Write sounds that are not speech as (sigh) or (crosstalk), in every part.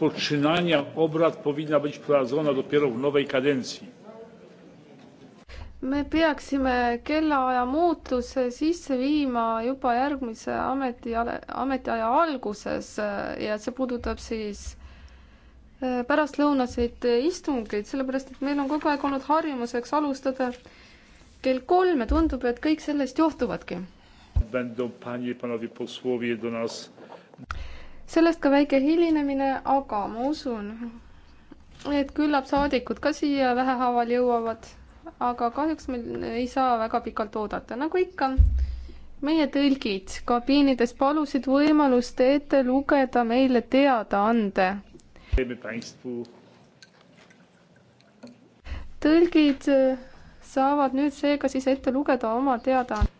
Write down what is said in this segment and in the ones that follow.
rozpoczynania obrad powinna być prowadzona dopiero w nowej kadencji. me peaksime kellaaja muutuse sisse viima juba järgmise ameti, ametiaja alguses eh, ja see puudutab siis eh, pärastlõunaseid istungeid, sellepärast et meil on kogu aeg olnud harjumuseks alustada kell kolm ja tundub, et kõik sellest johtuvadki. Będą panie, panowie posłowie do nas sellest ka väike hilinemine, aga ma usun, et küllap saadikud ka siia vähehaaval jõuavad, aga kahjuks meil ei saa väga pikalt oodata, nagu ikka meie tõlgid kabiinides palusid võimalust ette lugeda meile teadaande. tõlgid saavad nüüd seega siis ette lugeda oma teadaande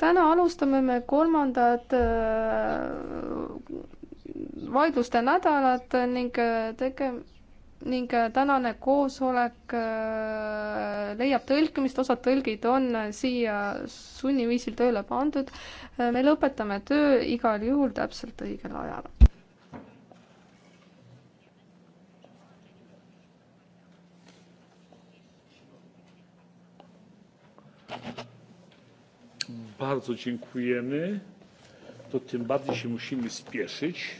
täna alustame me kolmandat äh, vaidluste nädalat ning äh, tege-, ning äh, tänane koosolek leiab tõlkimist, osad tõlgid on siia sunniviisil tööle pandud. me lõpetame töö igal juhul täpselt õigel ajal. bardzo dziękujemy. To tym bardziej się musimy spieszyć.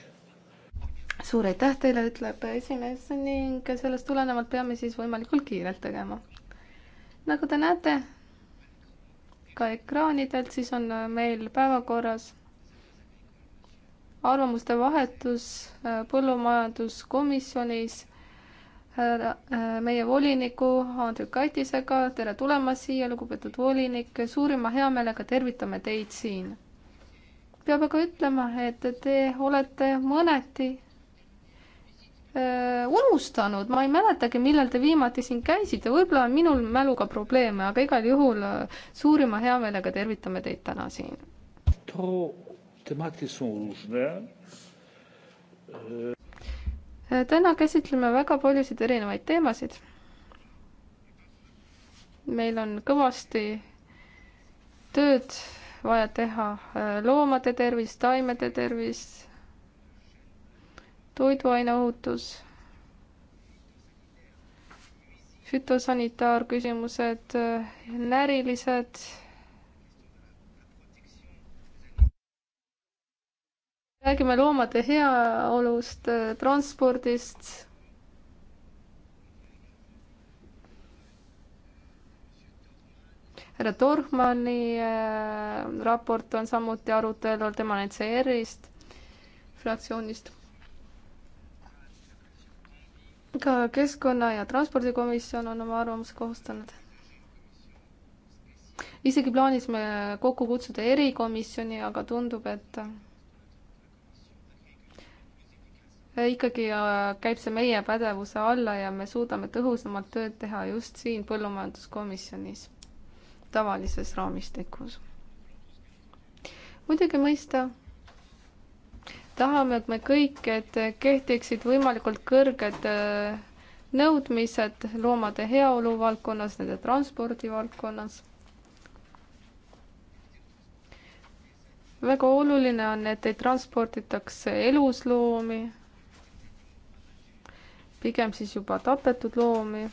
suur aitäh teile, ütleb esimees ning sellest tulenevalt peame siis võimalikult kiirelt tegema. nagu te näete ka ekraanidelt, siis on meil päevakorras arvamuste vahetus äh, põllumajanduskomisjonis Äh, äh, meie voliniku Andrikaitisega, tere tulemast siia, lugupeetud volinik, suurima heameelega tervitame teid siin. peab aga ütlema, et te olete mõneti äh, unustanud, ma ei mäletagi, millal te viimati siin käisite, võib-olla on minul mäluga probleeme, aga igal juhul suurima heameelega tervitame teid täna siin. Äh, täna käsitleme väga paljusid erinevaid teemasid. meil on kõvasti tööd vaja teha äh, loomade tervis, taimede tervis, toiduaineohutus, fütosanitaarküsimused, äh, närilised räägime loomade heaolust, transpordist. härra Tormani äh, raport on samuti arutelul, tema on ECR-ist, fraktsioonist. ka Keskkonna- ja Transpordikomisjon on oma arvamuse koostanud isegi plaanisime kokku kutsuda erikomisjoni, aga tundub, et ikkagi äh, käib see meie pädevuse alla ja me suudame tõhusamalt tööd teha just siin põllumajanduskomisjonis, tavalises raamistikus. muidugi mõista, tahame, et me kõik, et kehtiksid võimalikult kõrged äh, nõudmised loomade heaolu valdkonnas, nende transpordi valdkonnas väga oluline on, et ei transporditaks elusloomi pigem siis juba tapetud loomi.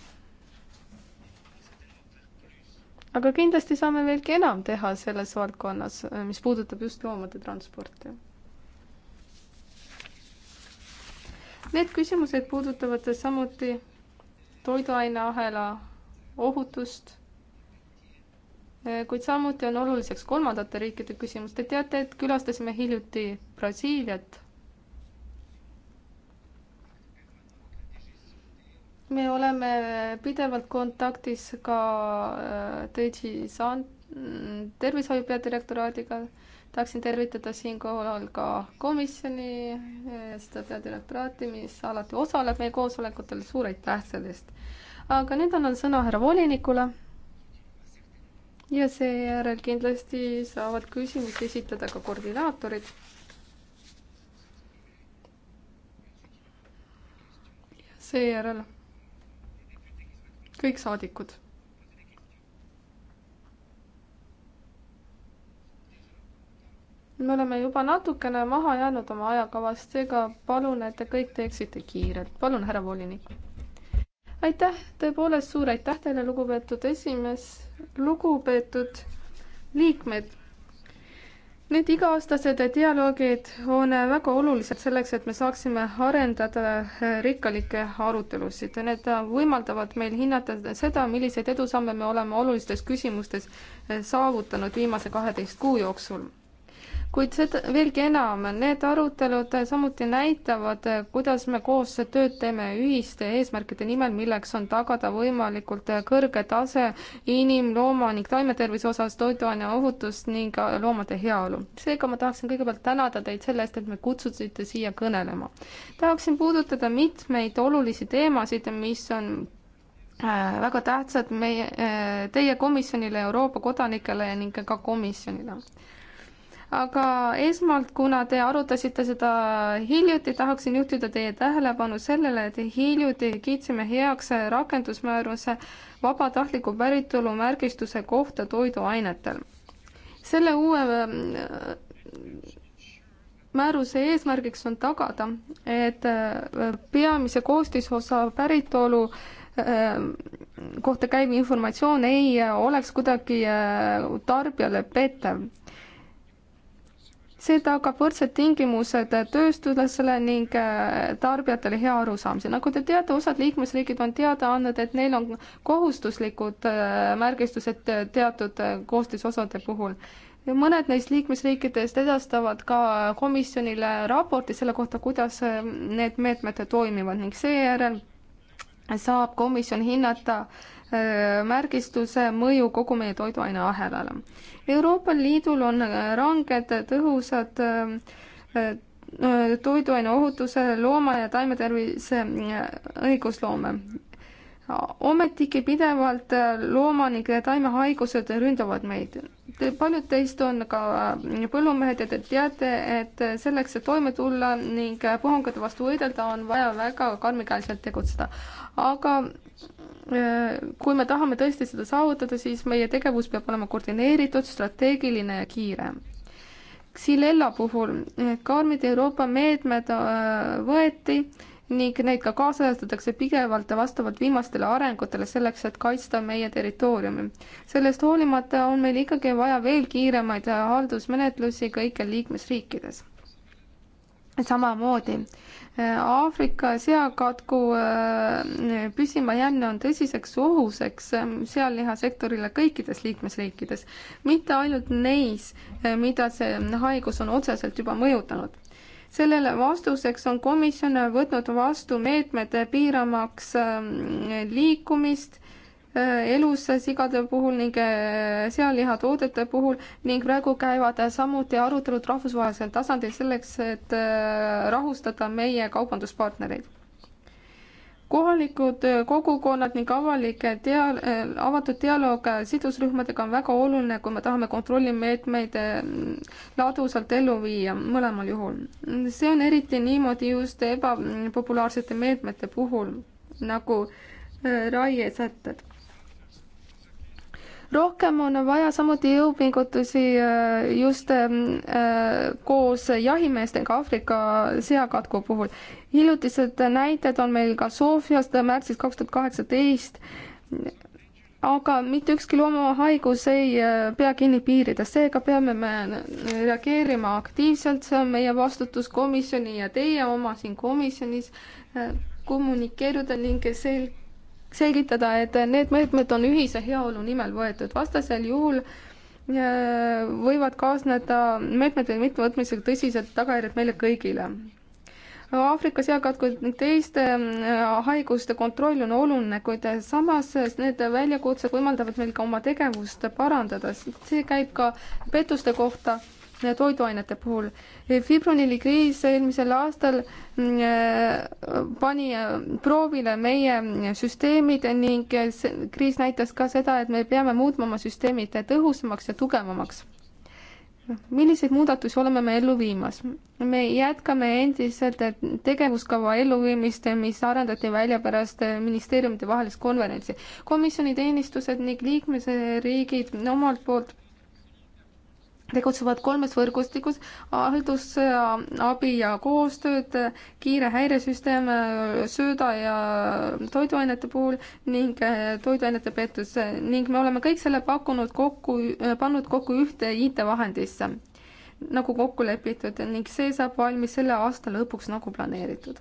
aga kindlasti saame veelgi enam teha selles valdkonnas, mis puudutab just loomade transporti. Need küsimused puudutavad samuti toiduaineahela ohutust kuid samuti on oluliseks kolmandate riikide küsimus. Te teate, et külastasime hiljuti Brasiiliat me oleme pidevalt kontaktis ka äh, Tõji Saan-, tervishoiu peadirektoraadiga. tahaksin tervitada siinkohal ka komisjoni, äh, seda peadirektoraati, mis alati osaleb meie koosolekutel, suur aitäh selle eest. aga nüüd annan sõna härra volinikule. ja seejärel kindlasti saavad küsimusi esitada ka koordinaatorid seejärel kõik saadikud. me oleme juba natukene maha jäänud oma ajakavast, seega palun, et te kõik teeksite kiirelt. palun, härra volinik. aitäh, tõepoolest suur aitäh teile, lugupeetud esimees, lugupeetud liikmed Need iga-aastased dialoogid on väga olulised selleks, et me saaksime arendada äh, rikkalikke arutelusid. Need äh, võimaldavad meil hinnata seda, milliseid edusamme me oleme olulistes küsimustes äh, saavutanud viimase kaheteist kuu jooksul kuid seda veelgi enam, need arutelud samuti näitavad, kuidas me koos tööd teeme ühiste eesmärkide nimel, milleks on tagada võimalikult kõrge tase inim-, looma ning taimetervise osas toiduaineohutust ning loomade heaolu. seega ma tahaksin kõigepealt tänada teid selle eest, et me kutsusite siia kõnelema. tahaksin puudutada mitmeid olulisi teemasid, mis on äh, väga tähtsad meie, äh, teie komisjonile, Euroopa kodanikele ning ka komisjonile aga esmalt, kuna te arutasite seda hiljuti, tahaksin juhtida teie tähelepanu sellele, et hiljuti kiitsime heaks rakendusmääruse vabatahtliku päritolu märgistuse kohta toiduainetel. selle uue äh, määruse eesmärgiks on tagada, et äh, peamise koostisosa päritolu äh, kohta käiv informatsioon ei oleks kuidagi tarbijale petev see tagab võrdsed tingimused tööstuslasele ning äh, tarbijatele hea arusaamise. nagu te teate, osad liikmesriigid on teada andnud, et neil on kohustuslikud äh, märgistused teatud äh, koostisosade puhul. mõned neist liikmesriikidest edastavad ka komisjonile raporti selle kohta, kuidas need meetmed toimivad ning seejärel saab komisjon hinnata äh, Äh, märgistuse mõju kogu meie toiduaineahelale. Euroopa Liidul on äh, ranged tõhusad äh, toiduaine ohutuse, looma- ja taimetervise õigusloome. ometigi pidevalt looma- ning taimehaigused ründavad meid. paljud teist on ka põllumehed ja te teate, et selleks, et toime tulla ning puhangute vastu võidelda, on vaja väga karmikäeliselt tegutseda. aga Äh, kui me tahame tõesti seda saavutada, siis meie tegevus peab olema koordineeritud, strateegiline ja kiire. Xylella puhul äh, karmid Euroopa meetmed äh, võeti ning neid ka kaasajastatakse pidevalt ja vastavalt viimastele arengutele selleks, et kaitsta meie territooriumi. sellest hoolimata on meil ikkagi vaja veel kiiremaid haldusmenetlusi kõikjal liikmesriikides samamoodi. Aafrika seakatku äh, püsimajänne on tõsiseks ohuseks äh, sealihasektorile kõikides liikmesriikides, mitte ainult neis, äh, mida see haigus on otseselt juba mõjutanud. sellele vastuseks on komisjon võtnud vastu meetmed piiramaks liikumist Äh, elus sigade puhul ning äh, sealihatoodete puhul ning praegu käivad samuti arutelud rahvusvahelisel tasandil selleks, et äh, rahustada meie kaubanduspartnereid. kohalikud kogukonnad ning avalik dia-, avatud dialoog sidusrühmadega on väga oluline, kui me tahame kontrollimeetmeid ladusalt ellu viia mõlemal juhul. see on eriti niimoodi just ebapopulaarsete meetmete puhul, nagu raiesätted rohkem on vaja samuti jõupingutusi äh, just ähm, äh, koos jahimeestega Aafrika seakatku puhul. hiljutised näited on meil ka Sofiast märtsis kaks tuhat kaheksateist, aga mitte ükski loomahaigus ei äh, pea kinni piiridest, seega peame me reageerima aktiivselt, see on meie vastutus komisjoni ja teie oma siin komisjonis kommunikeeruda ning sel-, selgitada, et need meetmed on ühise heaolu nimel võetud, vastasel juhul äh, võivad kaasneda meetmete mittevõtmisega tõsised tagajärjed meile kõigile. Aafrika seakatku teiste äh, haiguste kontroll on oluline, kuid samas need väljakutsed võimaldavad meil ka oma tegevust parandada, see käib ka pettuste kohta toiduainete puhul. fibronili kriis eelmisel aastal mm, äh, pani äh, proovile meie süsteemid ning kriis näitas ka seda, et me peame muutma oma süsteemid tõhusamaks ja tugevamaks milliseid muudatusi oleme me ellu viimas? me jätkame endiselt tegevuskava elluviimist, mis arendati välja pärast ministeeriumide vahelist konverentsi. komisjoni teenistused ning liikmesriigid omalt poolt tegutsevad kolmes võrgustikus haldusabi ja koostööd, kiire häiresüsteem sööda ja toiduainete puhul ning eh, toiduainete pettus ning me oleme kõik selle pakkunud kokku, pannud kokku ühte IT-vahendisse nagu kokku lepitud ning see saab valmis selle aasta lõpuks nagu planeeritud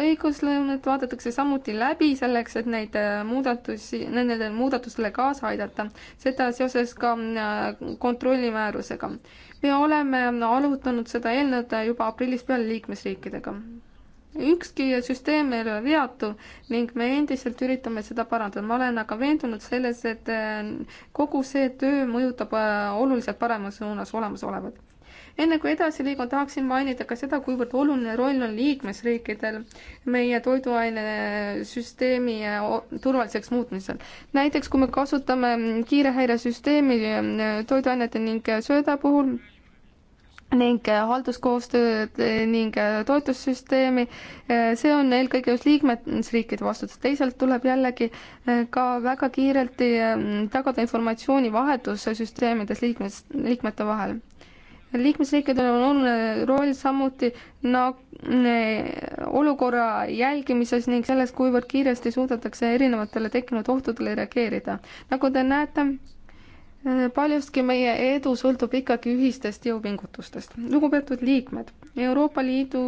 õiguslõunet vaadatakse samuti läbi selleks, et neid äh, muudatusi, nendele muudatustele kaasa aidata, seda seoses ka äh, kontrollimäärusega. me oleme arutanud seda eelnõu juba aprillist peale liikmesriikidega. ükski süsteem ei ole veatu ning me endiselt üritame seda parandada, ma olen aga veendunud selles, et äh, kogu see töö mõjutab oluliselt paremas suunas olemasolevat enne kui edasi liigun, tahaksin mainida ka seda, kuivõrd oluline roll on liikmesriikidel meie toiduainesüsteemi äh, turvaliseks muutmisel. näiteks kui me kasutame kiirehäiresüsteemi äh, toiduainete ning sööda puhul, ning äh, halduskoostööd ning toetussüsteemi, see on eelkõige just liikmesriikide vastutus, teisalt tuleb jällegi ka väga kiirelt tagada informatsioonivahetuse süsteemides liikmes, liikmete vahel liikmesriikidel on oluline roll samuti nagu no, olukorra jälgimises ning selles, kuivõrd kiiresti suudetakse erinevatele tekkinud ohtudele reageerida. nagu te näete, äh, paljustki meie edu sõltub ikkagi ühistest jõupingutustest. lugupeetud liikmed Euroopa Liidu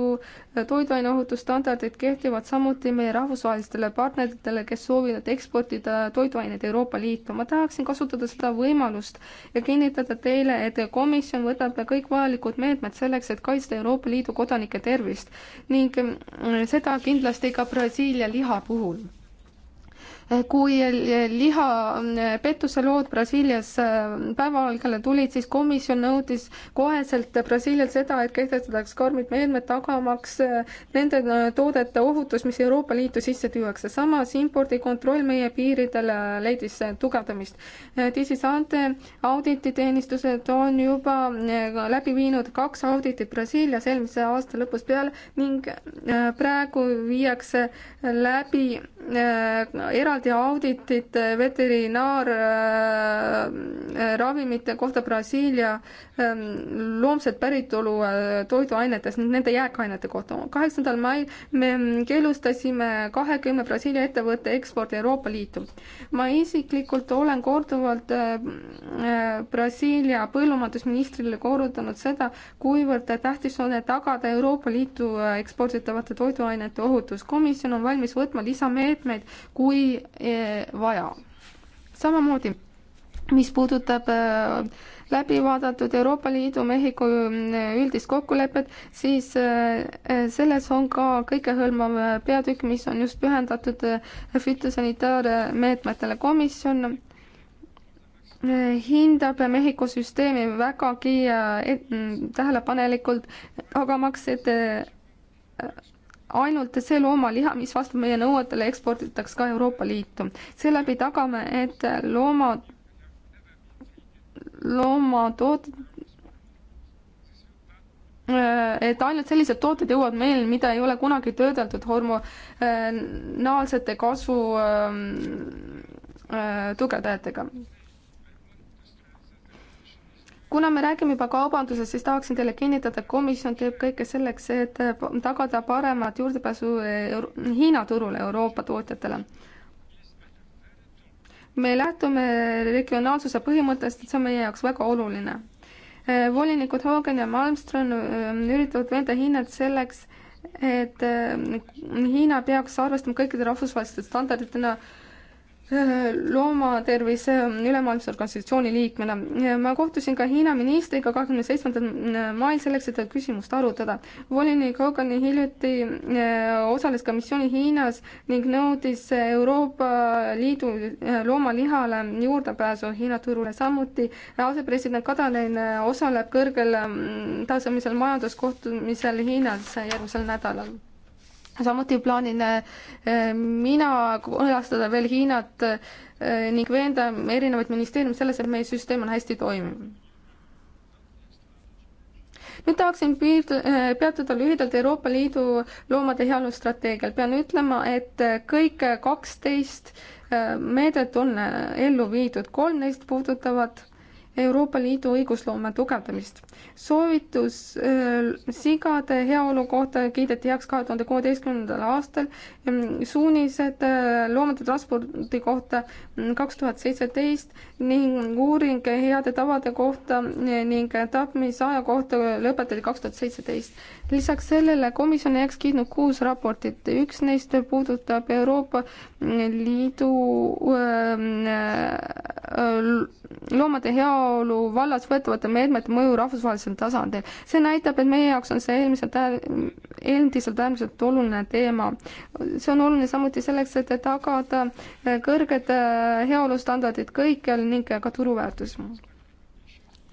äh, toiduaineohutusstandardid kehtivad samuti meie rahvusvahelistele partneritele, kes soovivad eksportida toiduaineid Euroopa Liitu. ma tahaksin kasutada seda võimalust ja kinnitada teile, et komisjon võtab kõik vajalikud meetmed selleks, et kaitsta Euroopa Liidu kodanike tervist ning mm, seda kindlasti ka Brasiilia liha puhul kui lihapettuse mm, lood Brasiilias mm, päevavalgele tulid, siis komisjon nõudis koheselt Brasiilialt seda, et kehtestataks karmid meetmed tagamaks mm, nende toodete ohutus, mis Euroopa Liitu sisse tuuakse. samas impordikontroll meie piiridel äh, leidis äh, tugevdamist. Digisante äh, audititeenistused on juba läbi viinud kaks auditit Brasiilias eelmise aasta lõpus peale ning praegu viiakse läbi era-, eraldi auditit veterinaarravimite äh, äh, kohta Brasiilia ähm, loomset päritolu äh, toiduainetes, nende jääkainete kohta. kaheksandal mail me keelustasime kahekümne Brasiilia ettevõtte ekspordi Euroopa Liitu. ma isiklikult olen korduvalt Brasiilia põllumajandusministrile korrutanud seda, kuivõrd tähtis on tagada Euroopa Liitu eksporditavate toiduainete ohutus. komisjon on valmis võtma lisameetmeid, kui E, vaja. samamoodi, mis puudutab e, läbi vaadatud Euroopa Liidu Mehhiko e, üldist kokkulepet, siis selles on ka kõikehõlmav peatükk, mis on just pühendatud fütosanitaarmeetmetele. komisjon hindab Mehhiko süsteemi vägagi tähelepanelikult, tagamaks, et ainult see loomaliha, mis vastab meie nõuetele, eksporditakse ka Euroopa Liitu. seeläbi tagame, et looma, loomatood-, et ainult sellised tooted jõuavad meil, mida ei ole kunagi töödeldud hormonaalsete kasvu ähm, äh, tugevdajatega kuna me räägime juba kaubandusest, siis tahaksin teile kinnitada, et komisjon teeb kõike selleks, et äh, tagada paremat juurdepääsu äh, Euro Hiina turule Euroopa tootjatele. me lähtume regionaalsuse põhimõttest, et see on meie jaoks väga oluline. Äh, volinikud Hogan ja Malmström üritavad veenda Hiinat selleks, et Hiina peaks arvestama kõikide rahvusvaheliste standarditena no, loomatervise ülemaailmse organisatsiooni liikmena. ma kohtusin ka Hiina ministriga kahekümne seitsmendal mm, mail selleks, et küsimust arutada. volinik Hogani hiljuti äh, osales ka missiooni Hiinas ning nõudis Euroopa Liidu äh, loomalihale juurdepääsu Hiina turule. samuti asepresident Kadanen äh, osaleb kõrgel mm, tasemel majanduskohtumisel Hiinas järgmisel nädalal samuti plaanin äh, mina külastada veel Hiinat äh, ning veenda erinevaid ministeeriume selles, et meie süsteem on hästi toimiv. nüüd tahaksin piirdu-, äh, peatuda lühidalt Euroopa Liidu loomade heaolu strateegial. pean ütlema, et kõik kaksteist meedet on ellu viidud, kolm neist puudutavad Euroopa Liidu õigusloome tugevdamist. soovitus äh, sigade heaolu kohta kiideti heaks kahe tuhande kuueteistkümnendal aastal, mm, suunised äh, loomade transpordi kohta mm, kaks tuhat seitseteist ning uuring heade tavade kohta mm, ning tapmisaja kohta lõpetati kaks tuhat seitseteist lisaks sellele komisjon on heaks kiitnud kuus raportit, üks neist puudutab Euroopa Liidu äh, äh, loomade heaolu vallas võetavate meetmete mõju rahvusvahelisel tasandil. see näitab, et meie jaoks on see eelmiselt, endiselt äärmiselt oluline teema. see on oluline samuti selleks, et tagada kõrged äh, heaolustandardid kõikjal ning ka turuväärtus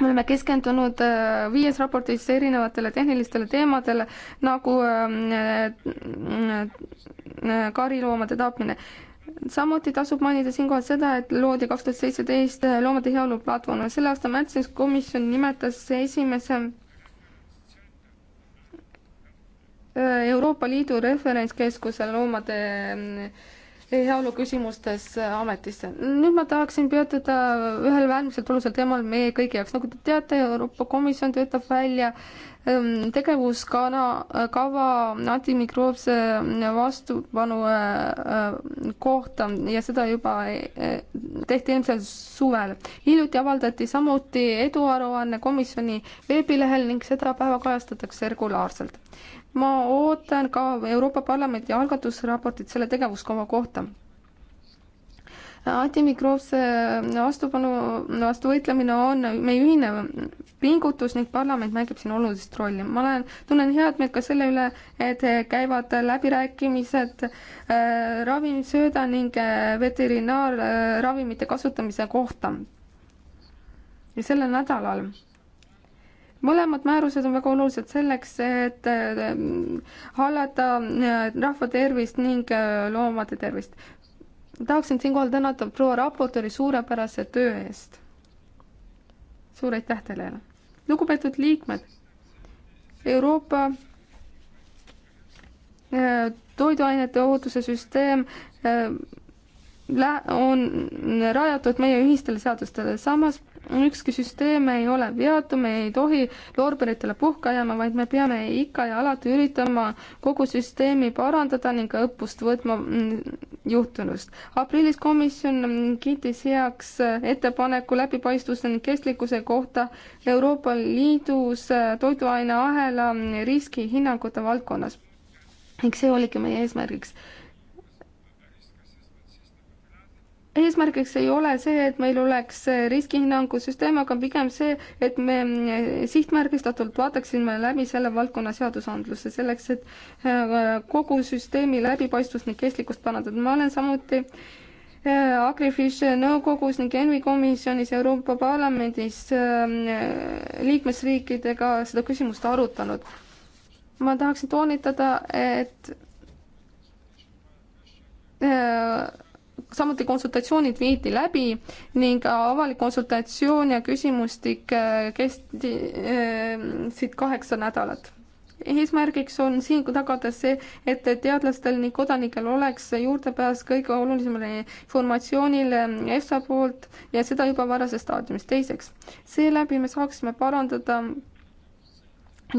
me oleme keskendunud äh, viies raportis erinevatele tehnilistele teemadele nagu ähm, äh, äh, kariloomade tapmine. samuti tasub mainida siinkohal seda, et loodi kaks tuhat seitseteist loomade heaolu platvorm. selle aasta märtsis komisjon nimetas esimese Euroopa Liidu referentskeskuse loomade heaolu küsimustes äh, ametisse. nüüd ma tahaksin peatuda ühel äärmiselt olulisel teemal meie kõigi jaoks. nagu te teate, Euroopa Komisjon töötab välja ähm, tegevuskana, äh, kava antimikroobse äh, vastupanu kohta ja seda juba tehti eelmisel suvel. hiljuti avaldati samuti eduaruanne komisjoni veebilehel ning seda päeva kajastatakse regulaarselt ma ootan ka Euroopa Parlamendi algatusraportit selle tegevuskava kohta antimikroobse vastupanu vastu võitlemine on meie ühine pingutus ning parlament mängib siin olulist rolli. ma olen, tunnen heameelt ka selle üle, et käivad läbirääkimised äh, ravimsööda ning äh, veterinaarravimite äh, kasutamise kohta. ja sellel nädalal mõlemad määrused on väga olulised selleks, et ähm, hallata äh, rahva tervist ning äh, loomade tervist. tahaksin siinkohal tänada proua raportööri suurepärase töö eest. suur aitäh teile! lugupeetud liikmed, Euroopa äh, toiduainete ohutuse süsteem on rajatud meie ühistele seadustele, samas ükski süsteem ei ole veatu, me ei tohi loorberitele puhka jääma, vaid me peame ikka ja alati üritama kogu süsteemi parandada ning õppust võtma mm, juhtunust. aprillis komisjon kiitis heaks äh, ettepaneku läbipaistvuse ning kestlikkuse kohta Euroopa Liidus äh, toiduaineahela mm, riskihinnangute valdkonnas. ning see oligi meie eesmärgiks eesmärgiks ei ole see, et meil oleks riskihinnangusüsteem, aga pigem see, et me sihtmärgistatult vaataksime läbi selle valdkonna seadusandluse, selleks et äh, kogu süsteemi läbipaistvust ning kestlikkust parandada. ma olen samuti äh, Agrifish nõukogus ning ENVI komisjonis Euroopa Parlamendis äh, liikmesriikidega seda küsimust arutanud. ma tahaksin toonitada, et samuti konsultatsioonid viidi läbi ning avalik konsultatsioon ja küsimustik äh, kestsid äh, kaheksa nädalat. eesmärgiks on siin tagada see, et teadlastel ning kodanikel oleks juurdepääs kõige olulisemale informatsioonile EFSA poolt ja seda juba varases staadiumis. teiseks, seeläbi me saaksime parandada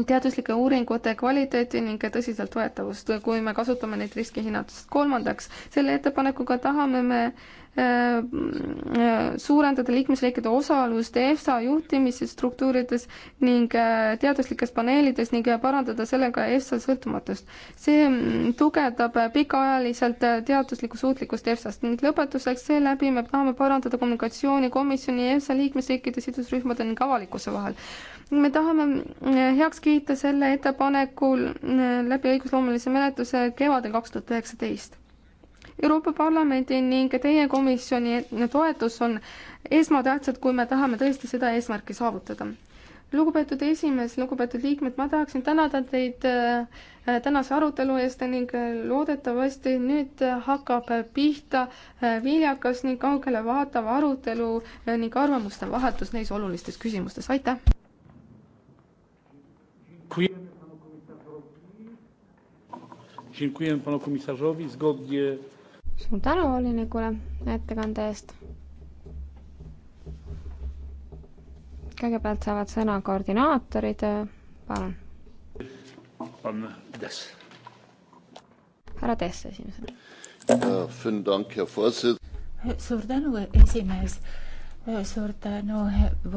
teaduslike uuringute kvaliteeti ning tõsiseltvõetavust, kui me kasutame neid riskihinnatust. kolmandaks, selle ettepanekuga tahame me äh, äh, suurendada liikmesriikide osalust EFSA juhtimisstruktuurides ning äh, teaduslikes paneelides ning parandada sellega EFSA sõltumatust. see mm, tugevdab pikaajaliselt teaduslikku suutlikkust EFSA-st ning lõpetuseks seeläbi me tahame parandada kommunikatsiooni komisjoni ja EFSA liikmesriikide sidusrühmade ning avalikkuse vahel me tahame mm, heaks kiita selle ettepanekul mm, läbi õigusloomelise menetluse kevadel kaks tuhat üheksateist. Euroopa Parlamendi ning teie komisjoni toetus on esmatähtsad, kui me tahame tõesti seda eesmärki saavutada. lugupeetud esimees, lugupeetud liikmed, ma tahaksin tänada teid äh, tänase arutelu eest ning äh, loodetavasti nüüd hakkab pihta äh, viljakas ning kaugele vaatav arutelu ning arvamuste vahetus neis olulistes küsimustes, aitäh! Dziękujemy panu komisarzowi. Dziękujemy panu komisarzowi. Zgodnie. suur tänu, volinikule ettekande eest. kõigepealt saavad sõna koordinaatorid, palun. on Dess. härra Dess esimesena. suur tänu, esimees suur tänu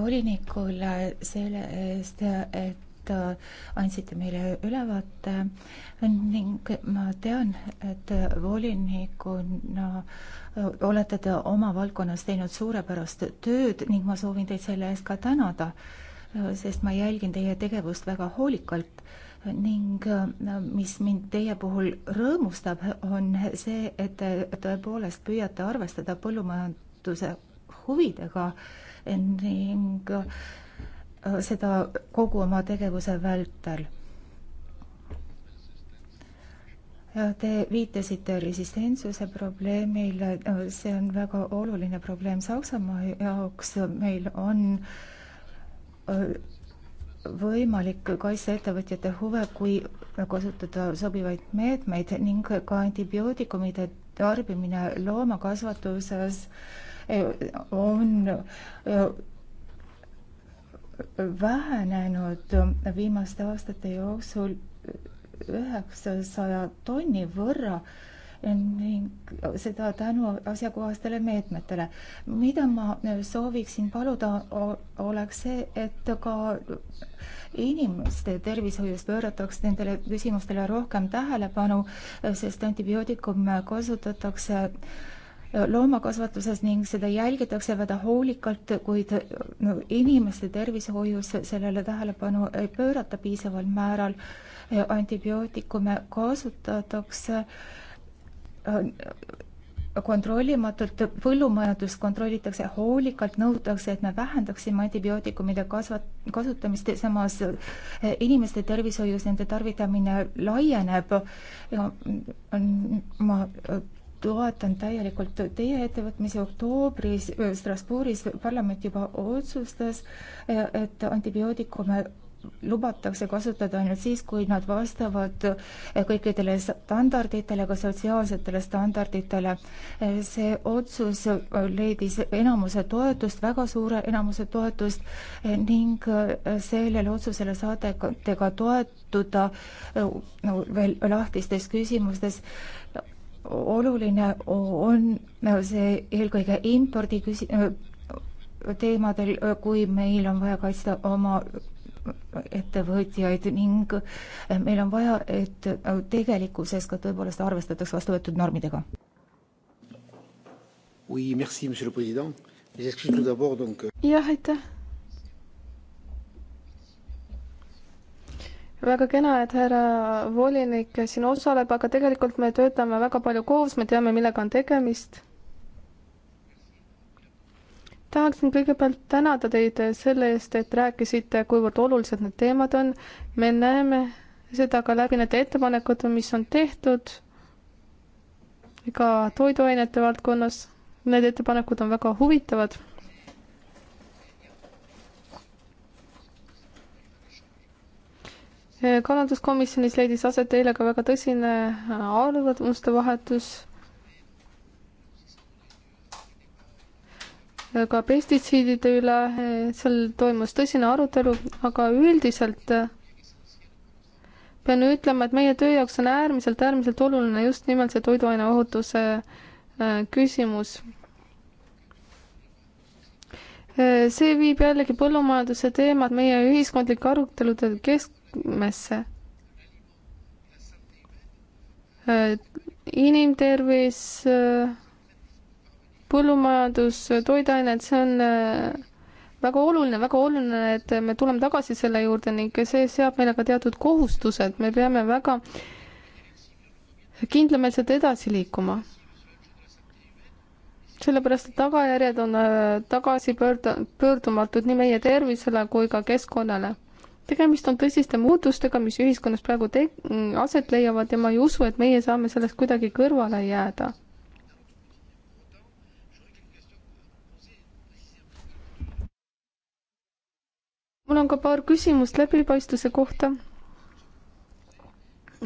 volinikule selle eest, et et äh, andsite meile ülevaate ning ma tean, et volinikuna äh, olete te oma valdkonnas teinud suurepärast tööd ning ma soovin teid selle eest ka tänada, äh, sest ma jälgin teie tegevust väga hoolikalt ning mis mind teie puhul rõõmustab, on see, et te tõepoolest püüate arvestada põllumajanduse huvidega ning Äh, seda kogu oma tegevuse vältel. Te viitasite resistentsuse probleemile, äh, see on väga oluline probleem Saksamaa jaoks, meil on äh, võimalik kaitsta ettevõtjate huve, kui kasutada sobivaid meetmeid ning ka antibiootikumide tarbimine loomakasvatuses on vähenenud viimaste aastate jooksul üheksasaja tonni võrra ning seda tänu asjakohastele meetmetele. mida ma sooviksin paluda, oleks see, et ka inimeste tervishoius pöörataks nendele küsimustele rohkem tähelepanu, sest antibiootikume kasutatakse loomakasvatuses ning seda jälgitakse väga hoolikalt, kuid no, inimeste tervishoius sellele tähelepanu ei pöörata piisaval määral. antibiootikume kasutatakse äh, kontrollimatult, põllumajandust kontrollitakse hoolikalt, nõutakse, et me vähendaksime antibiootikumide kasva-, kasutamist, samas äh, inimeste tervishoius nende tarvitamine laieneb ja mm, ma äh, toetan täielikult teie ettevõtmisi. oktoobris äh, Strasbourgis parlament juba otsustas, äh, et antibiootikume lubatakse kasutada ainult siis, kui nad vastavad äh, kõikidele standarditele, ka sotsiaalsetele standarditele. see otsus leidis enamuse toetust, väga suure enamuse toetust ning sellele otsusele saate ka toetuda no, veel lahtistes küsimustes oluline on see eelkõige impordi küsi-, teemadel, kui meil on vaja kaitsta oma ettevõtjaid ning meil on vaja, et tegelikkuses ka tõepoolest arvestataks vastu võetud normidega. Euh, jah, aitäh väga kena, et härra volinik siin osaleb, aga tegelikult me töötame väga palju koos, me teame, millega on tegemist. tahaksin kõigepealt tänada teid selle eest, et rääkisite, kuivõrd olulised need teemad on. me näeme seda ka läbi nende ettepanekute, mis on tehtud, ka toiduainete valdkonnas. Need ettepanekud on väga huvitavad kalanduskomisjonis leidis aset eile ka väga tõsine äh, arvamuste vahetus. Äh, ka pestitsiidide üle, äh, seal toimus tõsine arutelu, aga üldiselt pean ütlema, et meie töö jaoks on äärmiselt, äärmiselt oluline just nimelt see toiduaineohutuse küsimus. see viib jällegi põllumajanduse teemad meie ühiskondlike arutelude kesk-, keskmesse. Äh, inimtervis, äh, põllumajandus, äh, toiduained, see on väga oluline, väga oluline, et me tuleme tagasi selle juurde ning see seab meile ka teatud kohustused, me peame väga kindlameelselt edasi liikuma. sellepärast, et tagajärjed on tagasipöörda-, pöördumatud nii meie tervisele kui ka keskkonnale tegemist on tõsiste muutustega, mis ühiskonnas praegu te-, mm, aset leiavad ja ma ei usu, et meie saame sellest kuidagi kõrvale jääda. mul on ka paar küsimust läbipaistvuse kohta,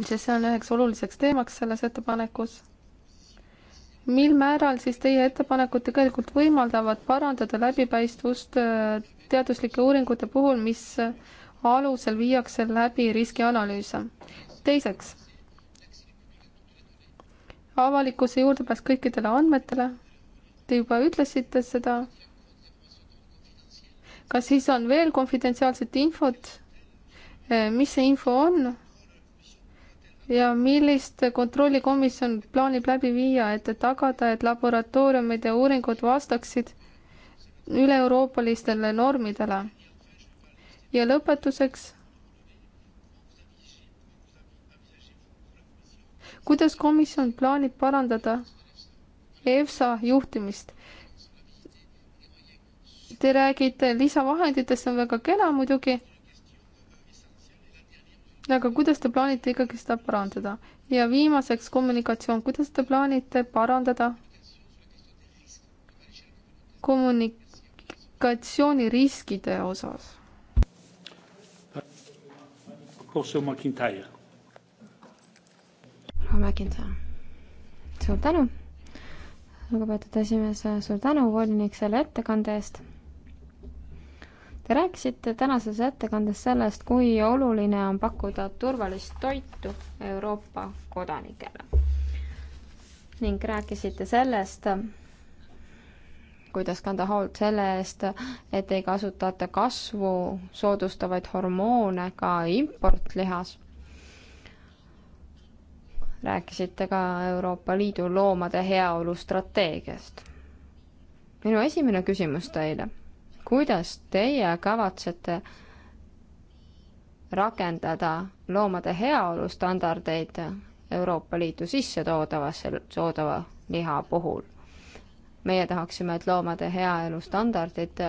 sest see on üheks oluliseks teemaks selles ettepanekus mil määral siis teie ettepanekud tegelikult võimaldavad parandada läbipaistvust äh, teaduslike uuringute puhul, mis alusel viiakse läbi riskianalüüse. teiseks, avalikkuse juurdepääs kõikidele andmetele. Te juba ütlesite seda. kas siis on veel konfidentsiaalset infot? Eh, mis see info on? ja millist kontrolli komisjon plaanib läbi viia, et tagada, et laboratooriumid ja uuringud vastaksid üle-euroopalistele normidele? ja lõpetuseks. kuidas komisjon plaanib parandada EFSA juhtimist? Te räägite lisavahenditest, see on väga kena muidugi. aga kuidas te plaanite ikkagi seda parandada? ja viimaseks kommunikatsioon, kuidas te plaanite parandada kommunikatsiooniriskide osas? Kosso McIntyre. proua McIntyre, suur tänu, lugupeetud esimees, suur tänu, volinik, selle ettekande eest. Te rääkisite tänases ettekandes sellest, kui oluline on pakkuda turvalist toitu Euroopa kodanikele ning rääkisite sellest, kuidas kanda hoolt selle eest, et ei kasutata kasvu soodustavaid hormoone ka importlihas. rääkisite ka Euroopa Liidu loomade heaolu strateegiast. minu esimene küsimus teile, kuidas teie kavatsete rakendada loomade heaolu standardeid Euroopa Liitu sisse toodavasse, toodava liha puhul? meie tahaksime, et loomade heaelu standardid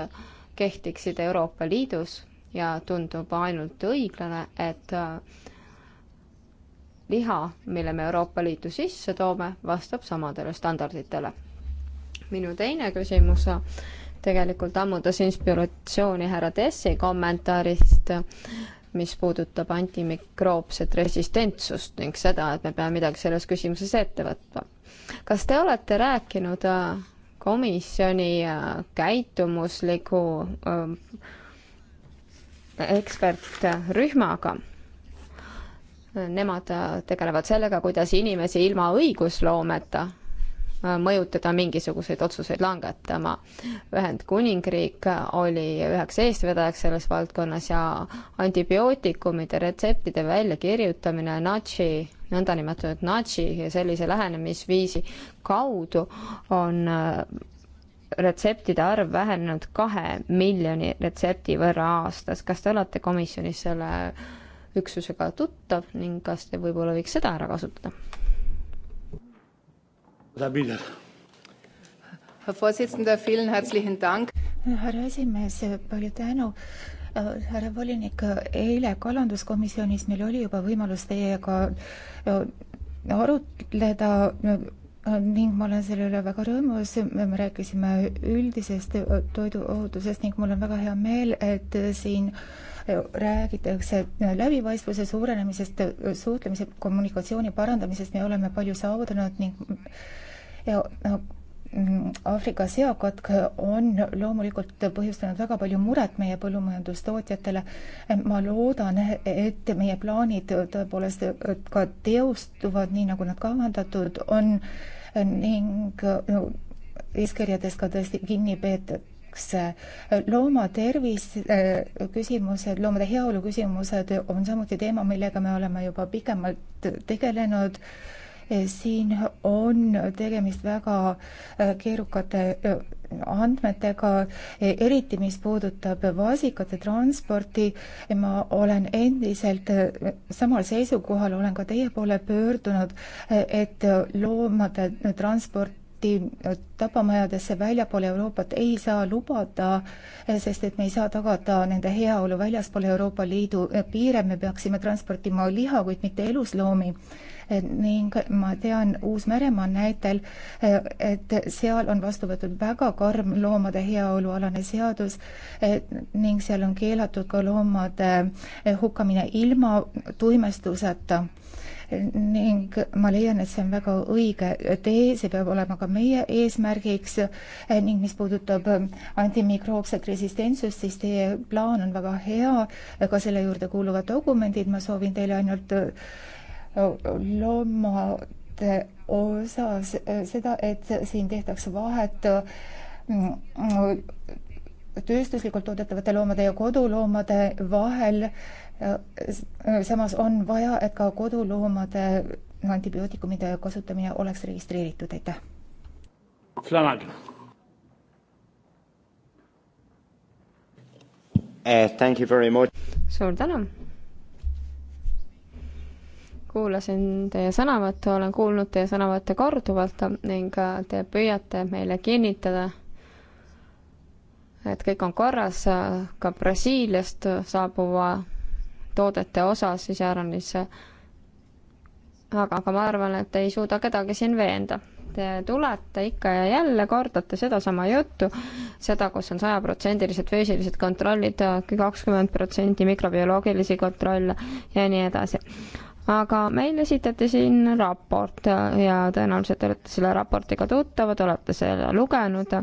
kehtiksid Euroopa Liidus ja tundub ainult õiglane, et äh, liha, mille me Euroopa Liitu sisse toome, vastab samadele standarditele. minu teine küsimus tegelikult ammutas inspiratsiooni härra Tessi kommentaarist, mis puudutab antimikroopset resistentsust ning seda, et me peame midagi selles küsimuses ette võtma. kas te olete rääkinud äh, komisjoni äh, käitumusliku äh, ekspertrühmaga. Nemad äh, tegelevad sellega, kuidas inimesi ilma õigusloometa mõjutada mingisuguseid otsuseid langetama. Ühendkuningriik oli üheks eestvedajaks selles valdkonnas ja antibiootikumide retseptide väljakirjutamine NACHi nõndanimetatud natsi ja sellise lähenemisviisi kaudu on äh, retseptide arv vähenenud kahe miljoni retsepti võrra aastas. kas te olete komisjonis selle üksusega tuttav ning kas te võib-olla võiks seda ära kasutada? härra esimees, äh, äh, palju tänu Äh, härra volinik, eile kalanduskomisjonis meil oli juba võimalus teiega äh, arutleda äh, ning ma olen selle üle väga rõõmus, me rääkisime üldisest toiduohutusest ning mul on väga hea meel, et siin räägitakse läbipaistvuse suurenemisest, suhtlemise kommunikatsiooni parandamisest, me oleme palju saavutanud ning ja Mm, Aafrika seakatk on loomulikult põhjustanud väga palju muret meie põllumajandustootjatele. Eh, ma loodan, et meie plaanid tõepoolest eh, ka teostuvad nii, nagu nad kavandatud on eh, ning no, eeskirjades ka tõesti kinni peetakse. loomatervis küsimused, loomade heaolu küsimused on samuti teema, millega me oleme juba pikemalt tegelenud siin on tegemist väga äh, keerukate äh, andmetega, e, eriti mis puudutab vaasikate transporti. ma olen endiselt äh, samal seisukohal, olen ka teie poole pöördunud, et loomade transport tapamajadesse väljapoole Euroopat ei saa lubada, sest et me ei saa tagada nende heaolu väljaspool Euroopa Liidu piire, me peaksime transportima liha, kuid mitte elusloomi ning ma tean Uus-Meremaa näitel, et seal on vastu võetud väga karm loomade heaolualane seadus ning seal on keelatud ka loomade hukkamine ilma tuimestuseta ning ma leian, et see on väga õige tee, see peab olema ka meie eesmärgiks ning mis puudutab antimikroopset resistentsust, siis teie plaan on väga hea, ka selle juurde kuuluvad dokumendid, ma soovin teile ainult loomade osas eh, seda, et siin tehtaks vahet mm, tööstuslikult toodetavate loomade ja koduloomade vahel. Eh, samas on vaja, et ka koduloomade antibiootikumide kasutamine oleks registreeritud, aitäh. Flanagan. Uh, thank you very much. suur tänu kuulasin teie sõnavõttu, olen kuulnud teie sõnavõtte korduvalt ning äh, te püüate meile kinnitada, et kõik on korras, äh, ka Brasiiliast saabuva toodete osas iseäranis. Äh, aga, aga ma arvan, et ei suuda kedagi siin veenda. Te tulete ikka ja jälle, kordate sedasama juttu, seda, kus on sajaprotsendilised füüsilised kontrollid, kakskümmend protsenti mikrobioloogilisi kontrolle ja nii edasi aga meil esitati siin raport ja tõenäoliselt olete selle raportiga tuttavad, olete selle lugenud.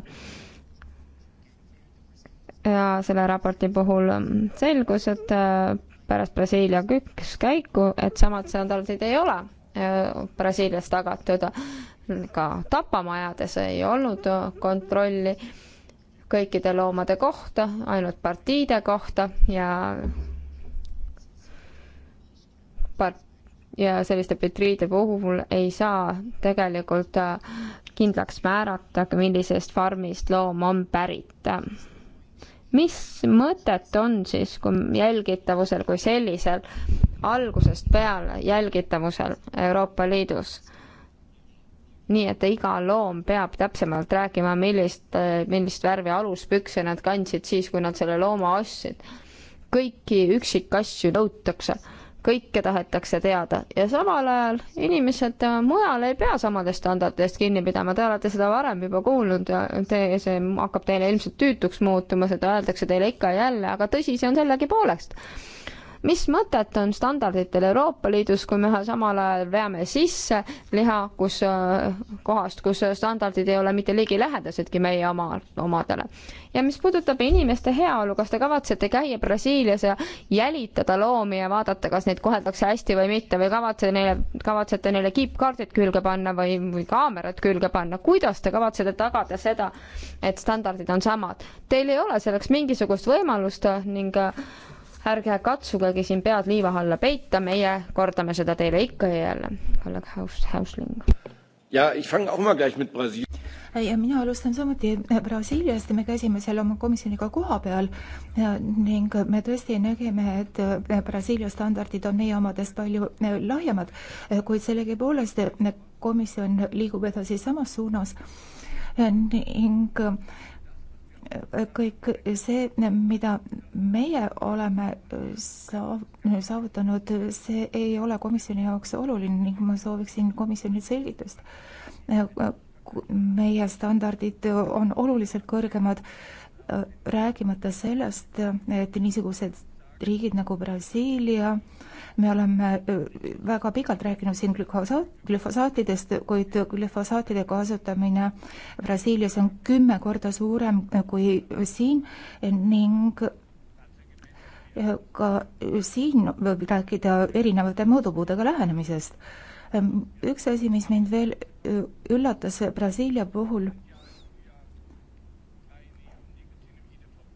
ja selle raporti puhul selgus, et äh, pärast Brasiilia kükskäiku, et samad standardid ei ole äh, Brasiilias tagatud, ka tapamajades ei olnud kontrolli kõikide loomade kohta, ainult partiide kohta ja part-, ja selliste petriide puhul ei saa tegelikult äh, kindlaks määrata, millisest farmist loom on pärit. mis mõtet on siis, kui jälgitavusel kui sellisel, algusest peale jälgitavusel Euroopa Liidus? nii et iga loom peab täpsemalt rääkima, millist, äh, millist värvi aluspükse nad kandsid siis, kui nad selle looma ostsid. kõiki üksikasju nõutakse kõike tahetakse teada ja samal ajal inimesed äh, mujal ei pea samadest standarditest kinni pidama, te olete seda varem juba kuulnud ja te, see hakkab teile ilmselt tüütuks muutuma, seda öeldakse teile ikka ja jälle, aga tõsi see on sellegipoolest mis mõtet on standarditel Euroopa Liidus, kui me samal ajal veame sisse liha, kus, äh, kohast, kus standardid ei ole mitte ligilähedasedki meie oma, omadele. ja mis puudutab inimeste heaolu, kas te kavatsete käia Brasiilias ja jälitada loomi ja vaadata, kas neid koheldakse hästi või mitte või kavatse neile, kavatsete neile kiipkaardid külge panna või, või kaamerad külge panna, kuidas te kavatsete tagada seda, et standardid on samad? Teil ei ole selleks mingisugust võimalust ning äh, ärge katsugegi siin pead liiva alla peita, meie kordame seda teile ikka ja jälle. Kalle Haus-, Hausling. ja, ja mina alustan samuti äh, Brasiiliast, me käisime seal oma komisjoniga koha peal ja, ning me tõesti nägime, et äh, Brasiilia standardid on meie omadest palju äh, lahjemad, kuid sellegipoolest komisjon liigub edasi samas suunas ning kõik see, mida meie oleme saav-, saavutanud, see ei ole komisjoni jaoks oluline ning ma sooviksin komisjonilt selgitust. meie standardid on oluliselt kõrgemad, rääkimata sellest, et niisugused riigid nagu Brasiilia, me oleme väga pikalt rääkinud siin glüfosaat, glüfosaatidest, kuid glüfosaatide kasutamine Brasiilias on kümme korda suurem kui siin ning ka siin võib rääkida erinevate mõõdupuudega lähenemisest. üks asi, mis mind veel üllatas Brasiilia puhul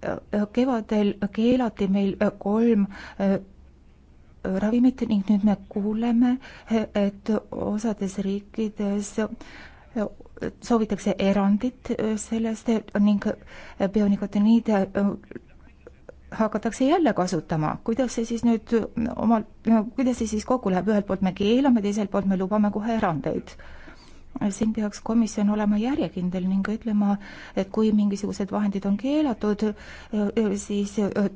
Äh, kevadel keelati meil äh, kolm äh, ravimit ning nüüd me kuuleme, et osades riikides soovitakse erandit sellest ning bionikotiniide hakatakse jälle kasutama, kuidas see siis nüüd oma, kuidas see siis kokku läheb, ühelt poolt me keelame, teiselt poolt me lubame kohe erandeid siin peaks komisjon olema järjekindel ning ütlema, et kui mingisugused vahendid on keelatud, eh, siis eh,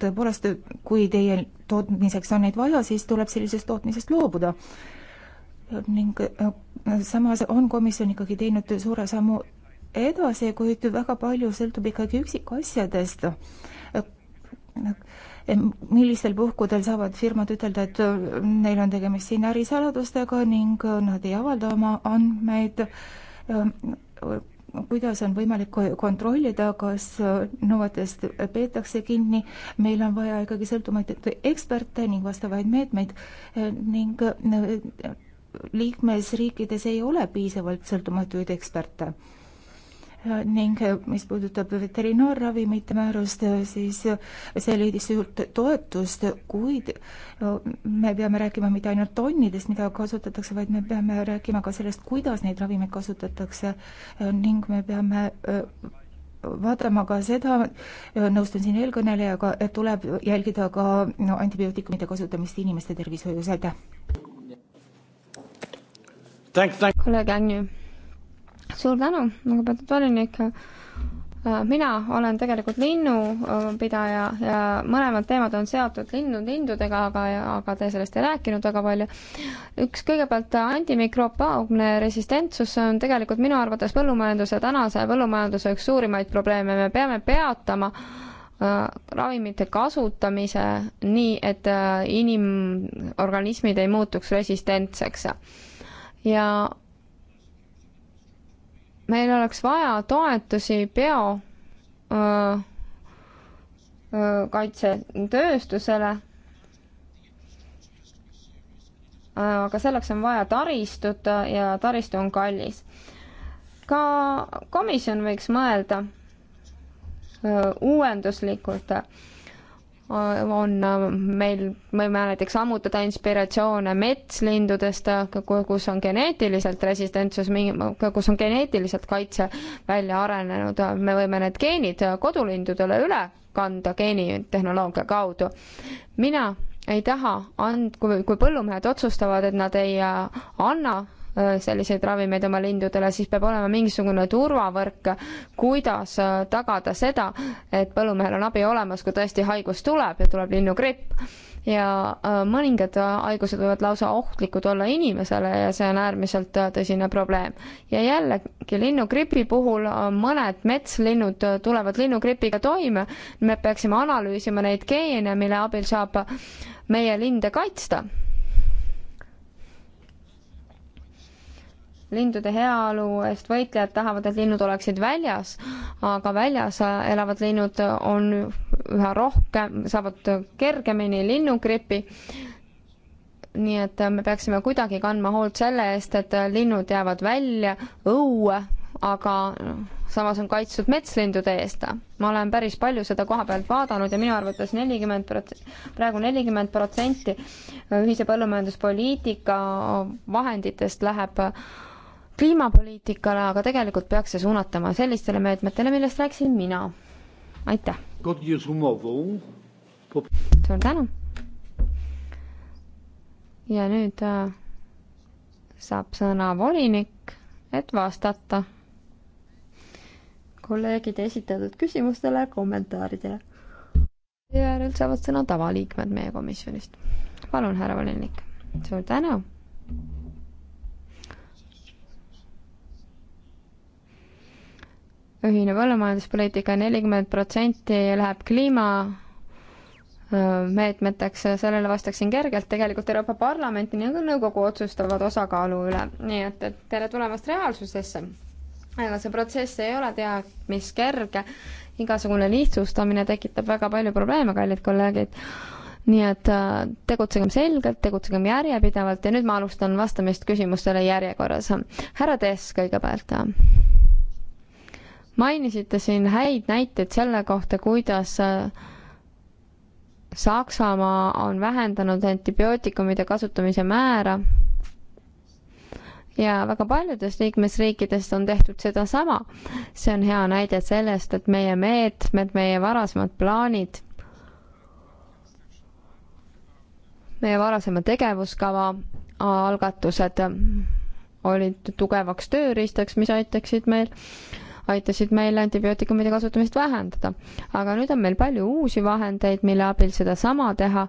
tõepoolest, kui teie tootmiseks on neid vaja, siis tuleb sellisest tootmisest loobuda. ning eh, samas on komisjon ikkagi teinud suure sammu edasi, kuid väga palju sõltub ikkagi üksikasjadest millistel puhkudel saavad firmad ütelda, et äh, neil on tegemist siin ärisaladustega ning äh, nad ei avalda oma andmeid, äh, kuidas on võimalik kontrollida, kas nõuetest peetakse kinni, meil on vaja ikkagi sõltumatuid eksperte ning vastavaid meetmeid ning liikmesriikides ei ole piisavalt sõltumatuid eksperte ning eh, mis puudutab veterinaarravimite määrust, eh, siis eh, see leidis suurt toetust, kuid me peame rääkima mitte ainult tonnidest, mida kasutatakse, vaid me peame rääkima ka sellest, kuidas neid ravimeid kasutatakse ning me peame vaatama ka seda, nõustun siin eelkõnelejaga, et tuleb jälgida ka no antibiootikumide kasutamist inimeste tervishoius, aitäh! kolleeg Ännu suur tänu, lugupeetud volinik. Äh, mina olen tegelikult linnupidaja ja mõlemad teemad on seotud linnud lindudega, aga, aga te sellest ei rääkinud väga palju. üks kõigepealt antimikroopaagne resistentsus on tegelikult minu arvates põllumajanduse, tänase põllumajanduse üks suurimaid probleeme, me peame peatama äh, ravimite kasutamise nii, et äh, inimorganismid ei muutuks resistentseks. ja meil oleks vaja toetusi bio öö, öö, kaitsetööstusele, aga selleks on vaja taristut ja taristu on kallis. ka komisjon võiks mõelda öö, uuenduslikult on äh, meil, me võime näiteks ammutada inspiratsioone metslindudest, kus on geneetiliselt resistentsus, kus on geneetiliselt kaitse välja arenenud, me võime need geenid kodulindudele üle kanda geenitehnoloogia kaudu. mina ei taha and-, kui, kui põllumehed otsustavad, et nad ei äh, anna Äh, selliseid ravimeid oma lindudele, siis peab olema mingisugune turvavõrk, kuidas äh, tagada seda, et põllumehel on abi olemas, kui tõesti haigus tuleb ja tuleb linnugripp. ja äh, mõningad haigused võivad lausa ohtlikud olla inimesele ja see on äärmiselt tõsine probleem. ja jällegi linnugripi puhul mõned metslinnud tulevad linnugripiga toime, me peaksime analüüsima neid geene, mille abil saab meie linde kaitsta lindude heaolu eest võitlejad tahavad, et linnud oleksid väljas, aga väljas elavad linnud on üha rohkem, saavad kergemini linnugripi. nii et me peaksime kuidagi kandma hoolt selle eest, et linnud jäävad välja õue, aga noh, samas on kaitstud metslindude eest. ma olen päris palju seda koha pealt vaadanud ja minu arvates nelikümmend prot-, praegu nelikümmend protsenti ühise põllumajanduspoliitika vahenditest läheb äh, kliimapoliitikale, aga tegelikult peaks see suunatama sellistele meetmetele, millest rääkisin mina. aitäh! suur tänu! ja nüüd äh, saab sõna volinik, et vastata kolleegide esitatud küsimustele, kommentaaridele. seejärel saavad sõna tavaliikmed meie komisjonist. palun, härra volinik! suur tänu! ühine põllumajanduspoliitika, nelikümmend protsenti läheb kliima meetmeteks, sellele vastaksin kergelt, tegelikult Euroopa Parlamenti ning nõukogu otsustavad osakaalu üle, nii et, et tere tulemast reaalsusesse. aga see protsess ei ole teab mis kerge, igasugune lihtsustamine tekitab väga palju probleeme, kallid kolleegid. nii et tegutsegem selgelt, tegutsegem järjepidevalt ja nüüd ma alustan vastamist küsimustele järjekorras. härra Tess kõigepealt mainisite siin häid näiteid selle kohta, kuidas äh, Saksamaa on vähendanud antibiootikumide kasutamise määra ja väga paljudes liikmesriikides on tehtud sedasama. see on hea näide sellest, et meie meetmed, meie varasemad plaanid, meie varasema tegevuskava algatused olid tugevaks tööriistaks, mis aitaksid meil aitasid meil antibiootikumide kasutamist vähendada. aga nüüd on meil palju uusi vahendeid, mille abil sedasama teha.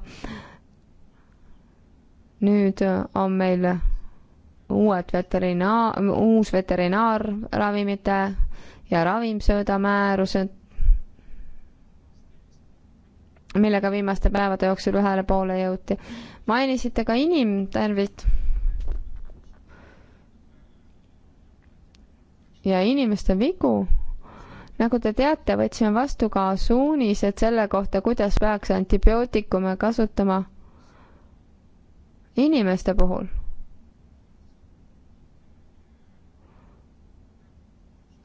nüüd on meil uued veterinaar, uus veterinaarravimite ja ravimsööda määrused, millega viimaste päevade jooksul ühele poole jõuti. mainisite ka inimtervist ja inimeste vigu. nagu te teate, võtsime vastu ka suunised selle kohta, kuidas peaks antibiootikume kasutama inimeste puhul.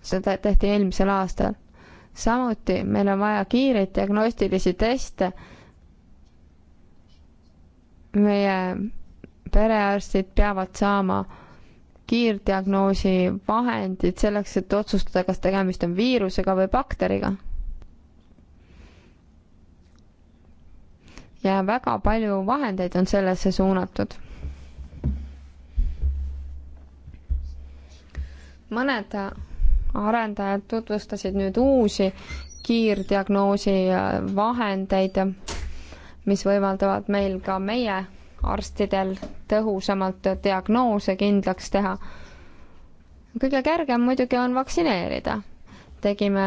seda tehti eelmisel aastal. samuti meil on vaja kiireid diagnostilisi teste. meie perearstid peavad saama kiirdiagnoosi vahendid selleks, et otsustada, kas tegemist on viirusega või bakteriga. ja väga palju vahendeid on sellesse suunatud. mõned arendajad tutvustasid nüüd uusi kiirdiagnoosi vahendeid, mis võimaldavad meil ka meie arstidel tõhusamalt diagnoose kindlaks teha. kõige kergem muidugi on vaktsineerida. tegime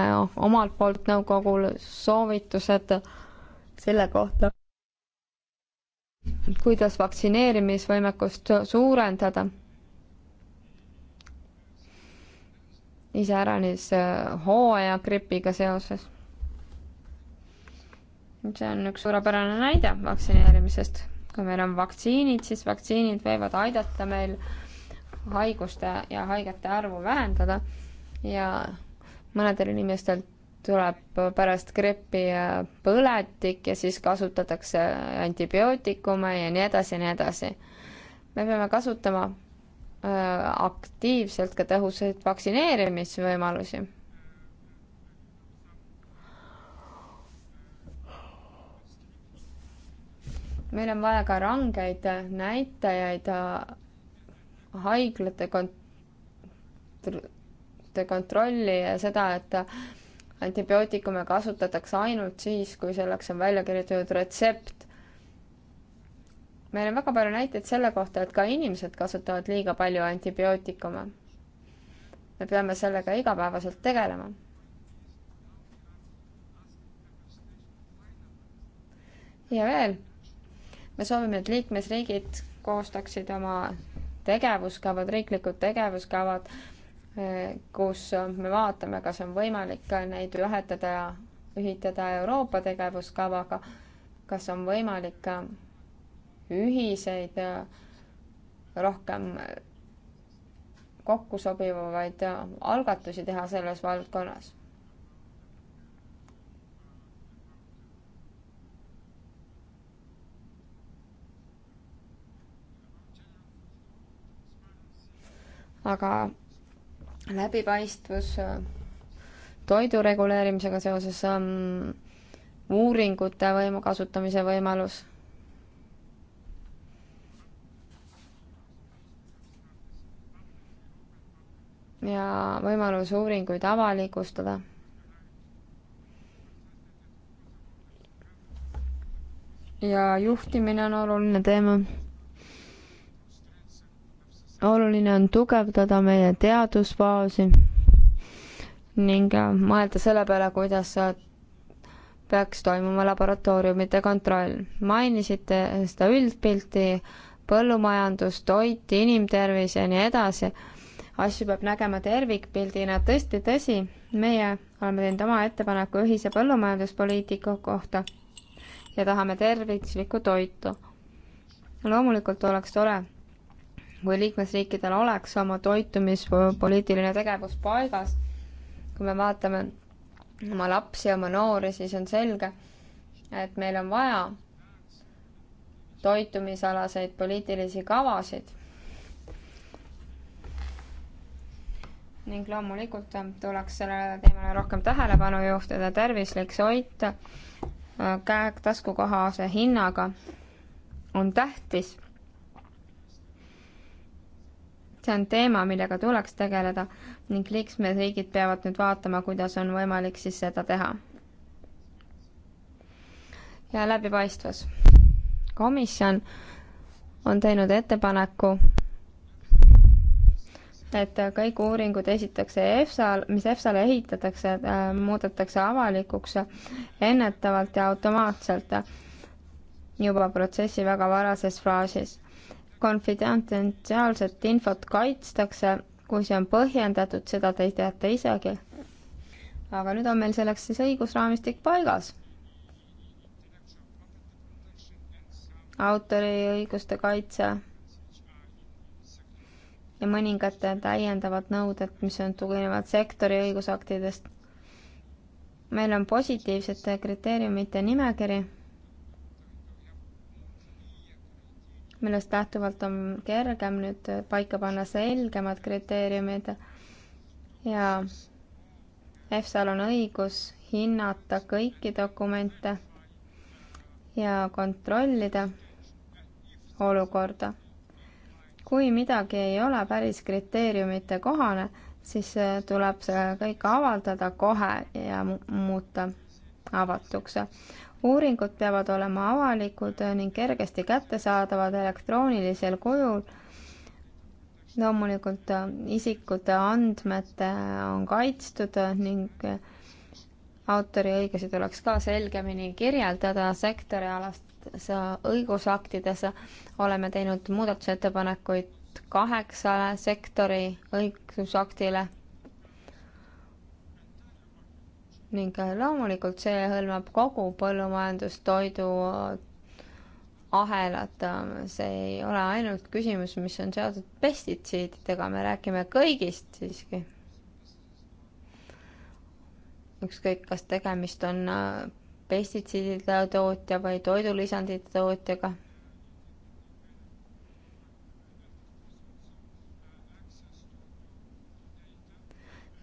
omalt poolt nõukogul soovitused selle kohta, kuidas vaktsineerimisvõimekust suurendada. iseäranis äh, hooajagripiga seoses see on üks suurepärane näide vaktsineerimisest kui meil on vaktsiinid, siis vaktsiinid võivad aidata meil haiguste ja haigete arvu vähendada ja mõnedel inimestel tuleb pärast grippi põletik ja siis kasutatakse antibiootikume ja nii edasi ja nii edasi. me peame kasutama äh, aktiivselt ka tõhusaid vaktsineerimisvõimalusi meil on vaja ka rangeid näitajaid äh, haiglate kont-, kontrolli ja seda, et antibiootikume kasutatakse ainult siis, kui selleks on välja kirjutatud retsept. meil on väga palju näiteid selle kohta, et ka inimesed kasutavad liiga palju antibiootikume. me peame sellega igapäevaselt tegelema ja veel me soovime, et liikmesriigid koostaksid oma tegevuskavad, riiklikud tegevuskavad, eh, kus me vaatame, kas on võimalik neid ühetada, ühitada Euroopa tegevuskavaga, kas on võimalik ühiseid eh, rohkem kokkusobivaid eh, algatusi teha selles valdkonnas. aga läbipaistvus äh, toidu reguleerimisega seoses um,, uuringute võimu kasutamise võimalus. ja võimalus uuringuid avalikustada ja juhtimine on oluline teema oluline on tugevdada meie teadusbaasi ning äh, mõelda selle peale, kuidas äh, peaks toimuma laboratooriumite kontroll. mainisite seda üldpilti, põllumajandus, toit, inimtervis ja nii edasi. asju peab nägema tervikpildina, tõesti tõsi, meie oleme teinud oma ettepaneku ühise põllumajanduspoliitika kohta ja tahame tervislikku toitu. loomulikult oleks tore kui liikmesriikidel oleks oma toitumispoliitiline tegevus paigas, kui me vaatame oma lapsi, oma noori, siis on selge, et meil on vaja toitumisalaseid poliitilisi kavasid. ning loomulikult tuleks sellele teemale rohkem tähelepanu juhtida, tervislik soit käe taskukohase hinnaga on tähtis see on teema, millega tuleks tegeleda ning liikmesriigid peavad nüüd vaatama, kuidas on võimalik siis seda teha. ja läbipaistvus. komisjon on teinud ettepaneku, et kõik uuringud esitakse EFSA-l, mis EFSA-le ehitatakse äh,, muudetakse avalikuks ennetavalt ja automaatselt juba protsessi väga varases faasis konfidentsiaalset infot kaitstakse, kui see on põhjendatud, seda te teate isegi. aga nüüd on meil selleks siis õigusraamistik paigas. autoriõiguste kaitse ja mõningad täiendavad nõuded, mis on, tuginevad sektori õigusaktidest. meil on positiivsete kriteeriumite nimekiri millest lähtuvalt on kergem nüüd paika panna selgemad kriteeriumid ja EFSA-l on õigus hinnata kõiki dokumente ja kontrollida olukorda. kui midagi ei ole päris kriteeriumite kohane, siis tuleb see kõik avaldada kohe ja muuta avatuks uuringud peavad olema avalikud ning kergesti kättesaadavad elektroonilisel kujul. loomulikult äh, isikute äh, andmed äh, on kaitstud ning autoriõigusi tuleks ka selgemini kirjeldada sektorialastes õigusaktides. oleme teinud muudatusettepanekuid kaheksale sektori õigusaktile ning loomulikult see hõlmab kogu põllumajandustoidu ahelat, see ei ole ainult küsimus, mis on seotud pestitsiididega, me räägime kõigist siiski. ükskõik, kas tegemist on äh, pestitsiidide tootja või toidulisandite tootjaga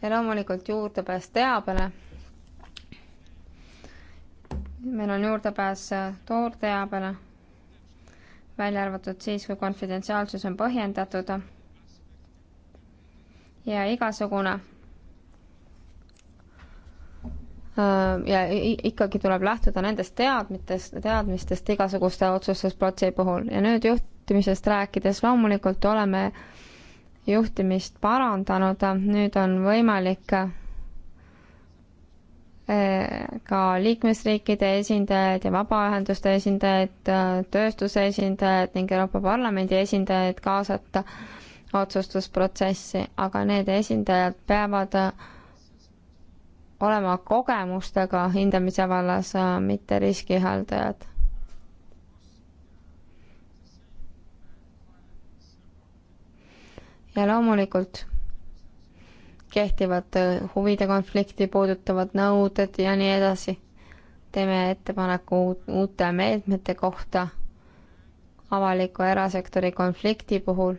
ja loomulikult juurdepääs teabele meil on juurdepääs äh, toorteabele, välja arvatud siis, kui konfidentsiaalsus on põhjendatud. ja igasugune äh, ja ikkagi tuleb lähtuda nendest teadmitest, teadmistest igasuguste otsustusprotsi puhul ja nüüd juhtimisest rääkides loomulikult oleme juhtimist parandanud, nüüd on võimalik äh, Äh, ka liikmesriikide esindajaid ja vabaühenduste esindajaid, äh, tööstuse esindajaid ning Euroopa Parlamendi esindajaid kaasata otsustusprotsessi, aga need esindajad peavad äh, olema kogemustega hindamise vallas, mitte riskihaldajad. ja loomulikult kehtivad äh, huvide konflikti puudutavad nõuded ja nii edasi. teeme ettepaneku uute meetmete kohta avaliku erasektori konflikti puhul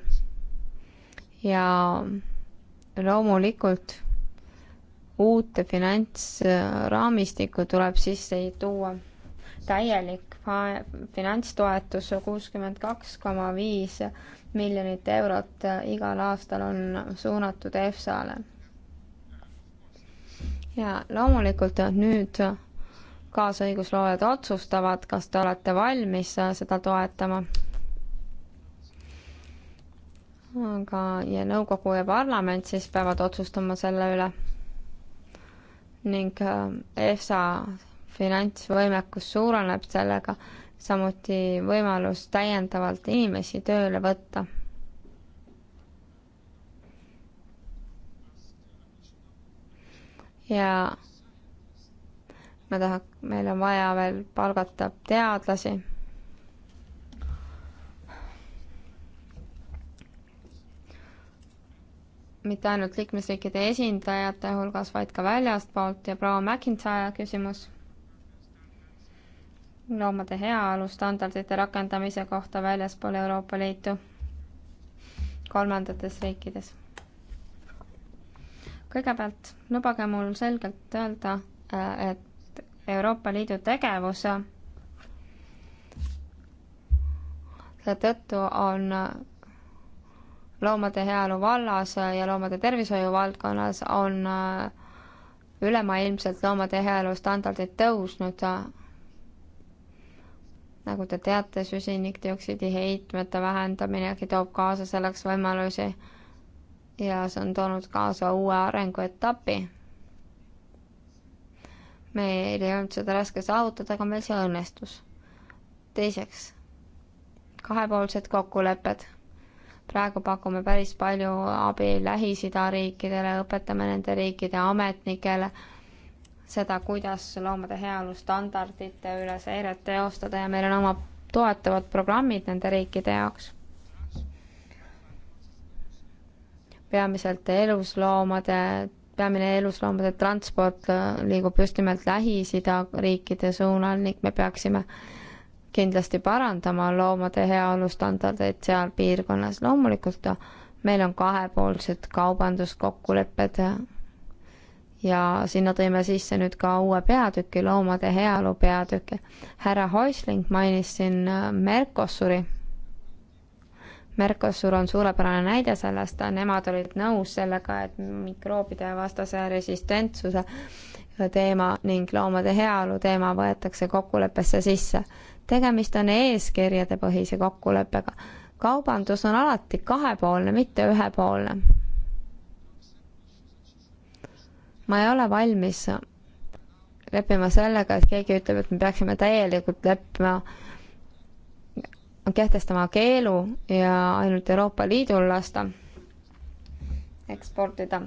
ja loomulikult uute finantsraamistikku tuleb sisse tuua täielik finantstoetus kuuskümmend kaks koma viis miljonit eurot äh, igal aastal on suunatud EFSA-le ja loomulikult nüüd kaasõigusloojad otsustavad, kas te olete valmis seda toetama. aga, ja nõukogu ja parlament siis peavad otsustama selle üle. ning äh, EFSA finantsvõimekus suureneb sellega, samuti võimalus täiendavalt inimesi tööle võtta ja ma tahan, meil on vaja veel palgata teadlasi. mitte ainult liikmesriikide esindajate hulgas, vaid ka väljastpoolt ja proua McIntyre küsimus loomade heaolu standardite rakendamise kohta väljaspool Euroopa Liitu kolmandates riikides kõigepealt lubage mul selgelt öelda, äh, et Euroopa Liidu tegevuse seetõttu äh, on äh, loomade heaolu vallas ja loomade tervishoiu valdkonnas on ülemaailmselt loomade heaolu standardid tõusnud. nagu te teate, süsinikdioksiidi heitmete vähendamine toob kaasa selleks võimalusi ja see on toonud kaasa uue arenguetapi. meil ei olnud seda raske saavutada, aga meil see õnnestus. teiseks, kahepoolsed kokkulepped. praegu pakume päris palju abi Lähis-Ida riikidele, õpetame nende riikide ametnikele seda, kuidas loomade heaolu standardite üle seiret teostada ja meil on oma toetavad programmid nende riikide jaoks peamiselt elusloomade, peamine elusloomade transport äh, liigub just nimelt Lähis-Ida riikide suunal ning me peaksime kindlasti parandama loomade heaolu standardeid seal piirkonnas. loomulikult äh, meil on kahepoolsed kaubanduskokkulepped äh, ja sinna tõime sisse nüüd ka uue peatüki, loomade heaolu peatüki. härra Häusling mainis siin Mercosuri Mercosur on suurepärane näide sellest, nemad olid nõus sellega, et mikroobide vastase resistentsuse teema ning loomade heaolu teema võetakse kokkuleppesse sisse. tegemist on eeskirjade põhise kokkuleppega. kaubandus on alati kahepoolne, mitte ühepoolne. ma ei ole valmis leppima sellega, et keegi ütleb, et me peaksime täielikult leppima äh, kehtestama keelu ja ainult Euroopa Liidul lasta eksportida.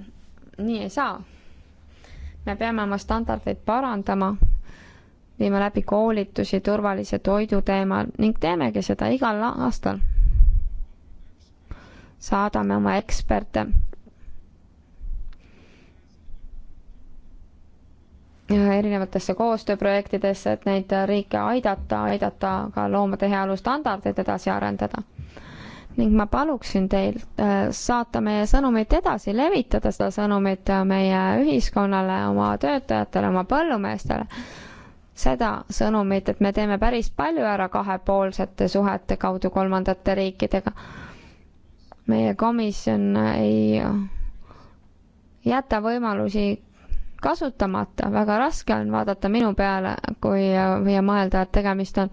nii ei saa. me peame oma standardeid parandama, viime läbi koolitusi turvalise toidu teemal ning teemegi seda igal aastal. saadame oma eksperte erinevatesse koostööprojektidesse, et neid riike aidata, aidata ka loomade heaolu standardeid edasi arendada. ning ma paluksin teil äh, saata meie sõnumit edasi, levitada seda sõnumit meie ühiskonnale, oma töötajatele, oma põllumeestele, seda sõnumit, et me teeme päris palju ära kahepoolsete suhete kaudu kolmandate riikidega. meie komisjon ei jäta võimalusi kasutamata, väga raske on vaadata minu peale, kui, ja mõelda, et tegemist on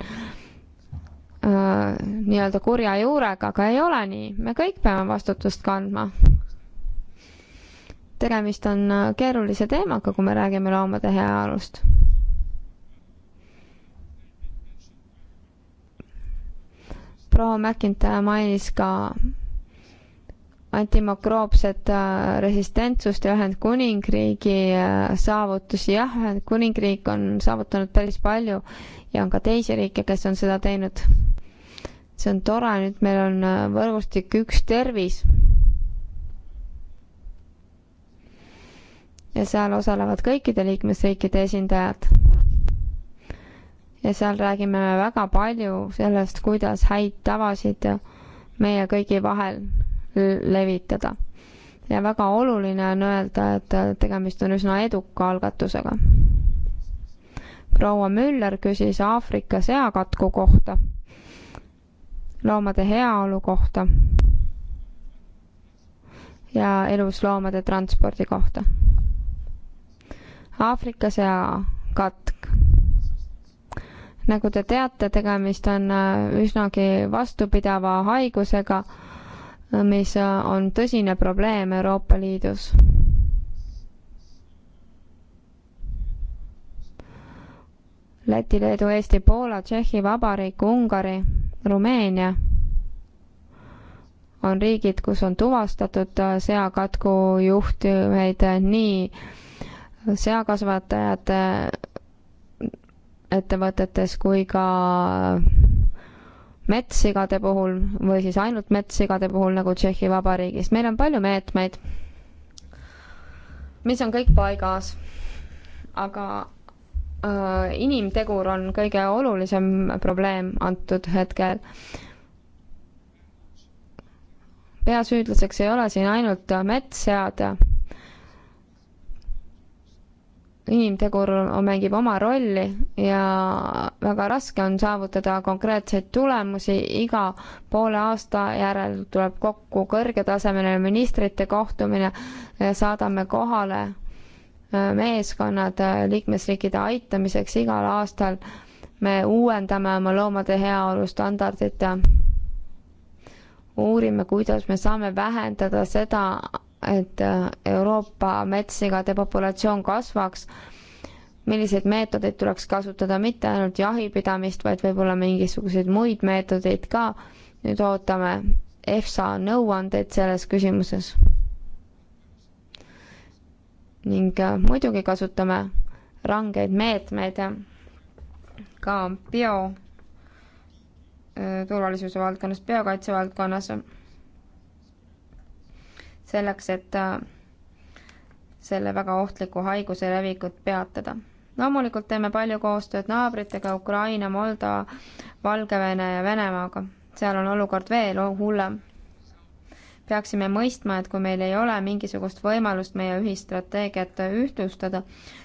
äh, nii-öelda kurja juurega, aga ei ole nii, me kõik peame vastutust kandma. tegemist on äh, keerulise teemaga, kui me räägime loomade heaolust proua McIntyre mainis ka antimikroopset äh, resistentsust ja Ühendkuningriigi äh, saavutusi. jah, Ühendkuningriik on saavutanud päris palju ja on ka teisi riike, kes on seda teinud. see on tore, nüüd meil on äh, võrgustik Üks Tervis. ja seal osalevad kõikide liikmesriikide esindajad. ja seal räägime väga palju sellest, kuidas häid tavasid meie kõigi vahel levitada. ja väga oluline on öelda, et tegemist on üsna eduka algatusega. proua Müller küsis Aafrika seakatku kohta, loomade heaolu kohta ja elusloomade transpordi kohta. Aafrika seakatk. nagu te teate, tegemist on äh, üsnagi vastupidava haigusega mis äh, on tõsine probleem Euroopa Liidus. Läti, Leedu, Eesti, Poola, Tšehhi Vabariik, Ungari, Rumeenia on riigid, kus on tuvastatud äh, seakatku juhtumeid äh, nii seakasvatajate ettevõtetes kui ka metssigade puhul või siis ainult metssigade puhul, nagu Tšehhi Vabariigis. meil on palju meetmeid, mis on kõik paigas, aga äh, inimtegur on kõige olulisem probleem antud hetkel. peasüüdlaseks ei ole siin ainult metssead inimtegur mängib oma rolli ja väga raske on saavutada konkreetseid tulemusi, iga poole aasta järel tuleb kokku kõrgetasemeline ministrite kohtumine, saadame kohale äh, meeskonnad äh, liikmesriikide aitamiseks igal aastal, me uuendame oma loomade heaolu standardit ja uurime, kuidas me saame vähendada seda et äh, Euroopa metssigade populatsioon kasvaks, milliseid meetodeid tuleks kasutada, mitte ainult jahipidamist, vaid võib-olla mingisuguseid muid meetodeid ka. nüüd ootame EFSA nõuandeid selles küsimuses. ning äh, muidugi kasutame rangeid meetmeid ka bio äh, turvalisuse valdkonnas, biokaitse valdkonnas selleks, et äh, selle väga ohtliku haiguse levikut peatada. loomulikult teeme palju koostööd naabritega Ukraina, Moldova, Valgevene ja Venemaaga. seal on olukord veel hullem. peaksime mõistma, et kui meil ei ole mingisugust võimalust meie ühistrateegiat ühtlustada,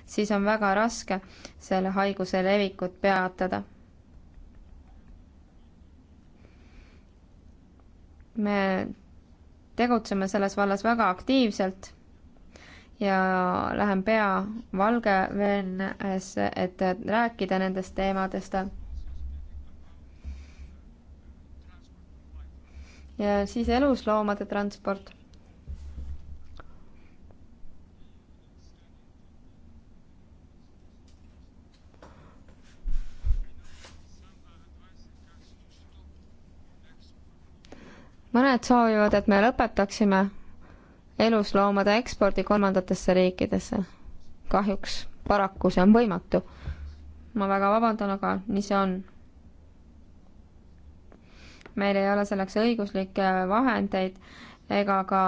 siis on väga raske selle haiguse levikut peatada. me tegutseme selles vallas väga aktiivselt ja lähen pea Valgevenesse, et rääkida nendest teemadest. ja siis elusloomade transport mõned soovivad, et me lõpetaksime elusloomade ekspordi kolmandatesse riikidesse. kahjuks, paraku see on võimatu. ma väga vabandan, aga nii see on. meil ei ole selleks õiguslikke vahendeid ega ka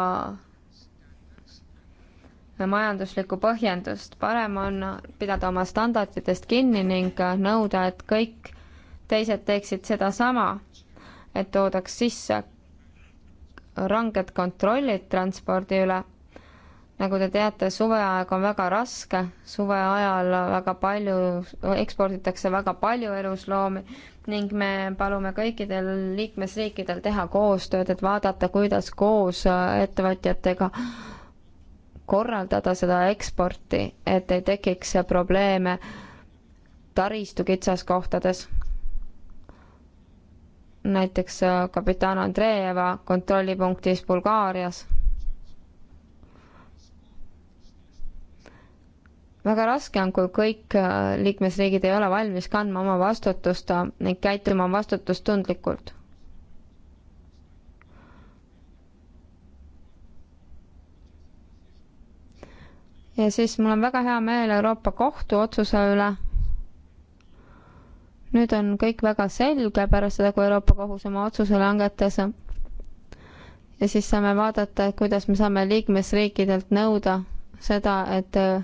majanduslikku põhjendust. parem on pidada oma standarditest kinni ning nõuda, et kõik teised teeksid sedasama, et toodaks sisse ranged kontrollid transpordi üle. nagu te teate, suveaeg on väga raske, suveajal väga palju, eksporditakse väga palju elusloomi ning me palume kõikidel liikmesriikidel teha koostööd, et vaadata, kuidas koos ettevõtjatega korraldada seda eksporti, et ei tekiks probleeme taristu kitsaskohtades, näiteks äh, kapitan Andreeva kontrollipunktis Bulgaarias. väga raske on, kui kõik äh, liikmesriigid ei ole valmis kandma oma vastutust äh, ning käituma vastutustundlikult. ja siis mul on väga hea meel Euroopa Kohtu otsuse üle nüüd on kõik väga selge pärast seda, kui Euroopa Kohus oma otsuse langetas. ja siis saame vaadata, et kuidas me saame liikmesriikidelt nõuda seda, et äh,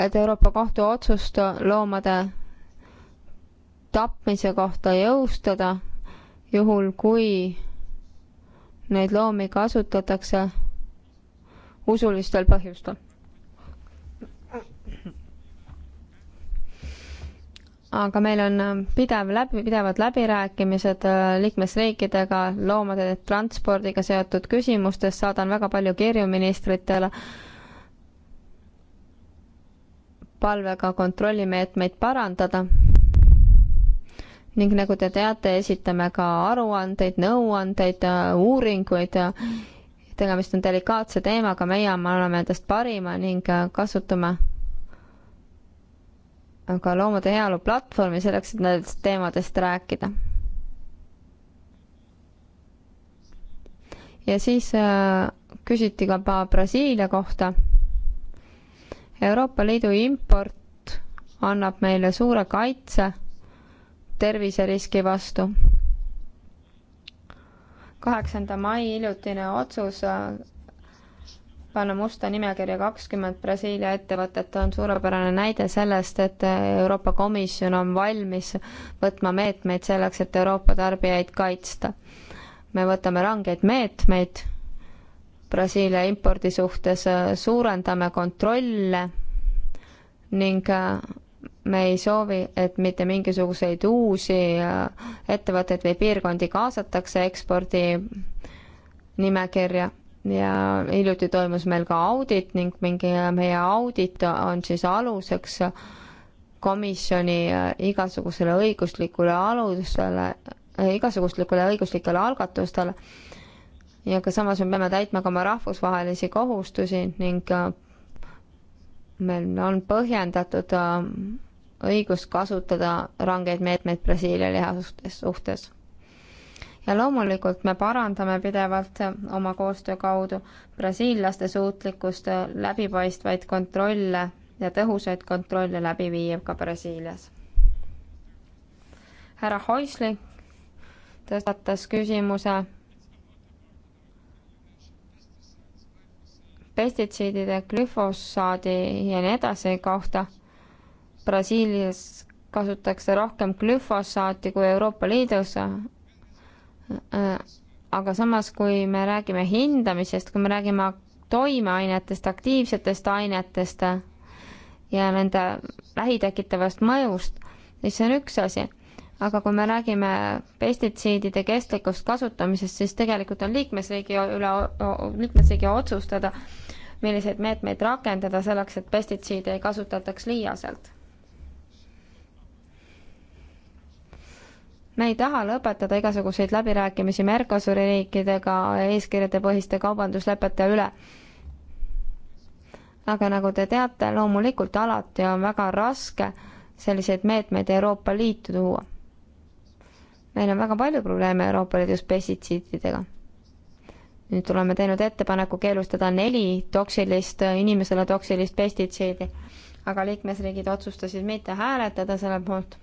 et Euroopa Kohtu otsust loomade tapmise kohta jõustada, juhul kui neid loomi kasutatakse usulistel põhjustel aga meil on äh, pidev läbi, pidevad läbirääkimised äh, liikmesriikidega loomade transpordiga seotud küsimustes, saadan väga palju kirju ministritele palvega kontrollimeetmeid parandada. ning nagu te teate, esitame ka aruandeid, nõuandeid, äh, uuringuid ja tegemist on delikaatse teemaga, meie anname endast parima ning kasutame ka loomade heaolu platvormi selleks, et nendest teemadest rääkida. ja siis äh, küsiti ka Brasiilia kohta. Euroopa Liidu import annab meile suure kaitse terviseriski vastu. kaheksanda mai hiljutine otsus äh, panna musta nimekirja kakskümmend Brasiilia ettevõtet on suurepärane näide sellest, et Euroopa Komisjon on valmis võtma meetmeid selleks, et Euroopa tarbijaid kaitsta. me võtame rangeid meetmeid Brasiilia impordi suhtes, suurendame kontrolle ning äh, me ei soovi, et mitte mingisuguseid uusi äh, ettevõtteid või piirkondi kaasatakse ekspordi nimekirja ja hiljuti toimus meil ka audit ning mingi meie audit on siis aluseks komisjoni äh, igasugusele õiguslikule alusele, äh, igasuguslikule õiguslikele algatustele ja ka samas me peame täitma ka oma rahvusvahelisi kohustusi ning äh, meil on põhjendatud õigus kasutada rangeid meetmeid Brasiilia liha suhtes, suhtes ja loomulikult me parandame pidevalt oma koostöö kaudu brasiillaste suutlikkust läbipaistvaid kontrolle ja tõhusaid kontrolle läbi viia ka Brasiilias. härra Häusli tõstatas küsimuse pestitsiidide, glüfosaadi ja nii edasi kohta. Brasiilias kasutatakse rohkem glüfosaati kui Euroopa Liidus, Äh, aga samas, kui me räägime hindamisest, kui me räägime toimeainetest, aktiivsetest ainetest ja nende vähitekitavast mõjust, siis see on üks asi. aga kui me räägime pestitsiidide kestlikust kasutamisest, siis tegelikult on liikmesriigi üle, liikmesriigi otsustada, milliseid meetmeid rakendada selleks, et pestitsiide ei kasutataks liiaselt me ei taha lõpetada igasuguseid läbirääkimisi Mercosuri riikidega eeskirjade põhiste kaubanduslepete üle. aga nagu te teate, loomulikult alati on väga raske selliseid meetmeid Euroopa Liitu tuua. meil on väga palju probleeme Euroopa Liidus pestitsiididega. nüüd oleme teinud ettepaneku keelustada neli toksilist, inimesele toksilist pestitsiidi, aga liikmesriigid otsustasid mitte hääletada selle poolt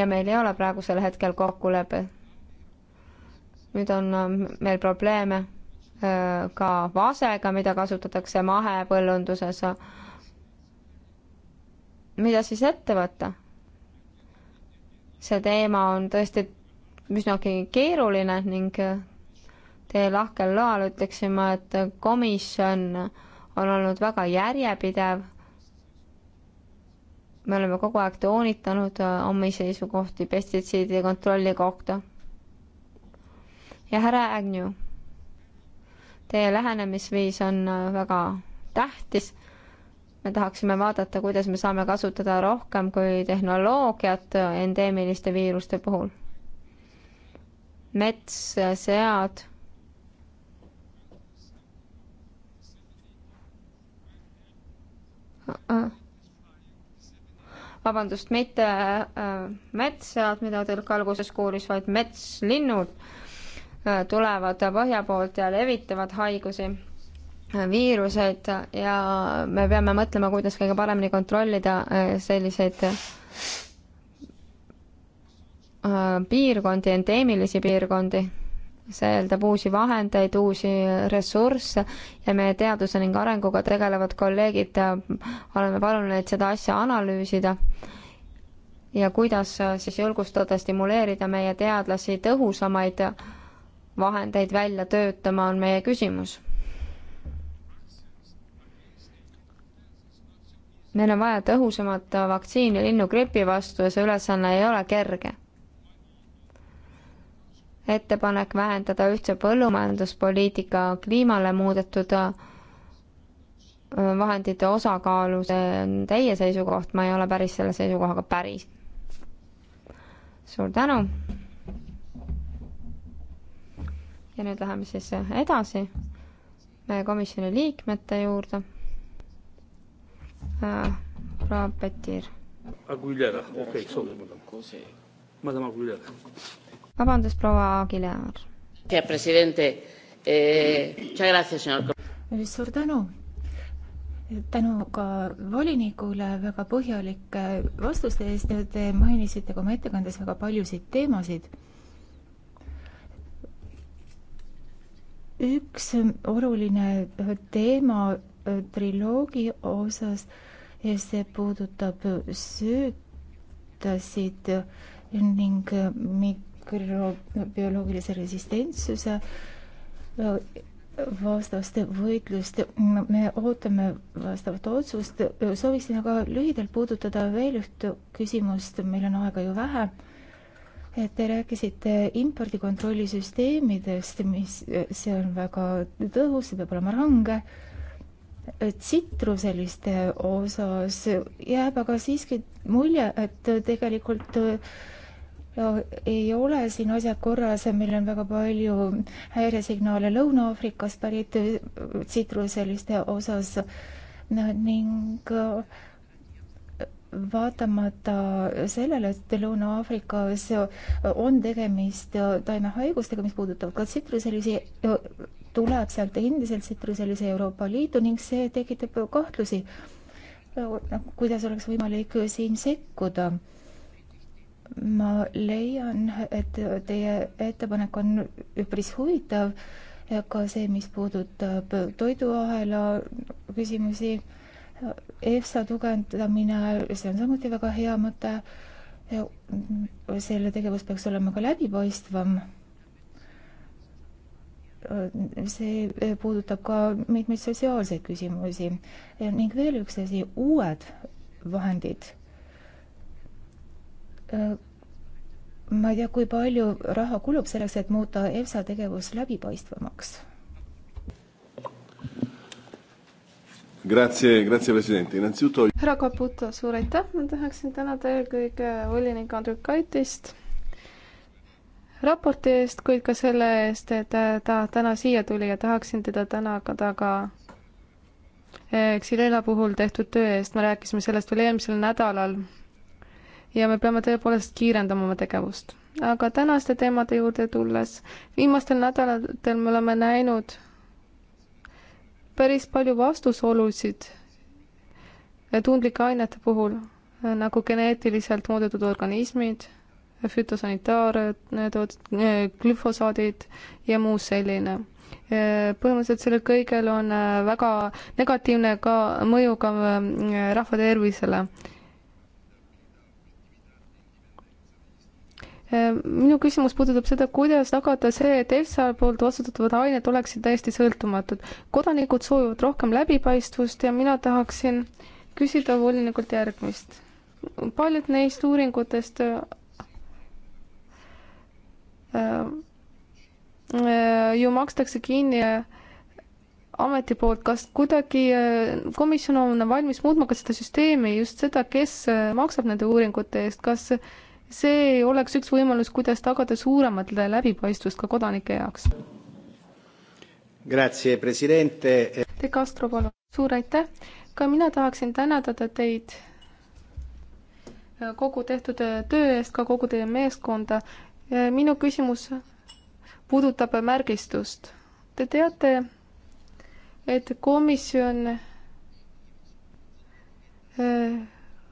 ja meil ei ole praegusel hetkel kokkulepet. nüüd on ähm, meil probleeme äh, ka vasega, mida kasutatakse mahepõllunduses. mida siis ette võtta? see teema on tõesti üsnagi keeruline ning äh, teie lahkel loal ütleksin ma, et komisjon on olnud väga järjepidev me oleme kogu aeg toonitanud äh, omi seisukohti pestitsiidide kontrolli kohta. ja härra Agnew, teie lähenemisviis on äh, väga tähtis. me tahaksime vaadata, kuidas me saame kasutada rohkem kui tehnoloogiat äh, endeemiliste viiruste puhul. mets, sead. Uh-uh vabandust, mitte äh, metssead, mida tõlke alguses kuulis, vaid metslinnud äh, tulevad põhja poolt ja levitavad haigusi, äh, viiruseid ja me peame mõtlema, kuidas kõige paremini kontrollida selliseid piirkondi, endeemilisi piirkondi see eeldab uusi vahendeid, uusi ressursse ja meie teaduse ning arenguga tegelevad kolleegid oleme palunud neid seda asja analüüsida ja kuidas äh, siis julgustada, stimuleerida meie teadlasi tõhusamaid vahendeid välja töötama, on meie küsimus. meil on vaja tõhusamat vaktsiini linnugripi vastu ja see ülesanne ei ole kerge ettepanek vähendada ühtse põllumajanduspoliitika kliimale muudetud äh, vahendite osakaalu, see on teie seisukoht, ma ei ole päris selle seisukohaga päri. suur tänu. ja nüüd läheme siis edasi meie komisjoni liikmete juurde. Äh, proua Petir. Aguilera, okei okay,, soovib. Madame Aguilera vabandust, proua Aguilar. Eh, suur tänu tänu ka volinikule väga põhjalike vastuste eest ja te mainisite ka oma ettekandes väga paljusid teemasid. üks oluline teema triloogi osas, see puudutab süütasid ning mit-, mikrobioloogilise resistentsuse äh, vastaste võitlust. me ootame vastavat otsust. sooviksin aga lühidalt puudutada veel üht küsimust, meil on aega ju vähe. Te rääkisite impordikontrollisüsteemidest, mis, see on väga tõhus, see peab olema range tsitruseliste osas jääb aga siiski mulje, et tegelikult äh, ei ole siin asjad korras, meil on väga palju häiresignaale Lõuna-Aafrikast pärit äh, tsitruseliste osas ning äh, vaatamata sellele, et Lõuna-Aafrikas on tegemist äh, taimehaigustega, mis puudutavad ka tsitruselisi, tuleb sealt endiselt tsitruselisi Euroopa Liitu ning see tekitab kahtlusi, kuidas oleks võimalik siin sekkuda ma leian, et teie ettepanek on üpris huvitav, ka see, mis puudutab toiduahela küsimusi, EFSA tugevdamine, see on samuti väga hea mõte, selle tegevus peaks olema ka läbipaistvam. see puudutab ka mitmeid sotsiaalseid küsimusi ning veel üks asi, uued vahendid Äh, ma ei tea, kui palju raha kulub selleks, et muuta EFSA tegevus läbipaistvamaks? Grazie, grazie president, innanzitutto. härra Caputo, suur aitäh, ma tahaksin tänada eelkõige volinik Andrukaitist raporti eest, kuid ka selle eest, et ta täna siia tuli ja tahaksin teda tänada ta ka eh, Xilela puhul tehtud töö eest, me rääkisime sellest veel eelmisel nädalal ja me peame tõepoolest kiirendama oma tegevust. aga tänaste teemade juurde tulles, viimastel nädalatel me oleme näinud päris palju vastusolusid tundlike ainete puhul, nagu geneetiliselt muudetud organismid, fütosanitaartood-, glüfosaadid ja muu selline põhimõtteliselt sellel kõigel on väga negatiivne ka mõju ka äh, rahva tervisele. Ehm, minu küsimus puudutab seda, kuidas tagada see, et EFSA poolt vastutatavad ained oleksid täiesti sõltumatud. kodanikud soovivad rohkem läbipaistvust ja mina tahaksin küsida volinikult järgmist. paljud neist uuringutest ehm, ehm, ju makstakse kinni eh, ameti poolt, kas kuidagi eh, komisjon on valmis muutma ka seda süsteemi, just seda, kes eh, maksab nende uuringute eest, kas äh, see oleks üks võimalus, kuidas tagada suuremat läbipaistvust ka kodanike jaoks. Grazie, president. De Castro, palun. suur aitäh. ka mina tahaksin tänada teid kogu tehtud töö eest, ka kogu teie meeskonda. minu küsimus puudutab märgistust. Te teate, et komisjon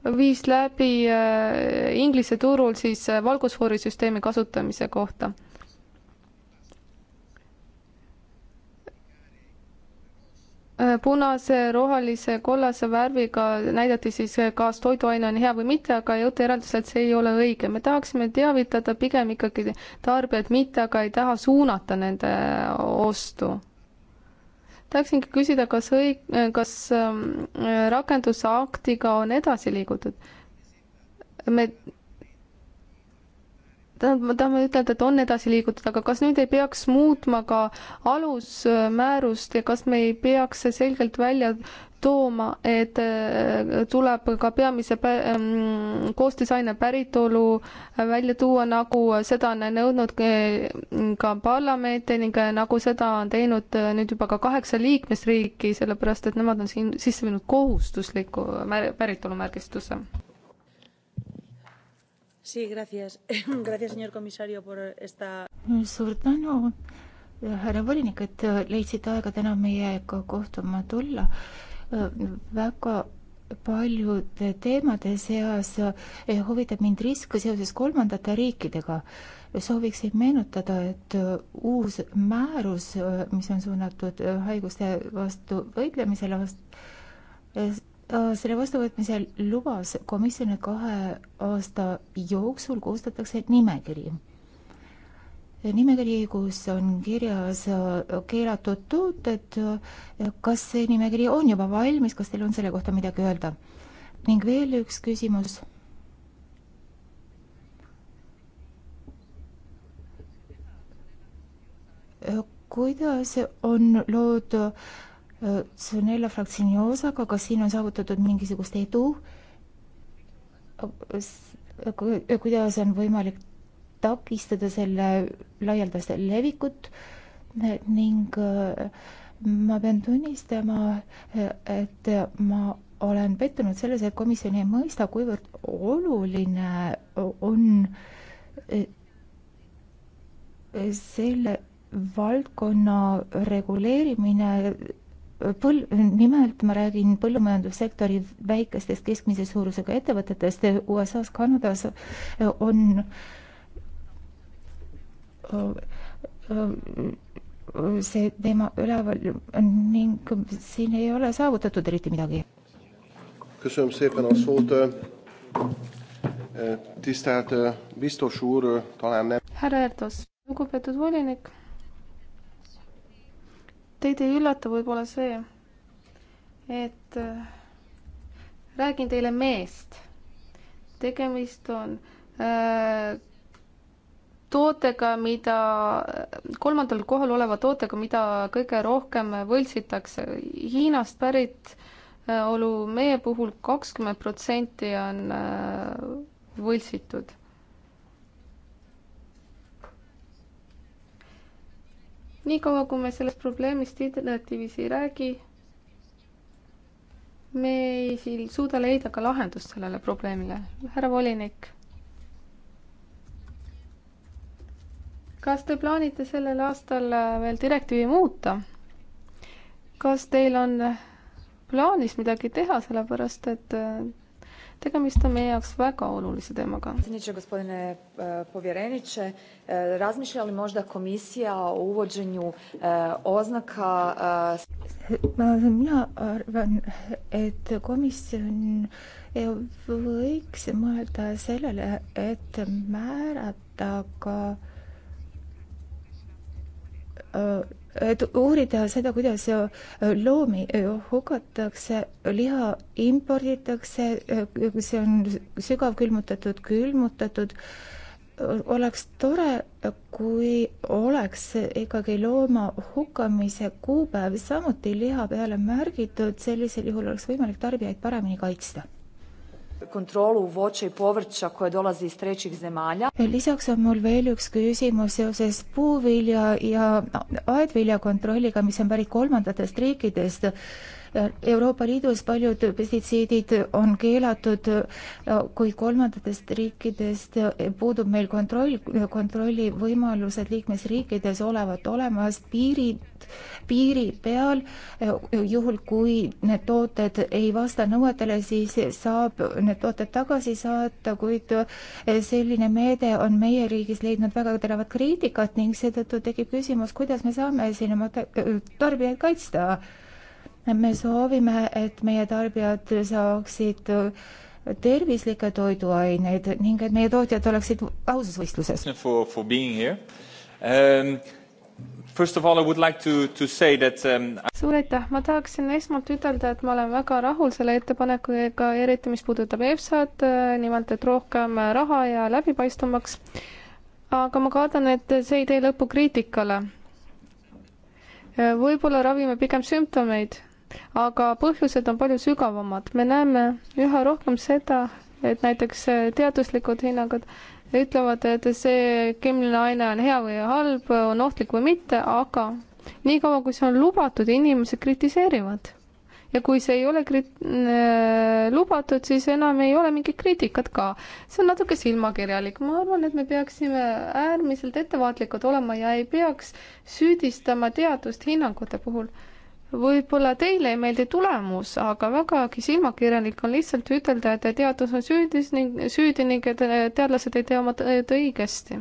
viis läbi äh, Inglise turul siis äh, valgusfoorisüsteemi kasutamise kohta. Äh, punase, rohelise, kollase värviga näidati siis, kas toiduaine on hea või mitte, aga jõuti järeldusele, et see ei ole õige. me tahaksime teavitada pigem ikkagi tarbijat, mitte aga ei taha suunata nende ostu tahaksingi küsida, kas õig-, kas ähm, äh, rakendusaktiga on edasi liigutud? me tähendab, ma tahan ütelda, et on edasi liigutud, aga kas nüüd ei peaks muutma ka alusmäärust ja kas me ei peaks selgelt välja tooma, et äh, tuleb ka peamise pä ähm, koostisaine päritolu äh, välja tuua, nagu seda on nõudnud äh, ka parlament ning nagu seda on teinud nüüd juba ka kaheksa liikmesriiki, sellepärast et nemad on siin sisse viinud kohustusliku päritolumärgistuse. Sí, gracias. (laughs) gracias, señor komissario, por esta. suur tänu, härra volinik, et leidsite aega täna meiega kohtuma tulla. väga paljude teemade seas eh, huvitab mind risk seoses kolmandate riikidega. sooviksin meenutada, et uus määrus, mis on suunatud haiguste vastu võitlemisele, Äh, selle vastuvõtmisel lubas komisjon, et kahe aasta jooksul koostatakse nimekiri. nimekiri, kus on kirjas äh, keelatud tooted, äh, kas see nimekiri on juba valmis, kas teil on selle kohta midagi öelda? ning veel üks küsimus. kuidas on lood Äh, Sõnella Fraktsiooniosaga, kas siin on saavutatud mingisugust edu? Äh, äh, kuidas on võimalik takistada selle laialdast levikut ning ma pean tunnistama, et ma olen pettunud selles, et komisjon ei mõista, kuivõrd oluline on selle valdkonna reguleerimine põl-, nimelt ma räägin põllumajandussektori väikestest keskmise suurusega ettevõtetest USA-s, Kanadas on see teema üleval ning siin ei ole saavutatud eriti midagi. köszönöm szépen a szót. Tisztelt biztos úr, talán nem. Härra Erdos, lugupeetud volinik Teid ei üllata võib-olla see, et äh, räägin teile meest. tegemist on äh, tootega, mida, kolmandal kohal oleva tootega, mida kõige rohkem võltsitakse. Hiinast päritolu äh, mehe puhul kakskümmend protsenti on äh, võltsitud. niikaua, kui me sellest probleemist alternatiivis ei räägi, me ei suuda leida ka lahendust sellele probleemile. härra volinik, kas te plaanite sellel aastal veel direktiivi muuta? kas teil on plaanis midagi teha, sellepärast et tegemist on meie jaoks väga olulise teemaga. gospodine e, povjereniče, e, razmišlja li možda komisija o uvođenju e, oznaka? mina arvan, et komisjon võiks mõelda sellele, et määrata ka uurida seda, kuidas loomi hukatakse, liha imporditakse, see on sügavkülmutatud, külmutatud, oleks tore, kui oleks ikkagi looma hukkamise kuupäev samuti liha peale märgitud, sellisel juhul oleks võimalik tarbijaid paremini kaitsta kontrolu voća i povrća koje dolazi iz trećih zemalja. lisaks on mul veel üks küsimus seoses puuvilja ja aedvilja kontrolliga, mis on pärit kolmandatest riikidest. Euroopa Liidus paljud pestitsiidid on keelatud, kuid kolmandatest riikidest puudub meil kontroll, kontrollivõimalused liikmesriikides olevat olemas, piirid, piiri peal, juhul kui need tooted ei vasta nõuetele, siis saab need tooted tagasi saata, kuid selline meede on meie riigis leidnud väga teravat kriitikat ning seetõttu tekib küsimus, kuidas me saame siin oma tarbijaid kaitsta me soovime, et meie tarbijad saaksid tervislikke toiduaineid ning et meie tootjad oleksid ausas võistluses. Um, first of all, I would like to, to say that um, suur aitäh, ma tahaksin esmalt ütelda, et ma olen väga rahul selle ettepanekuga, eriti mis puudutab EFSA-d, nimelt et rohkem raha ja läbipaistvamaks. aga ma kardan, et see ei tee lõppu kriitikale. võib-olla ravime pigem sümptomeid aga põhjused on palju sügavamad. me näeme üha rohkem seda, et näiteks teaduslikud hinnangud ütlevad, et see keemiline aine on hea või halb, on ohtlik või mitte, aga niikaua, kui see on lubatud, inimesed kritiseerivad. ja kui see ei ole krit-, äh, lubatud, siis enam ei ole mingit kriitikat ka. see on natuke silmakirjalik, ma arvan, et me peaksime äärmiselt ettevaatlikud olema ja ei peaks süüdistama teadust hinnangute puhul võib-olla teile ei meeldi tulemus, aga vägagi silmakirjanik on lihtsalt ütelda, et teadus on süüdis ning süüdi ning äh, teadlased ei tea oma tõed õigesti.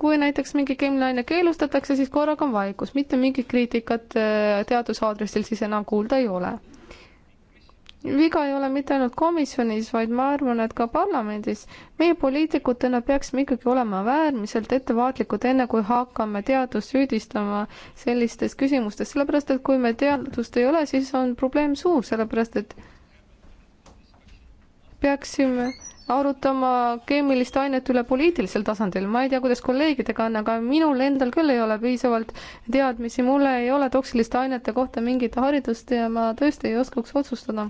kui näiteks mingi keemiline keelustatakse, siis korraga on vaikus, mitte mingit kriitikat äh, teaduse aadressil siis enam kuulda ei ole viga ei ole mitte ainult komisjonis, vaid ma arvan, et ka parlamendis. meie poliitikutena peaksime ikkagi olema äärmiselt ettevaatlikud, enne kui hakkame teadust süüdistama sellistes küsimustes, sellepärast et kui me teadust ei ole, siis on probleem suur, sellepärast et peaksime arutama keemilist ainet üle poliitilisel tasandil, ma ei tea, kuidas kolleegidega on, aga minul endal küll ei ole piisavalt teadmisi, mul ei ole toksiliste ainete kohta mingit haridust ja ma tõesti ei oskaks otsustada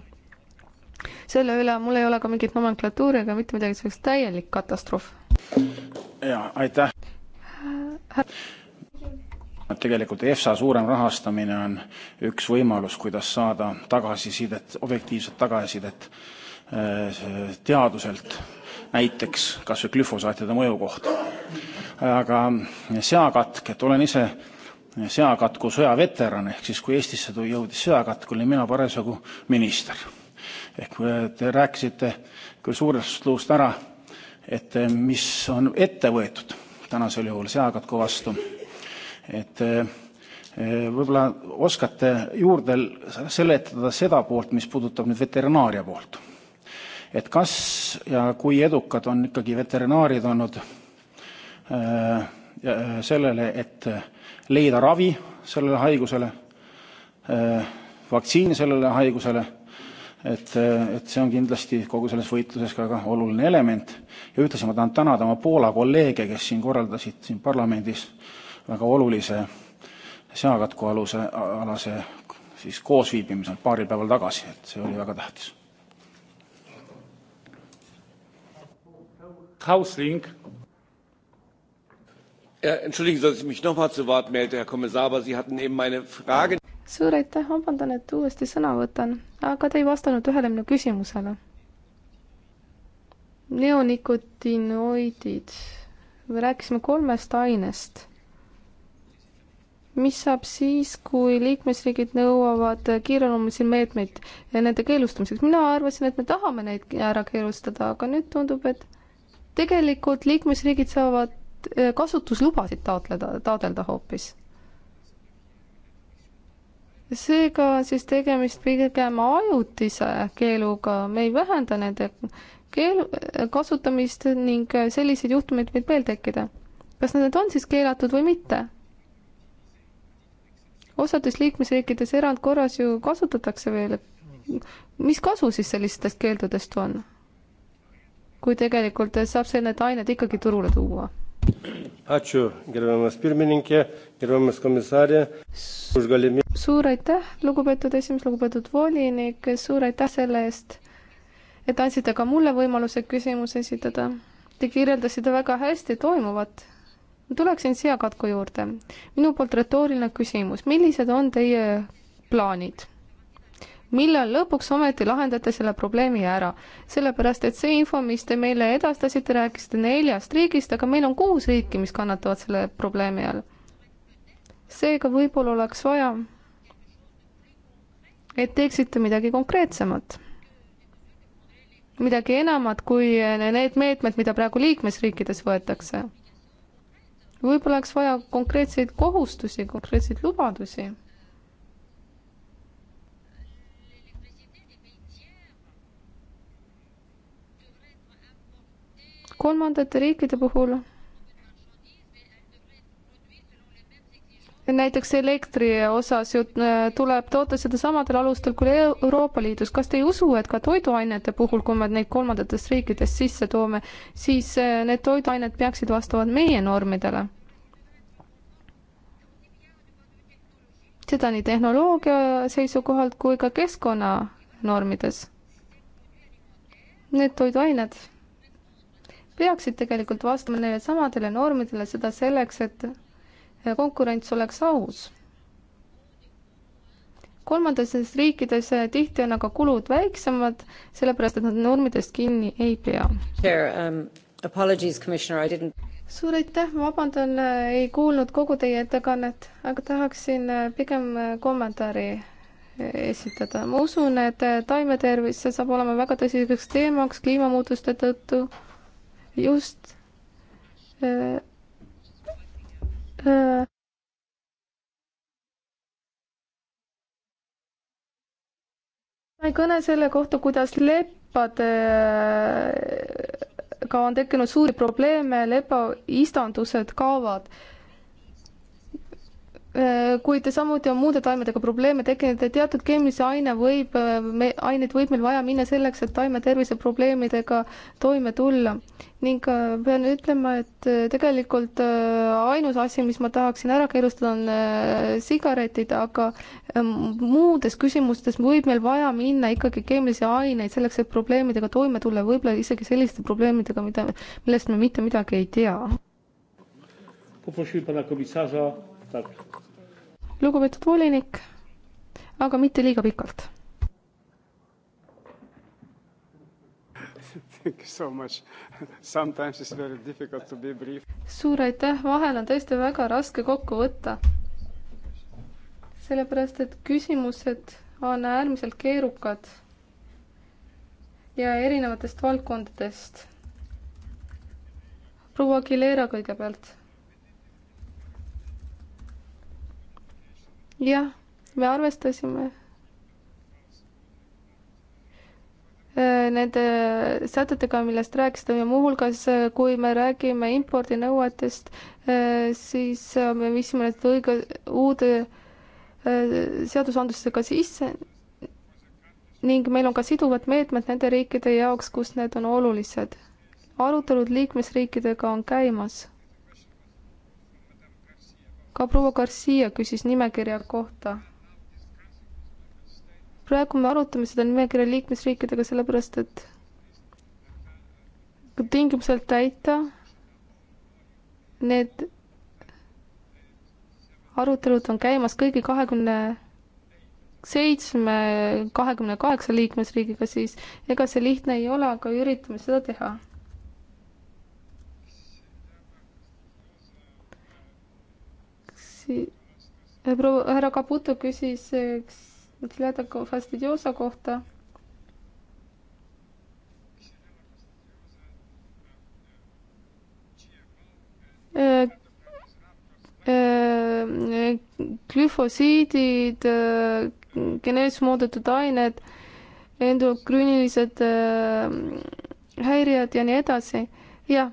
selle üle mul ei ole ka mingit nomenklatuuri ega mitte midagi, see oleks täielik katastroof. jaa, aitäh. Äh, äh, tegelikult EFSA suurem rahastamine on üks võimalus, kuidas saada tagasisidet, objektiivset tagasisidet äh, teaduselt, näiteks kas või glüfosaatide mõju kohta. aga seakatk, et olen ise seakatku sõjaveteran, ehk siis kui Eestisse jõudis seakatk, olin mina parasjagu minister ehk te rääkisite küll suurest luust ära, et eh, mis on ette võetud tänasel juhul seakatku vastu. et eh, eh, võib-olla oskate juurde seletada seda poolt, mis puudutab nüüd veterinaaria poolt. et kas ja kui edukad on ikkagi veterinaarid olnud sellele, et leida ravi sellele haigusele, vaktsiin sellele haigusele Eh, et see on kindlasti kogu selles võitluses väga oluline element. Ja ühtlasi ma tahan tänada oma Poola kolleege, kes korraldasid siin parlamendis väga olulise seakatkualase koosviibimise paaril päeval tagasi, see oli väga tähtis. Häusling. Entschuldigen Sie, dass ich mich nochmal zu Wort melde, Herr Kommissar, aber Sie hatten eben meine Frage. suur aitäh, vabandan, et uuesti sõna võtan aga te ei vastanud ühele minu küsimusele. neonikotinoidid, me rääkisime kolmest ainest. mis saab siis, kui liikmesriigid nõuavad kiireloomulisi meetmeid nende keelustamiseks? mina arvasin, et me tahame neid ära keelustada, aga nüüd tundub, et tegelikult liikmesriigid saavad eh, kasutuslubasid taotleda, taotleda hoopis seega on siis tegemist pigem ajutise keeluga, me ei vähenda nende keelu äh, kasutamist ning äh, selliseid juhtumeid võib veel tekkida. kas need on siis keelatud või mitte? osades liikmesriikides erandkorras ju kasutatakse veel, mis kasu siis sellistest keeldudest on? kui tegelikult äh, saab selline ained ikkagi turule tuua Ačiū, gerbiamas pirmininkė, gerbiamas komisarė, už galimybę. suur aitäh, lugupeetud esimees, lugupeetud volinik, suur aitäh selle eest, et andsite ka mulle võimaluse küsimus esitada. Te kirjeldasite väga hästi toimuvat. ma tuleksin seakatku juurde. minu poolt retooriline küsimus, millised on teie plaanid? millal lõpuks ometi lahendate selle probleemi ära? sellepärast, et see info, mis te meile edastasite, rääkisite neljast riigist, aga meil on kuus riiki, mis kannatavad selle probleemi all. seega võib-olla oleks vaja, et teeksite midagi konkreetsemat. midagi enamat kui need meetmed, mida praegu liikmesriikides võetakse. võib-olla oleks vaja konkreetseid kohustusi, konkreetseid lubadusi kolmandate riikide puhul näiteks elektri osas ju äh, tuleb toota seda samadel alustel kui Euroopa Liidus. kas te ei usu, et ka toiduainete puhul, kui me neid kolmandatest riikidest sisse toome, siis äh, need toiduained peaksid vastama meie normidele? seda nii tehnoloogia seisukohalt kui ka keskkonnanormides. Need toiduained peaksid tegelikult vastama neile samadele normidele, seda selleks, et eh, konkurents oleks aus. kolmandates riikides eh, tihti on aga kulud väiksemad, sellepärast et nad normidest kinni ei pea. Um, apologies, commissioner, I didn't suur aitäh, vabandan, eh, ei kuulnud kogu teie ettekannet, aga tahaksin pigem kommentaari esitada. ma usun, et taimetervis saab olema väga tõsiseks teemaks kliimamuutuste tõttu just äh, äh, ma ei kõne selle kohta, kuidas leppadega on tekkinud suuri probleeme, lepaistandused kaovad Äh, kuid samuti on muude taimedega probleeme tekkinud ja teatud keemilise aine võib, äh, aineid võib meil vaja minna selleks, et taime terviseprobleemidega toime tulla. ning äh, pean ütlema, et tegelikult ainus asi, mis ma tahaksin ära keelustada, on sigaretid, aga muudes küsimustes võib meil vaja minna ikkagi keemilisi aineid selleks, et probleemidega toime tulla, võib-olla isegi selliste probleemidega, mida, millest me mitte midagi ei tea. Poprosiłem pana komisarza lugupeetud volinik, aga mitte liiga pikalt. (laughs) suur aitäh, vahel on tõesti väga raske kokku võtta. sellepärast, et küsimused on äärmiselt keerukad ja erinevatest valdkondadest. proua Aguilera kõigepealt jah, me arvestasime äh, nende sätetega, millest rääkisite ja muuhulgas, äh, kui me räägime impordinõuetest, äh, siis me viisime need õige, uude seadusandlustega sisse ning meil on ka siduvad meetmed nende riikide jaoks, kus need on olulised. arutelud liikmesriikidega on käimas ka proua Garcia küsis nimekirja kohta. praegu me arutame seda nimekirja liikmesriikidega sellepärast, et tingimuselt täita need arutelud on käimas kõigi kahekümne seitsme, kahekümne kaheksa liikmesriigiga, siis ega see lihtne ei ole, aga üritame seda teha. si-, proua, härra Caputo küsis Xledako eh, fastidiosa kohta. Eh, eh, glüfosiidid, geneetiliselt muudetud ained, endokrüünilised häirijad ja nii edasi. jah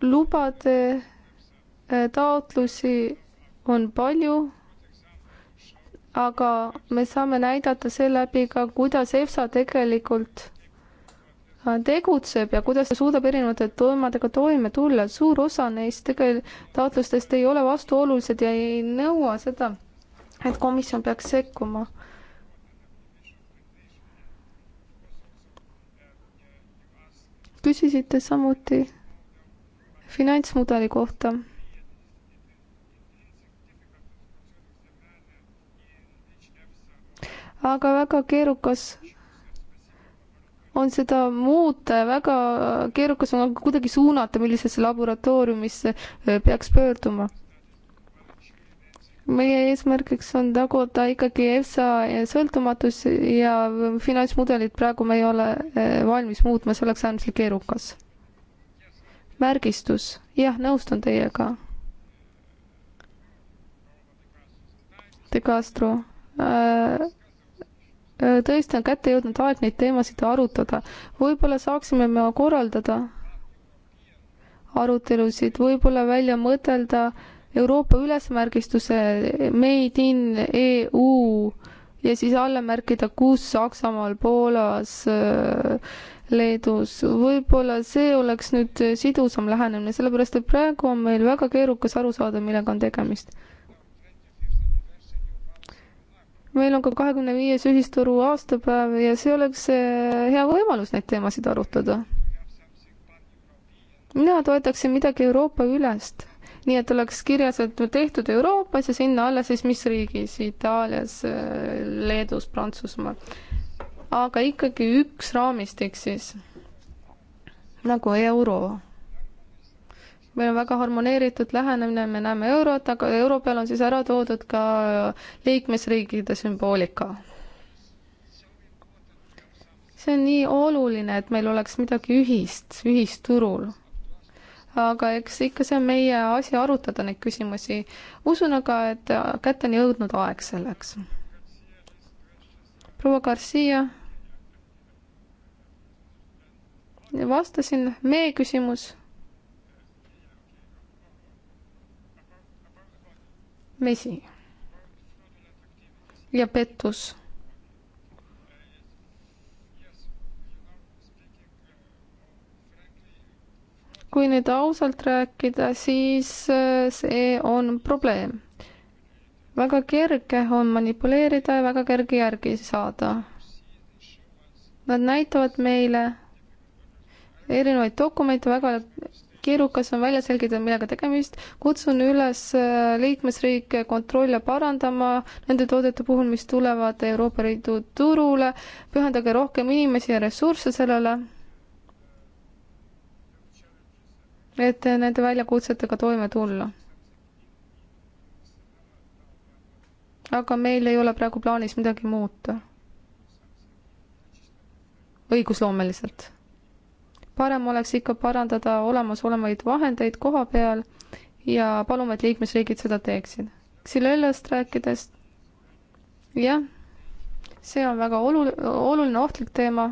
lubade äh, taotlusi on palju, aga me saame näidata seeläbi ka, kuidas EFSA tegelikult äh, tegutseb ja kuidas ta suudab erinevate teemadega toime tulla, et suur osa neist tegelikult taotlustest ei ole vastuolulised ja ei nõua seda, et komisjon peaks sekkuma. küsisite samuti finantsmudeli kohta. aga väga keerukas on seda muuta ja väga keerukas on kuidagi suunata, millisesse laboratooriumisse äh, peaks pöörduma. meie eesmärgiks on tagada ikkagi EFSA äh, sõltumatus ja finantsmudelit praegu me ei ole äh, valmis muutma, see oleks äärmiselt keerukas märgistus, jah, nõustun teiega. De Castro äh, äh, tõesti on kätte jõudnud aeg neid teemasid arutada. võib-olla saaksime me korraldada arutelusid, võib-olla välja mõtelda Euroopa ülesmärgistuse Made in EU ja siis alla märkida, kus Saksamaal, Poolas, äh, Leedus, võib-olla see oleks nüüd äh, sidusam lähenemine, sellepärast et praegu on meil väga keerukas aru saada, millega on tegemist. meil on ka kahekümne viies ühisturu aastapäev ja see oleks äh, hea võimalus neid teemasid arutada. mina toetaksin midagi Euroopa ülest nii et oleks kirjas, et tehtud Euroopas ja sinna alla siis mis riigis, Itaalias, äh, Leedus, Prantsusmaal. aga ikkagi üks raamistik siis, nagu euro. meil on väga harmoneeritud lähenemine, me näeme eurot, aga euro peal on siis ära toodud ka äh, liikmesriikide sümboolika see on nii oluline, et meil oleks midagi ühist, ühisturul aga eks ikka see on meie asi arutada neid küsimusi. usun aga, et kätte on jõudnud aeg selleks. proua Garcia. vastasin, meie küsimus. mesi ja pettus kui nüüd ausalt rääkida, siis äh, see on probleem. väga kerge on manipuleerida ja väga kerge järgi saada. Nad näitavad meile erinevaid dokumente, väga keerukas on välja selgitada, millega tegemist. kutsun üles äh, liikmesriike kontrolle parandama nende toodete puhul, mis tulevad Euroopa Liidu turule. pühendage rohkem inimesi ja ressursse sellele et nende väljakutsetega toime tulla. aga meil ei ole praegu plaanis midagi muuta. õigusloomeliselt. parem oleks ikka parandada olemasolevaid vahendeid koha peal ja palume, et liikmesriigid seda teeksid. Xylellast rääkides, jah, see on väga olu-, oluline ohtlik teema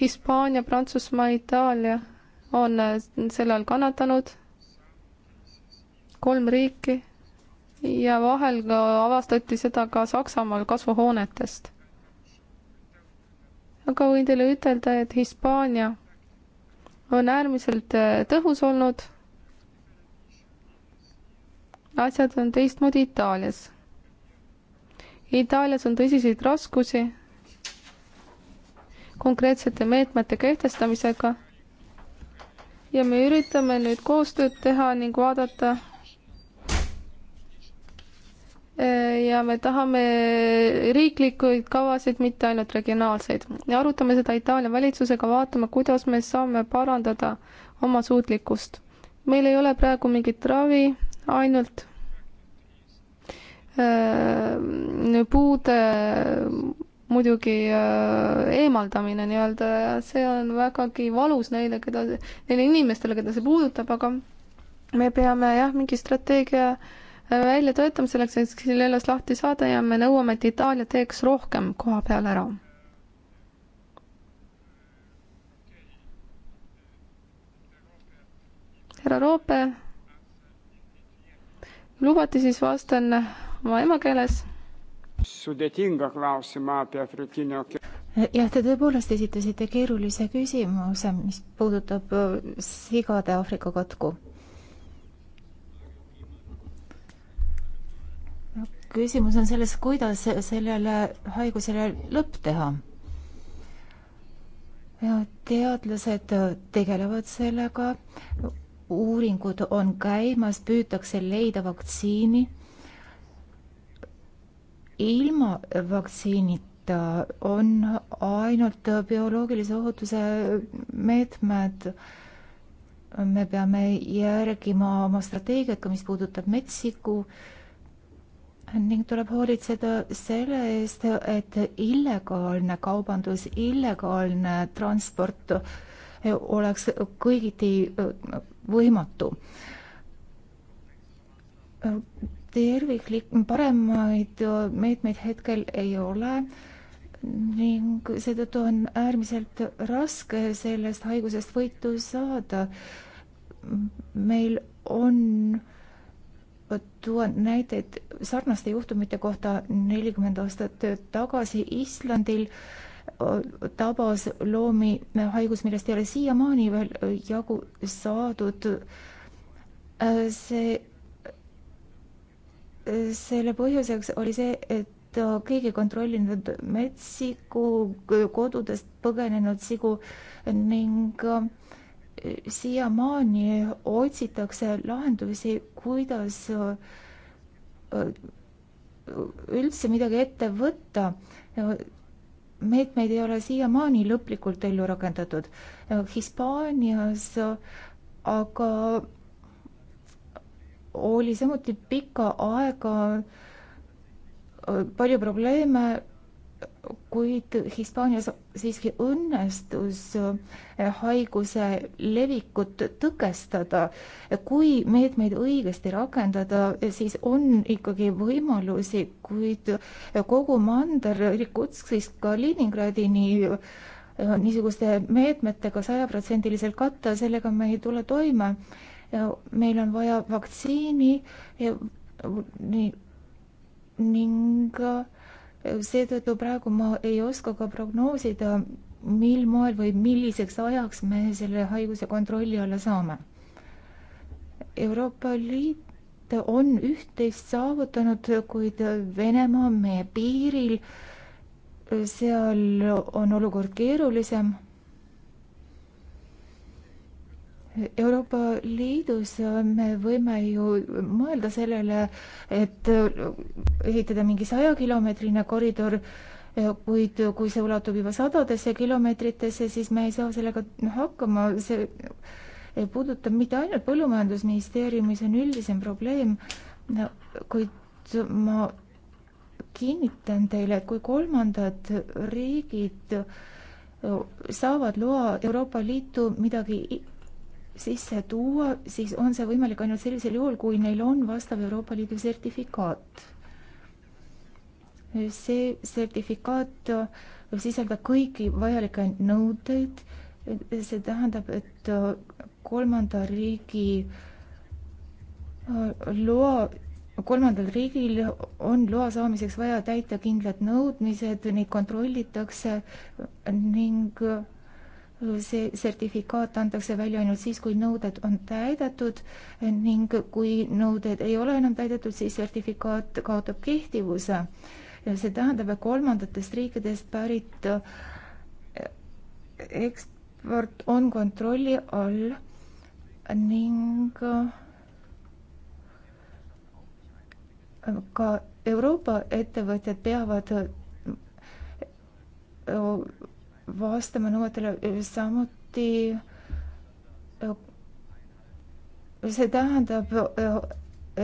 Hispaania, Prantsusmaa, Itaalia on äh, selle all kannatanud, kolm riiki ja vahel ka avastati seda ka Saksamaal kasvuhoonetest. aga võin teile ütelda, et Hispaania on äärmiselt äh, tõhus olnud. asjad on teistmoodi Itaalias. Itaalias on tõsiseid raskusi konkreetsete meetmete kehtestamisega. ja me üritame nüüd koostööd teha ning vaadata. Eh, ja me tahame riiklikuid kavasid, mitte ainult regionaalseid ja arutame seda Itaalia valitsusega, vaatame, kuidas me saame parandada oma suutlikkust. meil ei ole praegu mingit ravi, ainult eh, puude muidugi äh, eemaldamine nii-öelda ja see on vägagi valus neile, keda, neile inimestele, keda see puudutab, aga me peame jah, mingi strateegia äh, välja töötama selleks, et sellest lahti saada ja me nõuame, et Itaalia teeks rohkem koha peal ära. härra Roope, lubati siis vastan oma emakeeles sudėtingą klausimą apie afrikinio jah, te tõepoolest esitasite keerulise küsimuse, mis puudutab äh, sigade Aafrika katku. küsimus on selles, kuidas sellele haigusele lõpp teha. teadlased tegelevad sellega, uuringud on käimas, püütakse leida vaktsiini ilma vaktsiinita on ainult bioloogilise ohutuse meetmed. me peame järgima oma strateegiat ka, mis puudutab metsiku ning tuleb hoolitseda selle eest, et illegaalne kaubandus, illegaalne transport oleks kõigiti võimatu terviklik, paremaid meetmeid hetkel ei ole ning seetõttu on äärmiselt raske sellest haigusest võitu saada. meil on, tuua näiteid sarnaste juhtumite kohta nelikümmend aastat tagasi Islandil tabas loomi haigus, millest ei ole siiamaani veel jagu saadud. see selle põhjuseks oli see, et keegi ei kontrollinud metsiku, kodudest põgenenud sigu ning äh, siiamaani otsitakse lahendusi, kuidas äh, üldse midagi ette võtta. meetmeid ei ole siiamaani lõplikult ellu rakendatud. Hispaanias aga oli samuti pikka aega äh, palju probleeme, kuid Hispaanias siiski õnnestus äh, haiguse levikut tõkestada. kui meetmeid õigesti rakendada, siis on ikkagi võimalusi, kuid kogu mander Irkutskist ka Leningradini äh, niisuguste meetmetega sajaprotsendiliselt katta, sellega me ei tule toime meil on vaja vaktsiini ja, nii, ning äh, seetõttu praegu ma ei oska ka prognoosida, mil moel või milliseks ajaks me selle haiguse kontrolli alla saame. Euroopa Liit on üht-teist saavutanud, kuid Venemaa meie piiril, äh, seal on olukord keerulisem Euroopa Liidus äh, me võime ju mõelda sellele, et äh, ehitada mingi sajakilomeetrine koridor, äh, kuid kui see ulatub juba sadadesse kilomeetritesse, siis me ei saa sellega noh, hakkama, see ei puuduta mitte ainult Põllumajandusministeeriumi, see on üldisem probleem, kuid ma kinnitan teile, et kui kolmandad riigid saavad loa Euroopa Liitu midagi sisse tuua, siis on see võimalik ainult sellisel juhul, kui neil on vastav Euroopa Liidu sertifikaat. see sertifikaat äh, sisaldab kõiki vajalikke nõudeid, see tähendab, et äh, kolmanda riigi äh, loa, kolmandal riigil on loa saamiseks vaja täita kindlad nõudmised, neid kontrollitakse ning see sertifikaat antakse välja ainult siis, kui nõuded on täidetud ning kui nõuded ei ole enam täidetud, siis sertifikaat kaotab kehtivuse. see tähendab, et kolmandatest riikidest pärit äh, eksport on kontrolli all ning äh, ka Euroopa ettevõtjad peavad äh, vastama nõuetele, samuti äh, see tähendab, äh,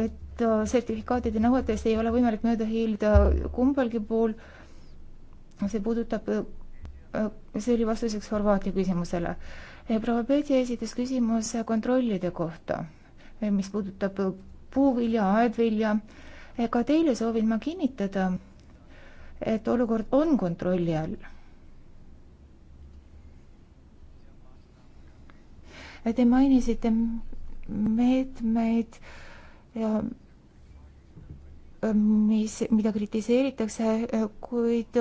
et äh, sertifikaatide nõuetest ei ole võimalik mööda hiilida kumbalgi pool. see puudutab, see oli vastuseks Horvaatia küsimusele. proua Peeti esitas küsimuse kontrollide kohta, mis puudutab puuvilja, aedvilja. ka teile soovin ma kinnitada, et olukord on kontrolli all Te mainisite meetmeid ja mis, mida kritiseeritakse, kuid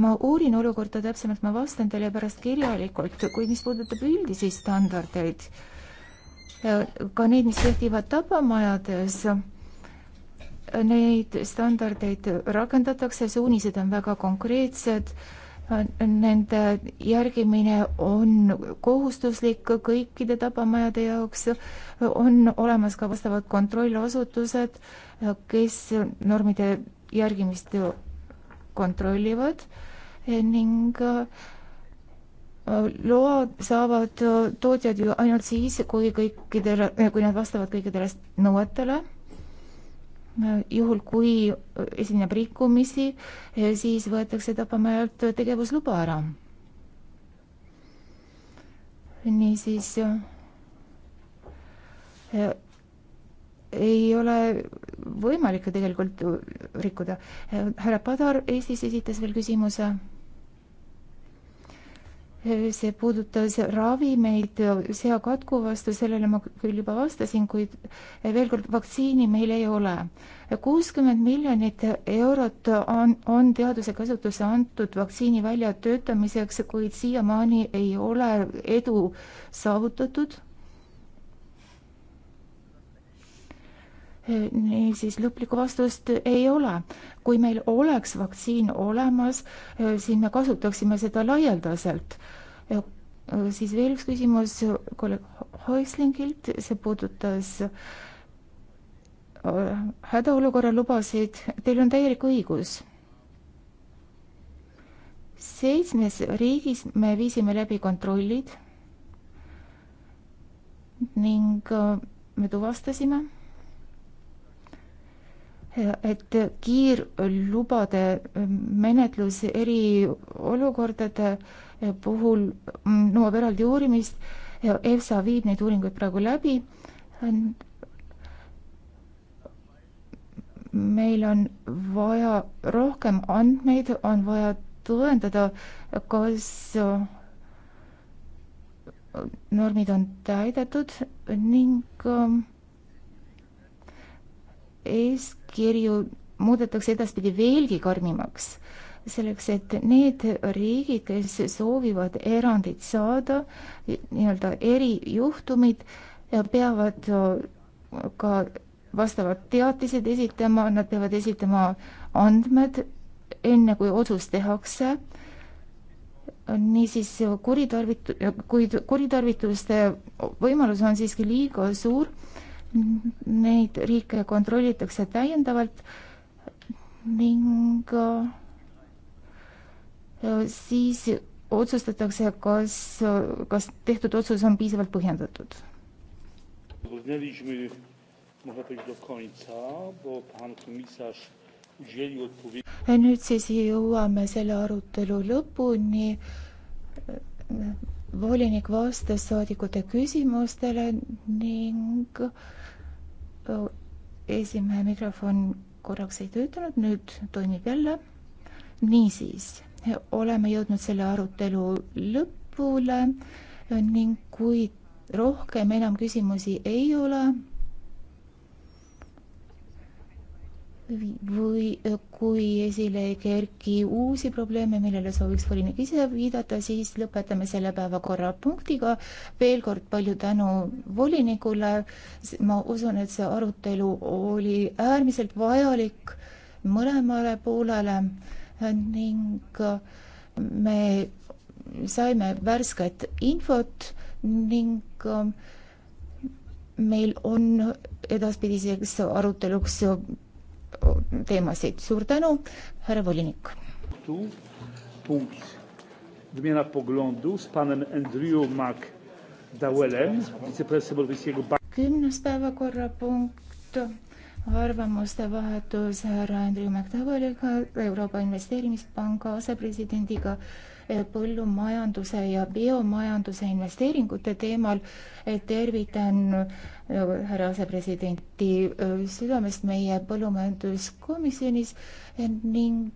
ma uurin olukorda täpsemalt, ma vastan teile pärast kirjalikult, kuid mis puudutab üldisi standardeid, ka neid, mis kehtivad tapamajades, neid standardeid rakendatakse, suunised on väga konkreetsed Nende järgimine on kohustuslik kõikide tapamajade jaoks, on olemas ka vastavad kontrollasutused, kes normide järgimist kontrollivad ning äh, loa saavad tootjad ju ainult siis, kui kõikidele, kui nad vastavad kõikidele nõuetele juhul, kui esineb rikkumisi, siis võetakse Tapamajalt tegevusluba ära. niisiis ei ole võimalik ju tegelikult rikkuda. härra Padar Eestis esitas veel küsimuse see puudutas ravimeid seakatku vastu, sellele ma küll juba vastasin, kuid veel kord, vaktsiini meil ei ole. kuuskümmend miljonit eurot on, on teaduse kasutusse antud vaktsiini väljatöötamiseks, kuid siiamaani ei ole edu saavutatud niisiis lõplikku vastust ei ole. kui meil oleks vaktsiin olemas, eh, siis me kasutaksime seda laialdaselt. Eh, siis veel üks küsimus kolleeg Häuslingilt, see puudutas eh, hädaolukorra lubasid, teil on täielik õigus seitsmes riigis me viisime läbi kontrollid ning me tuvastasime et kiirlubade menetlus eriolukordade puhul nõuab eraldi uurimist. EFSA viib neid uuringuid praegu läbi. meil on vaja rohkem andmeid, on vaja tõendada, kas normid on täidetud ning eeskirju muudetakse edaspidi veelgi karmimaks, selleks et need riigid, kes soovivad erandit saada, nii-öelda erijuhtumid, peavad ka vastavad teatised esitama, nad peavad esitama andmed, enne kui otsus tehakse niisiis kuritarvit-, kuid kuritarvituste võimalus on siiski liiga suur neid riike kontrollitakse täiendavalt ning äh, siis otsustatakse, kas, kas tehtud otsus on piisavalt põhjendatud. nüüd siis jõuame selle arutelu lõpuni. volinik vastas saadikute küsimustele ning esimehe mikrofon korraks ei töötanud, nüüd toimib jälle. niisiis, oleme jõudnud selle arutelu lõpule ning kui rohkem enam küsimusi ei ole, või eh, kui esile ei kerki uusi probleeme, millele sooviks volinik ise viidata, siis lõpetame selle päevakorrapunktiga. veel kord palju tänu volinikule. ma usun, et see arutelu oli äärmiselt vajalik mõlemale poolele ning eh, me saime värsket infot ning eh, meil on edaspidiseks aruteluks teemasid. suur tänu, härra volinik. punkt wymiana poglądów z panem Andrew McDowellem, wiceprezesem Europejskiego Banku. Kümnes päevakorrapunkt, arvamuste vahetus härra Andrew McDowelliga, Euroopa Investeerimispanga asepresidendiga põllumajanduse ja biomajanduse investeeringute teemal. tervitan äh, härra asepresidenti äh, südamest meie põllumajanduskomisjonis äh, ning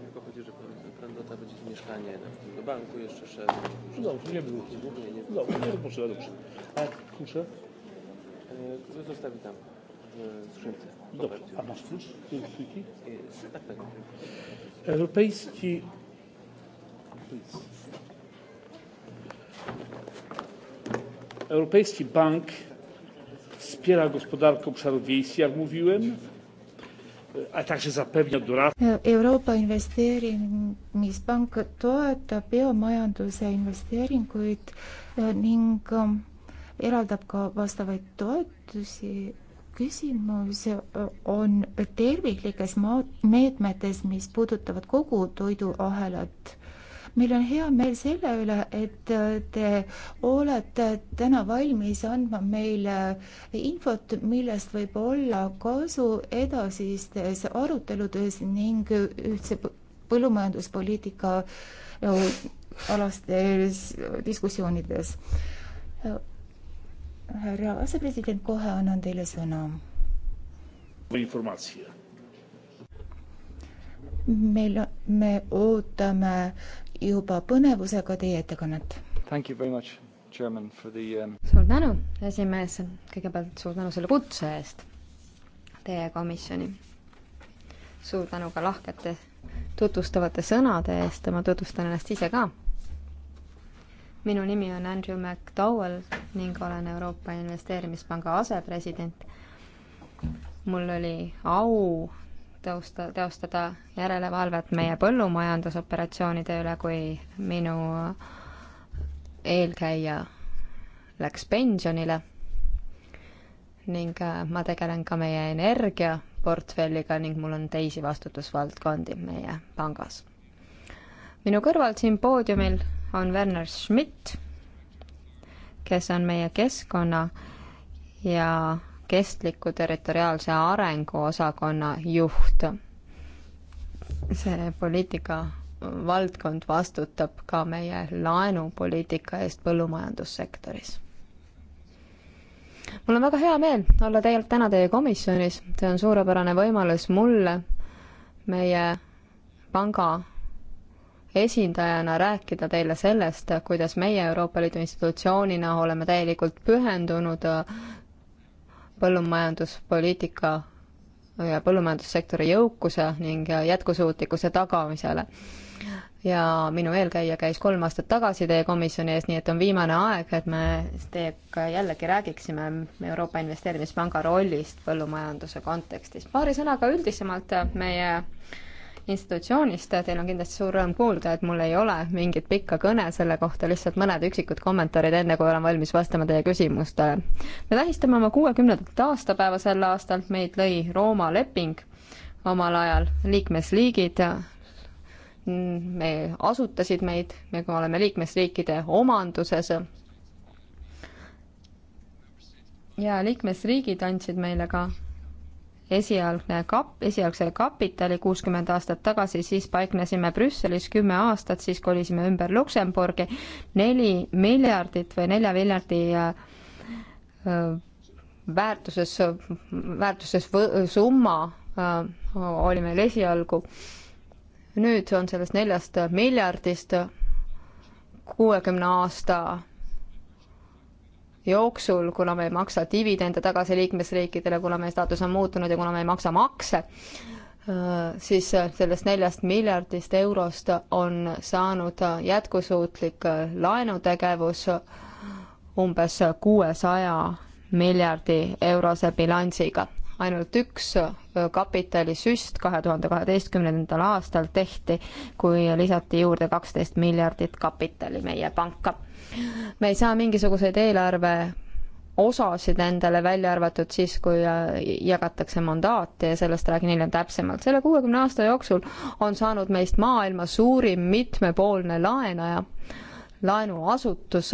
tylko chodzi, że prandota będzie z mieszkania do banku jeszcze szedł. No dobrze, nie było. Nie, nie. Dobrze, nie potrzeba, dobrze. A klucze? E, zostawi tam w skrzynce. Dobrze. A masz klucz? E, tak, tak. Europejski... Europejski Bank wspiera gospodarkę obszarów wiejskich, jak mówiłem, a także zapewnia doradztwo. Euroopa Investeerimispank toetab biomajanduse investeeringuid eh, ning eh, eraldab ka vastavaid toetusi. küsimus eh, on terviklikes meetmetes, mis puudutavad kogu toiduahelat meil on hea meel selle üle, et äh, te olete täna valmis andma meile äh, infot, millest võib olla kasu edasistes aruteludes ning ühtse põllumajanduspoliitika äh, alastes diskussioonides. härra asepresident, kohe annan teile sõna. informatsioon meil, me ootame juba põnevusega teie ettekannet. Um... suur tänu, esimees, kõigepealt suur tänu selle kutse eest teie komisjoni. suur tänu ka lahkete tutvustavate sõnade eest ja ma tutvustan ennast ise ka. minu nimi on Andrew McDowell ning olen Euroopa Investeerimispanga asepresident. mul oli au teosta, teostada järelevalvet meie põllumajandusoperatsioonide üle, kui minu eelkäija läks pensionile ning äh, ma tegelen ka meie energiaportfelliga ning mul on teisi vastutusvaldkondi meie pangas. minu kõrval siin poodiumil on Werner Schmidt, kes on meie keskkonna ja kestliku territoriaalse arengu osakonna juht. see poliitika valdkond vastutab ka meie laenupoliitika eest põllumajandussektoris. mul on väga hea meel olla tegelikult täna teie komisjonis, see on suurepärane võimalus mulle, meie panga esindajana rääkida teile sellest, kuidas meie Euroopa Liidu institutsioonina oleme täielikult pühendunud põllumajanduspoliitika ja põllumajandussektori jõukuse ning jätkusuutlikkuse tagamisele. ja minu eelkäija käis kolm aastat tagasi teie komisjoni ees, nii et on viimane aeg, et me teiega jällegi räägiksime Euroopa Investeerimispanga rollist põllumajanduse kontekstis. paari sõnaga üldisemalt meie äh, institutsioonist. Teil on kindlasti suur rõõm kuulda, et mul ei ole mingit pikka kõne selle kohta, lihtsalt mõned üksikud kommentaarid, enne kui olen valmis vastama teie küsimustele. me tähistame oma kuuekümnendat aastapäeva sel aastal, meid lõi Rooma leping omal ajal, liikmesliigid me asutasid meid, me oleme liikmesriikide omanduses. ja liikmesriigid andsid meile ka esialgne kap-, esialgse kapitali kuuskümmend aastat tagasi, siis paiknesime Brüsselis kümme aastat, siis kolisime ümber Luksemburgi, neli miljardit või nelja miljardi äh, äh, väärtuses, väärtuses võ-, summa äh, oli meil esialgu. nüüd on sellest neljast miljardist kuuekümne aasta jooksul, kuna me ei maksa dividende tagasi liikmesriikidele, kuna meie staatus on muutunud ja kuna me ei maksa makse, äh, siis äh, sellest neljast miljardist eurost on saanud äh, jätkusuutlik laenutegevus umbes kuuesaja miljardi eurose bilansiga. ainult üks kapitalisüst kahe tuhande kaheteistkümnendal aastal tehti, kui lisati juurde kaksteist miljardit kapitali meie panka me ei saa mingisuguseid eelarve osasid endale, välja arvatud siis, kui äh, jagatakse mandaati ja sellest räägin hiljem täpsemalt. selle kuuekümne aasta jooksul on saanud meist maailma suurim mitmepoolne laenaja, laenuasutus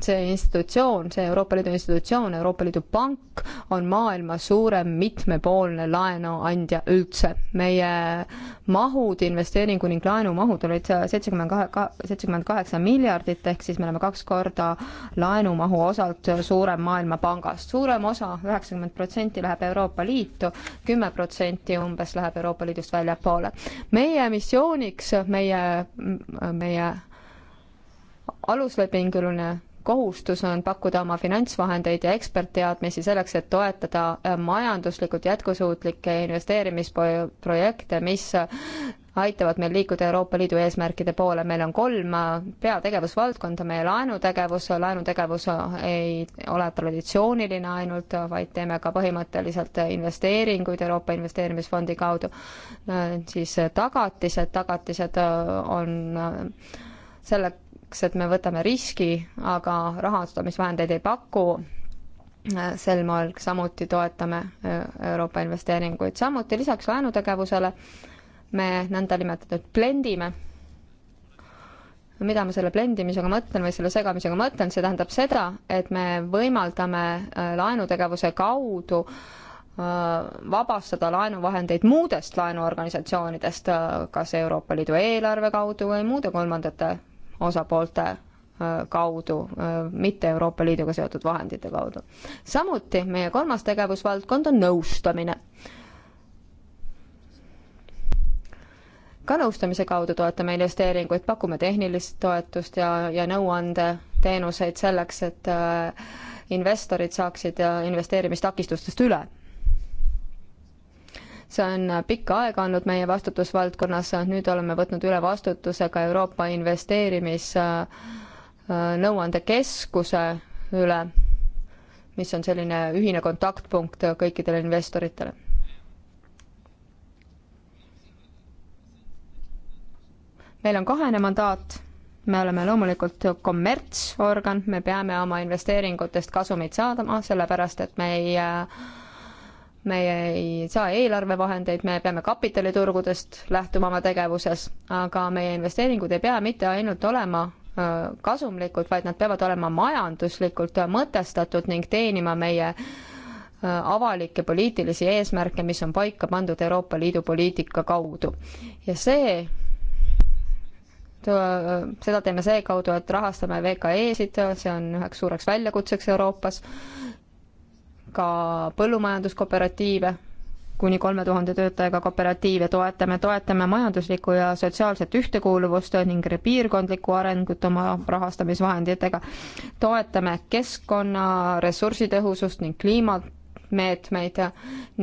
see institutsioon, see Euroopa Liidu institutsioon, Euroopa Liidu pank on maailma suurem mitmepoolne laenuandja üldse. meie mahud, investeeringu ning laenumahud olid seitsekümmend kahe, seitsekümmend kaheksa miljardit, ehk siis me oleme kaks korda laenumahu osalt suurem maailmapangast. suurem osa, üheksakümmend protsenti läheb Euroopa Liitu, kümme protsenti umbes läheb Euroopa Liidust väljapoole. meie missiooniks, meie, meie aluslepinguline kohustus on pakkuda oma finantsvahendeid ja ekspertteadmisi selleks, et toetada äh, majanduslikult jätkusuutlikke investeerimisprojekte, mis äh, aitavad meil liikuda Euroopa Liidu eesmärkide poole, meil on kolm äh, peategevusvaldkonda, meie laenutegevus, laenutegevus ei ole traditsiooniline ainult, vaid teeme ka põhimõtteliselt investeeringuid Euroopa Investeerimisfondi kaudu, siis tagatised, tagatised on selle selleks, et me võtame riski, aga rahastamisvahendeid ei paku, sel moel samuti toetame äh, Euroopa investeeringuid, samuti lisaks laenutegevusele me nõndanimetatud blendime mida ma selle blendimisega mõtlen või selle segamisega mõtlen, see tähendab seda, et me võimaldame äh, laenutegevuse kaudu äh, vabastada laenuvahendeid muudest laenuorganisatsioonidest, kas Euroopa Liidu eelarve kaudu või muude kolmandate osapoolte äh, kaudu, äh, mitte Euroopa Liiduga seotud vahendite kaudu. samuti meie kolmas tegevusvaldkond on nõustamine. ka nõustamise kaudu toetame investeeringuid, pakume tehnilist toetust ja, ja nõuandeteenuseid selleks, et äh, investorid saaksid investeerimistakistustest üle see on pikka aega olnud meie vastutusvaldkonnas, nüüd oleme võtnud üle vastutuse ka Euroopa Investeerimisnõuandekeskuse üle, mis on selline ühine kontaktpunkt kõikidele investoritele. meil on kahene mandaat me oleme loomulikult kommertsorgan, me peame oma investeeringutest kasumit saadama, sellepärast et me ei äh, me ei saa eelarvevahendeid, me peame kapitaliturgudest lähtuma oma tegevuses, aga meie investeeringud ei pea mitte ainult olema kasumlikud, vaid nad peavad olema majanduslikult mõtestatud ning teenima meie avalikke poliitilisi eesmärke, mis on paika pandud Euroopa Liidu poliitika kaudu. ja see seda teeme seekaudu, et rahastame VKE-sid, see on üheks suureks väljakutseks Euroopas, ka põllumajanduskooperatiive, kuni kolme tuhande töötajaga kooperatiive toetame, toetame majanduslikku ja sotsiaalset ühtekuuluvust ning piirkondlikku arengut oma rahastamisvahenditega. toetame keskkonna ressursitõhusust ning kliimameetmeid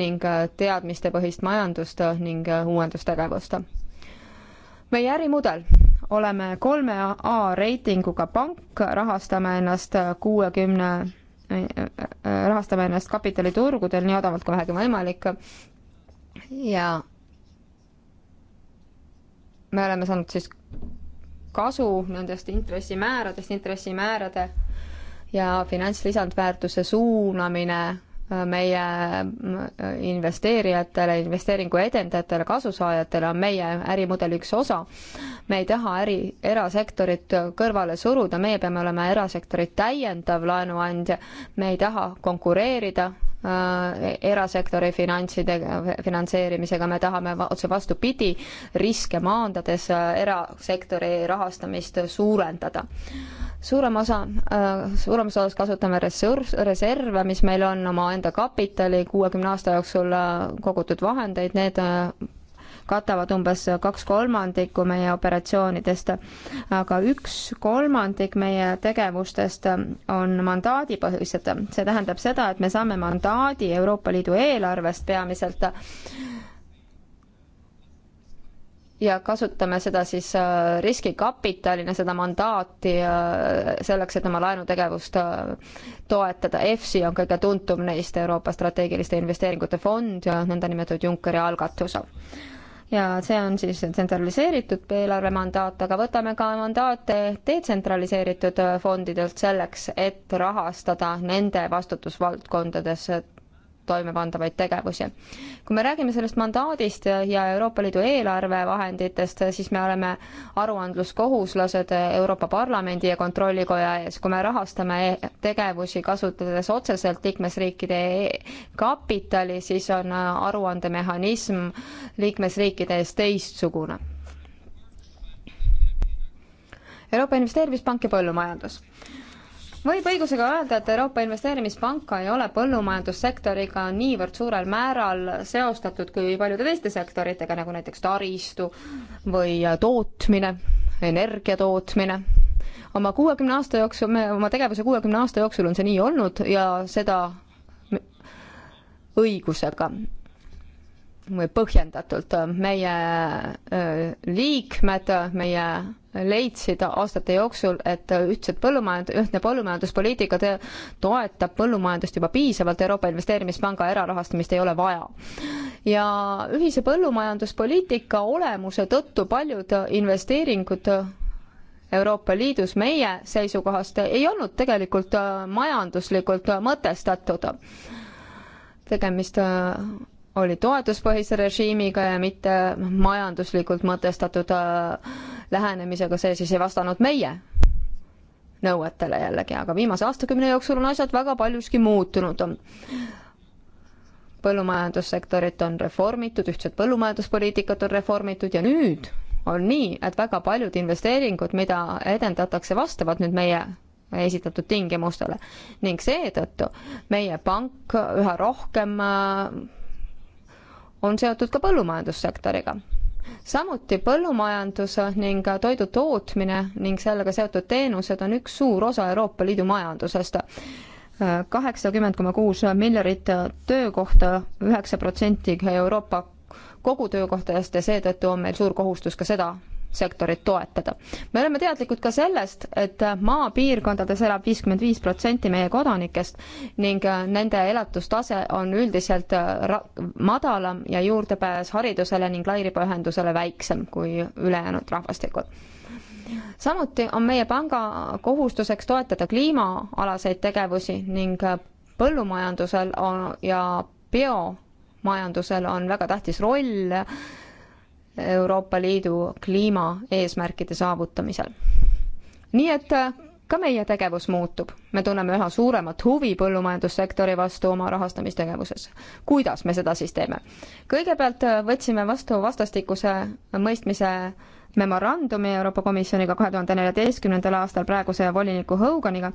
ning teadmistepõhist majandust ning uuendustegevust. meie ärimudel oleme kolme A reitinguga pank, rahastame ennast kuuekümne 60 rahastame ennast kapitaliturgudel nii odavalt kui vähegi võimalik ja me oleme saanud siis kasu nendest intressimääradest, intressimäärade ja finantslisandväärtuse suunamine meie mm, investeerijatele, investeeringu edendajatele, kasusaajatele on meie ärimudeli üks osa. me ei taha äri, erasektorit kõrvale suruda, meie peame olema erasektori täiendav laenuandja, me ei taha konkureerida Äh, erasektori finantsidega, finantseerimisega, me tahame otse vastupidi, riske maandades äh, erasektori rahastamist suurendada. suurem osa, äh, suuremas osas kasutame ressurss, reserve, mis meil on omaenda kapitali, kuuekümne aasta jooksul kogutud vahendeid, need katavad umbes kaks kolmandikku meie operatsioonidest, aga üks kolmandik meie tegevustest on mandaadipõhised. see tähendab seda, et me saame mandaadi Euroopa Liidu eelarvest peamiselt ja kasutame seda siis äh, riskikapitalina, seda mandaati äh, selleks, et oma laenutegevust äh, toetada. EFSI on kõige tuntum neist Euroopa strateegiliste investeeringute fond ja nõndanimetatud Junckeri algatus ja see on siis tsentraliseeritud eelarve mandaat, aga võtame ka mandaate detsentraliseeritud fondidelt selleks, et rahastada nende vastutusvaldkondades toimepandavaid tegevusi. kui me räägime sellest mandaadist ja Euroopa Liidu eelarvevahenditest, siis me oleme aruandluskohuslased Euroopa Parlamendi ja Kontrollikoja ees, kui me rahastame e-, tegevusi, kasutades otseselt liikmesriikide e-, kapitali, siis on aruandemehhanism liikmesriikide ees teistsugune. Euroopa Investeerimispank ja põllumajandus võib õigusega öelda, et Euroopa Investeerimispanka ei ole põllumajandussektoriga niivõrd suurel määral seostatud kui paljude teiste sektoritega, nagu näiteks taristu või tootmine, energia tootmine oma kuuekümne aasta jooksul, me oma tegevuse kuuekümne aasta jooksul on see nii olnud ja seda õigusega või põhjendatult. meie liikmed, meie leidsid aastate jooksul, et ühtset põllumajand-, ühtne põllumajanduspoliitika toetab põllumajandust juba piisavalt, Euroopa Investeerimispanga erarahastamist ei ole vaja. ja ühise põllumajanduspoliitika olemuse tõttu paljud investeeringud Euroopa Liidus meie seisukohast ei olnud tegelikult majanduslikult mõtestatud. tegemist oli toetuspõhise režiimiga ja mitte majanduslikult mõtestatud äh, lähenemisega, see siis ei vastanud meie nõuetele jällegi, aga viimase aastakümne jooksul on asjad väga paljuski muutunud. põllumajandussektorit on reformitud, ühtset põllumajanduspoliitikat on reformitud ja nüüd on nii, et väga paljud investeeringud, mida edendatakse, vastavad nüüd meie esitatud tingimustele ning seetõttu meie pank üha rohkem äh, on seotud ka põllumajandussektoriga. samuti põllumajandus ning toidu tootmine ning sellega seotud teenused on üks suur osa Euroopa Liidu majandusest. kaheksakümmend koma kuus miljardit töökohta, üheksa protsenti Euroopa kogutöökohtadest ja seetõttu on meil suur kohustus ka seda sektorit toetada. me oleme teadlikud ka sellest, et maapiirkondades elab viiskümmend viis protsenti meie kodanikest ning äh, nende elatustase on üldiselt äh, madalam ja juurdepääs haridusele ning lairibaühendusele väiksem kui ülejäänud rahvastikul samuti on meie panga kohustuseks toetada kliimaalaseid tegevusi ning äh, põllumajandusel on ja biomajandusel on väga tähtis roll Euroopa Liidu kliimaeesmärkide saavutamisel. nii et äh, ka meie tegevus muutub, me tunneme üha suuremat huvi põllumajandussektori vastu oma rahastamistegevuses. kuidas me seda siis teeme? kõigepealt äh, võtsime vastu vastastikuse mõistmise memorandumi Euroopa Komisjoniga kahe tuhande neljateistkümnendal aastal praeguse voliniku Hoganiga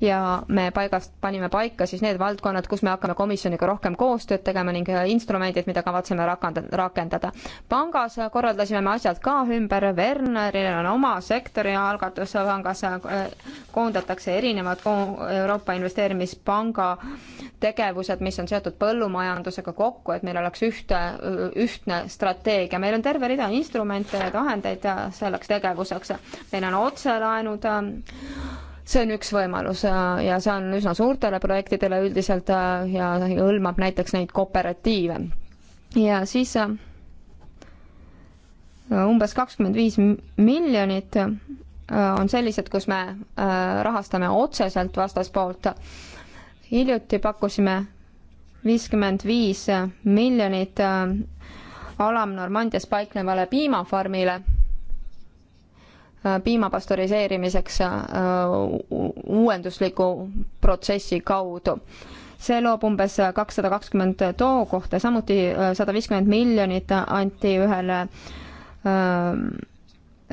ja me paigast, panime paika siis need valdkonnad, kus me hakkame komisjoniga rohkem koostööd tegema ning äh, instrumendid, mida kavatseme rakendada, rakendada. pangas korraldasime me asjad ka ümber, Werneril on oma sektori algatus, pangas äh, koondatakse erinevad Euroopa Investeerimispanga tegevused, mis on seotud põllumajandusega kokku, et meil oleks ühte, ühtne strateegia, meil on terve rida instrumente ja vahendeid, vahendeid selleks tegevuseks. meil on otselaenud, ähm, see on üks võimalus äh, ja see on üsna suurtele projektidele üldiselt äh, ja hõlmab näiteks neid kooperatiive. ja siis äh, umbes kakskümmend viis miljonit on sellised, kus me rahastame otseselt vastaspoolt. hiljuti pakkusime viiskümmend viis miljonit Alam-Normandias paiknevale piimafarmile Äh, piima pastöriseerimiseks äh, uuendusliku protsessi kaudu. see loob umbes kakssada kakskümmend tookohta, samuti äh, sada viiskümmend miljonit anti ühele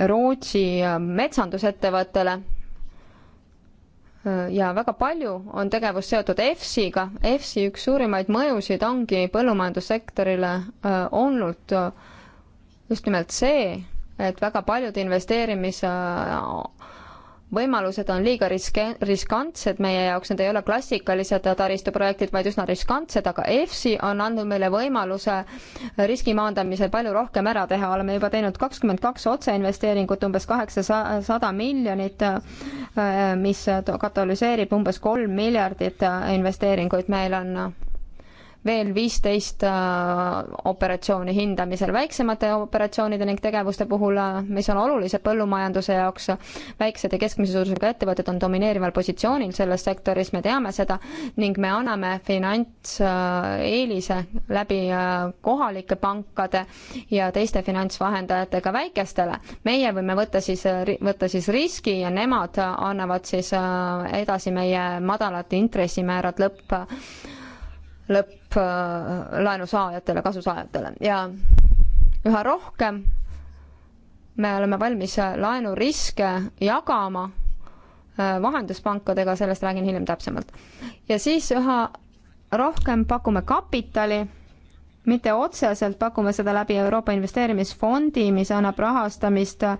Rootsi metsandusettevõttele ja väga palju on tegevus seotud EFSiga, EFSi üks suurimaid mõjusid ongi põllumajandussektorile olnud just nimelt see, et väga paljud investeerimis äh, võimalused on liiga riske-, riskantsed meie jaoks, need ei ole klassikalised taristuprojektid, vaid üsna riskantsed, aga EFSI on andnud meile võimaluse riski maandamisel palju rohkem ära teha, oleme juba teinud kakskümmend kaks otseinvesteeringut, umbes kaheksasada miljonit, äh, mis katalüseerib umbes kolm miljardit äh, investeeringuid, meil on veel viisteist äh, operatsiooni hindamisel. väiksemate operatsioonide ning tegevuste puhul, äh, mis on olulised põllumajanduse jaoks, äh, väiksed ja keskmise suurusega ettevõtted on domineerival positsioonil selles sektoris, me teame seda, ning me anname finantseelise läbi kohalike pankade ja teiste finantsvahendajatega väikestele. meie võime võtta siis, võtta siis riski ja nemad annavad siis edasi meie madalad intressimäärad lõpp, lõpp läheb laenusaajatele, kasusaajatele ja üha rohkem me oleme valmis laenuriske jagama äh, vahenduspankadega, sellest räägin hiljem täpsemalt. ja siis üha rohkem pakume kapitali mitte otseselt pakume seda läbi Euroopa Investeerimisfondi, mis annab rahastamist äh,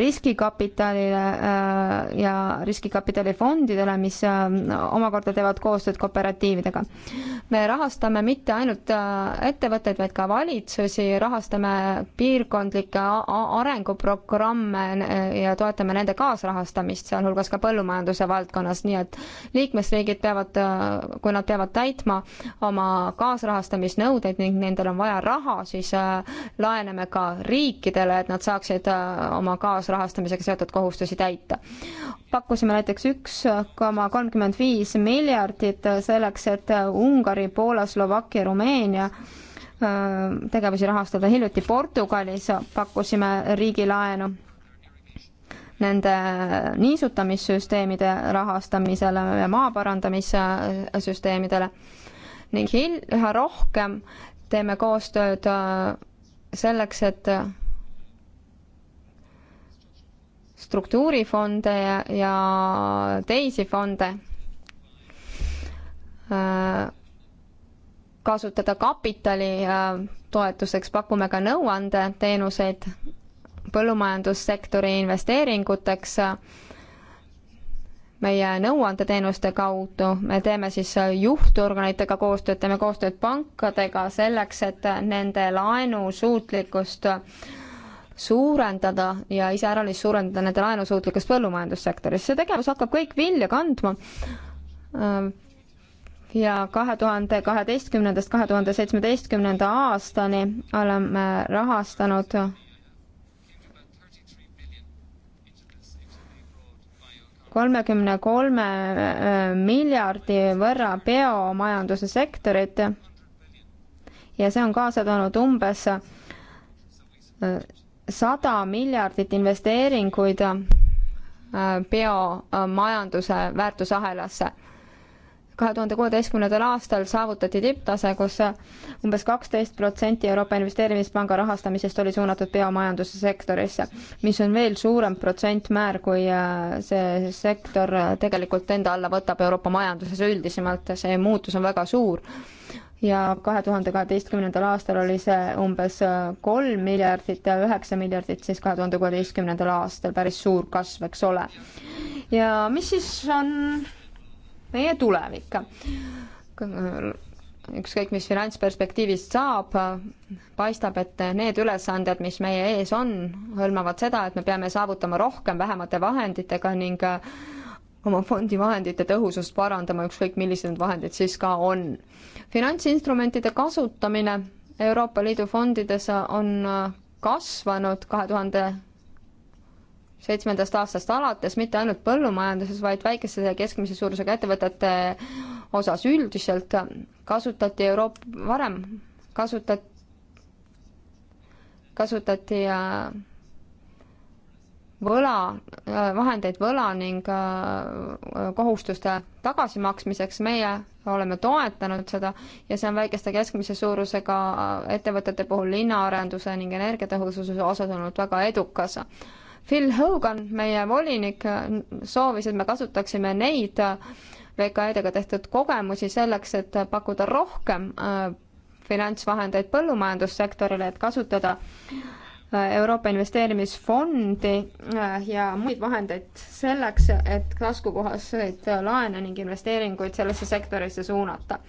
riskikapitalile äh, ja riskikapitalifondidele, mis äh, omakorda teevad koostööd kooperatiividega. me rahastame mitte ainult ettevõtteid, vaid ka valitsusi, rahastame piirkondlikke arenguprogramme ja toetame nende kaasrahastamist, sealhulgas ka põllumajanduse valdkonnas, nii et liikmesriigid peavad, kui nad peavad täitma oma kaasrahastamist, nõudeid ning nendel on vaja raha, siis äh, laename ka riikidele, et nad saaksid äh, oma kaasrahastamisega seotud kohustusi täita. pakkusime näiteks üks koma kolmkümmend viis miljardit selleks, et äh, Ungari, Poola, Slovakkia, Rumeenia tegevusi rahastada. hiljuti Portugalis pakkusime riigilaenu nende niisutamissüsteemide rahastamisele ja maaparandamissüsteemidele ning hil-, üha rohkem teeme koostööd äh, selleks, et äh, struktuurifonde ja, ja teisi fonde äh, kasutada kapitali toetuseks, pakume ka nõuandeteenuseid põllumajandussektori investeeringuteks meie nõuandeteenuste kaudu, me teeme siis juhtorganitega koostööd, teeme koostööd pankadega selleks, et nende laenusuutlikkust suurendada ja iseäranis suurendada nende laenusuutlikkust põllumajandussektoris. see tegevus hakkab kõik vilja kandma ähm, ja kahe tuhande kaheteistkümnendast kahe tuhande seitsmeteistkümnenda aastani oleme rahastanud kolmekümne kolme äh, miljardi võrra biomajanduse sektorit ja see on kaasa toonud umbes äh, sada miljardit investeeringuid äh, biomajanduse väärtusahelasse kahe tuhande kuueteistkümnendal aastal saavutati tipptase, kus umbes kaksteist protsenti Euroopa Investeerimispanga rahastamisest oli suunatud biomajanduse sektorisse, mis on veel suurem protsentmäär, kui äh, see sektor tegelikult enda alla võtab Euroopa majanduses üldisemalt, see muutus on väga suur ja kahe tuhande kaheteistkümnendal aastal oli see umbes äh, kolm miljardit ja üheksa miljardit siis kahe tuhande kuueteistkümnendal aastal, päris suur kasv, eks ole. ja mis siis on meie tulevik. ükskõik, mis finantsperspektiivist saab, paistab, et need ülesanded, mis meie ees on, hõlmavad seda, et me peame saavutama rohkem vähemate vahenditega ning äh, oma fondi vahendite tõhusust parandama, ükskõik millised need vahendid siis ka on. finantsinstrumentide kasutamine Euroopa Liidu fondides on äh, kasvanud kahe tuhande seitsmendast aastast alates, mitte ainult põllumajanduses, vaid väikese ja keskmise suurusega ettevõtete osas üldiselt kasutati Euroopa, varem kasutat-, kasutati äh, võla, äh, vahendeid võla ning äh, kohustuste tagasimaksmiseks, meie oleme toetanud seda ja see on väikeste keskmise suurusega ettevõtete puhul linnaarenduse ning energiatõhususe osas olnud väga edukas Phil Hogan, meie volinik, soovis, et me kasutaksime neid VKE-dega tehtud kogemusi selleks, et pakkuda rohkem äh, finantsvahendeid põllumajandussektorile, et kasutada äh, Euroopa Investeerimisfondi äh, ja muid vahendeid selleks, et taskukohaseid laene ning investeeringuid sellesse sektorisse suunata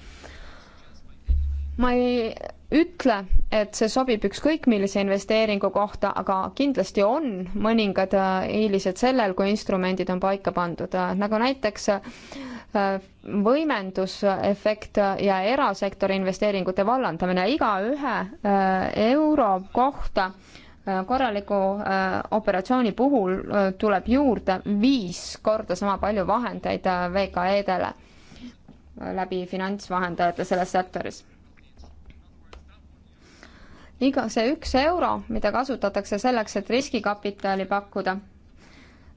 ma ei ütle, et see sobib ükskõik millise investeeringu kohta, aga kindlasti on mõningad eelised äh, sellel, kui instrumendid on paika pandud, äh, nagu näiteks äh, võimendusefekt ja erasektori investeeringute vallandamine, igaühe euro kohta korraliku operatsiooni puhul tuleb juurde viis korda sama palju vahendeid VKE-dele läbi finantsvahendajate selles sektoris iga see üks euro, mida kasutatakse selleks, et riskikapitali pakkuda,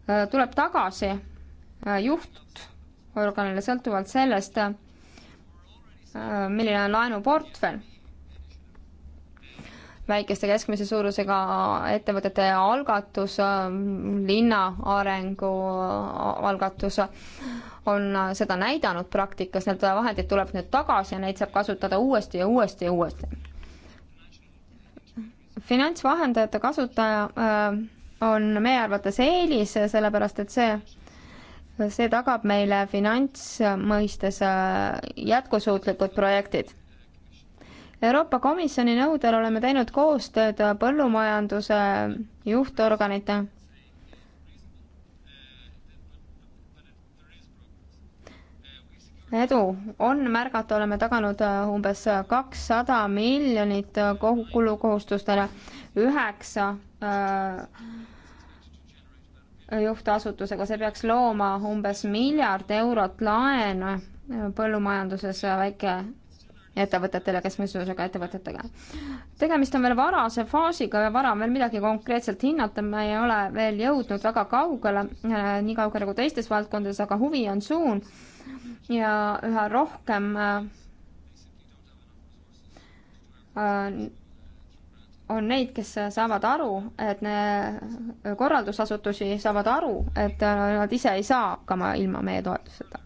äh, tuleb tagasi äh, juhtorganile sõltuvalt sellest, äh, milline on laenuportfell väikeste keskmise suurusega ettevõtete algatus, linna arengu algatus on seda näidanud praktikas, need vahendid tuleb nüüd tagasi ja neid saab kasutada uuesti ja uuesti ja uuesti finantsvahendajate kasutaja äh, on meie arvates eelis, sellepärast et see, see tagab meile finantsmõistes äh, jätkusuutlikud projektid. Euroopa Komisjoni nõudel oleme teinud koostööd põllumajanduse juhtorganite edu on märgata, oleme taganud äh, umbes kakssada miljonit äh, kulukohustustele, üheksa äh, juhtasutusega, see peaks looma umbes miljard eurot laene põllumajanduses väike ettevõtetele, keskmisega ettevõtetega. tegemist on veel varase faasiga ja vara on veel midagi konkreetselt hinnata, me ei ole veel jõudnud väga kaugele, äh, nii kaugele kui teistes valdkondades, aga huvi on suur ja üha rohkem äh, äh, on neid, kes saavad aru, et ne-, korraldusasutusi saavad aru, et nad ise ei saa hakkama ilma meie toetuseta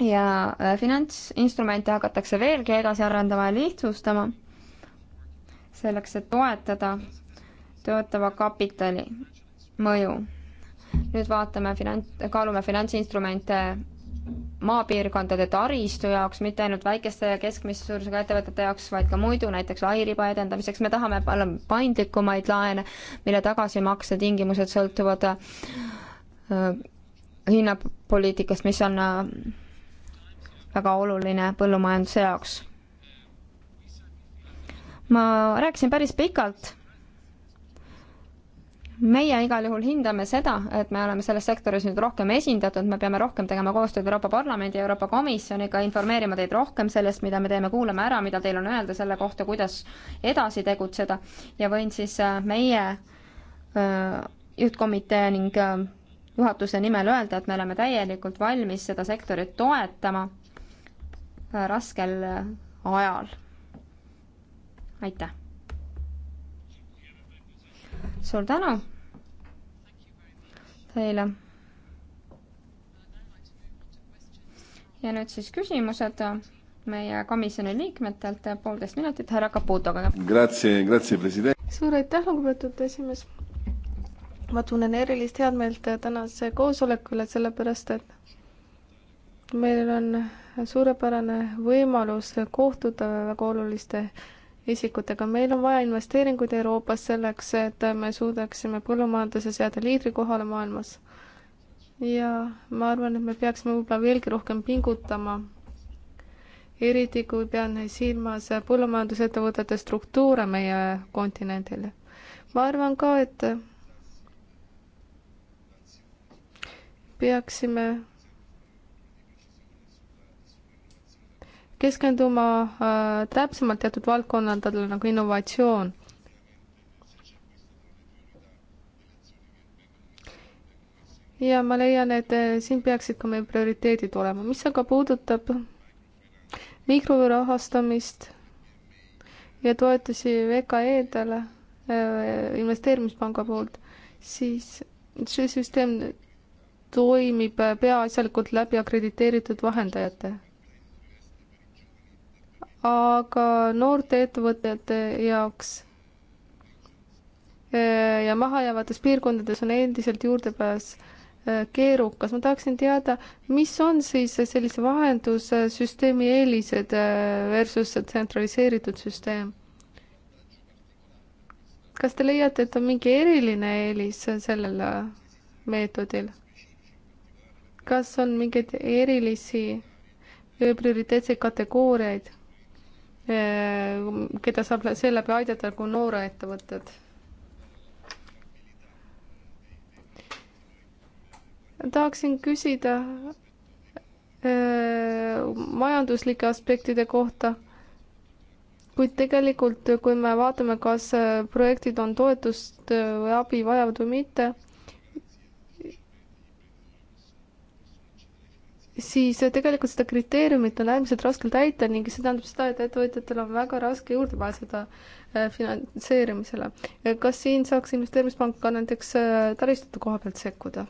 ja äh, finantsinstrumente hakatakse veelgi edasi arendama ja lihtsustama, selleks et toetada töötava kapitali mõju. nüüd vaatame finants, kaalume finantsinstrumente maapiirkondade taristu jaoks, mitte ainult väikeste ja keskmise suurusega ettevõtete jaoks, vaid ka muidu, näiteks lairiba edendamiseks, me tahame paindlikumaid laene, mille tagasimakse tingimused sõltuvad äh, hinnapoliitikast, mis on äh, väga oluline põllumajanduse jaoks. ma rääkisin päris pikalt. meie igal juhul hindame seda, et me oleme selles sektoris nüüd rohkem esindatud, me peame rohkem tegema koostööd Euroopa Parlamendi ja Euroopa Komisjoniga, informeerima teid rohkem sellest, mida me teeme, kuulame ära, mida teil on öelda selle kohta, kuidas edasi tegutseda ja võin siis äh, meie äh, juhtkomitee ning äh, juhatuse nimel öelda, et me oleme täielikult valmis seda sektorit toetama raskel ajal. aitäh! suur tänu teile! ja nüüd siis küsimused meie komisjoni liikmetelt, poolteist minutit, härra Caputo. suur aitäh, lugupeetud esimees! ma tunnen erilist heameelt tänase koosoleku üle, sellepärast et meil on suurepärane võimalus kohtuda väga oluliste isikutega, meil on vaja investeeringuid Euroopas selleks, et me suudaksime põllumajanduses jääda liidrikohale maailmas. ja ma arvan, et me peaksime võib-olla veelgi rohkem pingutama, eriti kui pean silmas põllumajandusettevõtete struktuure meie kontinendil. ma arvan ka, et peaksime keskenduma äh, täpsemalt teatud valdkonnadele nagu innovatsioon. ja ma leian, et äh, siin peaksid ka meie prioriteedid olema, mis aga puudutab mikrorahastamist ja toetusi VKE-dele äh, investeerimispanga poolt, siis see süsteem toimib peaasjalikult läbi akrediteeritud vahendajate aga noorte ettevõtete jaoks eh, ja mahajäävates piirkondades on endiselt juurdepääs eh, keerukas. ma tahaksin teada, mis on siis sellise vahendussüsteemi eelised eh, versus tsentraliseeritud süsteem? kas te leiate, et on mingi eriline eelis sellel meetodil? kas on mingeid erilisi prioriteetseid kategooriaid? Äh, keda saab seeläbi aidata kui nooreettevõtted. tahaksin küsida äh, majanduslike aspektide kohta, kuid tegelikult, kui me vaatame, kas äh, projektid on toetust või abi vajavad või mitte siis tegelikult seda kriteeriumit on äärmiselt raske täita ning see tähendab seda, et ettevõtjatel on väga raske juurde pääseda äh, finantseerimisele. kas siin saaks investeerimispank ka näiteks äh, taristute koha pealt sekkuda?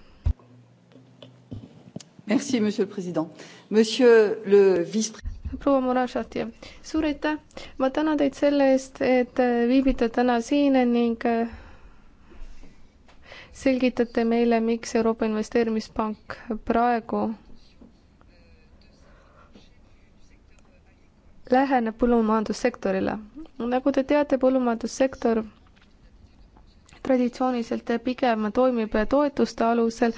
Merci, monsieur le president. Monsieur le vice- proua Murashati, suur aitäh! ma tänan teid selle eest, et äh, viibite täna siin ning selgitate meile, miks Euroopa Investeerimispank praegu läheneb põllumajandussektorile. nagu te teate, põllumajandussektor traditsiooniliselt pigem toimib toetuste alusel,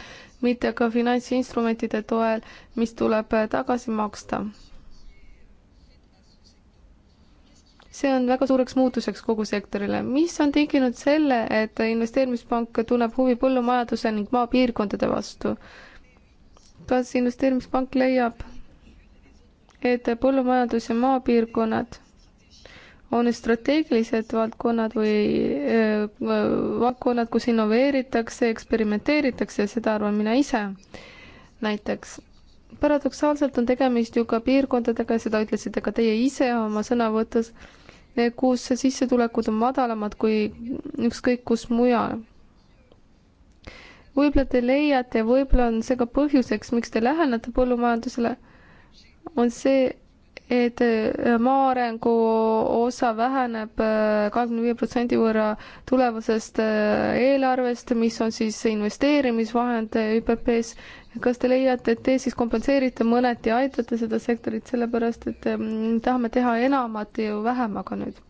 mitte ka finantsinstrumentide toel, mis tuleb tagasi maksta. see on väga suureks muutuseks kogu sektorile. mis on tinginud selle, et investeerimispank tunneb huvi põllumajanduse ning maapiirkondade vastu? kas investeerimispank leiab, et põllumajandus ja maapiirkonnad on strateegilised valdkonnad või valdkonnad, kus innoveeritakse, eksperimenteeritakse, seda arvan mina ise näiteks. paradoksaalselt on tegemist ju ka piirkondadega, seda ütlesite ka teie ise oma sõnavõtus, kus sissetulekud on madalamad kui ükskõik kus mujal. võib-olla te leiate ja võib-olla on see ka põhjuseks, miks te lähenete põllumajandusele on see, et äh, maa arengu osa väheneb äh, kahekümne viie protsendi võrra tulevasest äh, eelarvest, mis on siis investeerimisvahend ÜPP-s. kas te leiate, et te siis kompenseerite mõneti, aitate seda sektorit, sellepärast et tahame teha enamat ju vähemaga nüüd?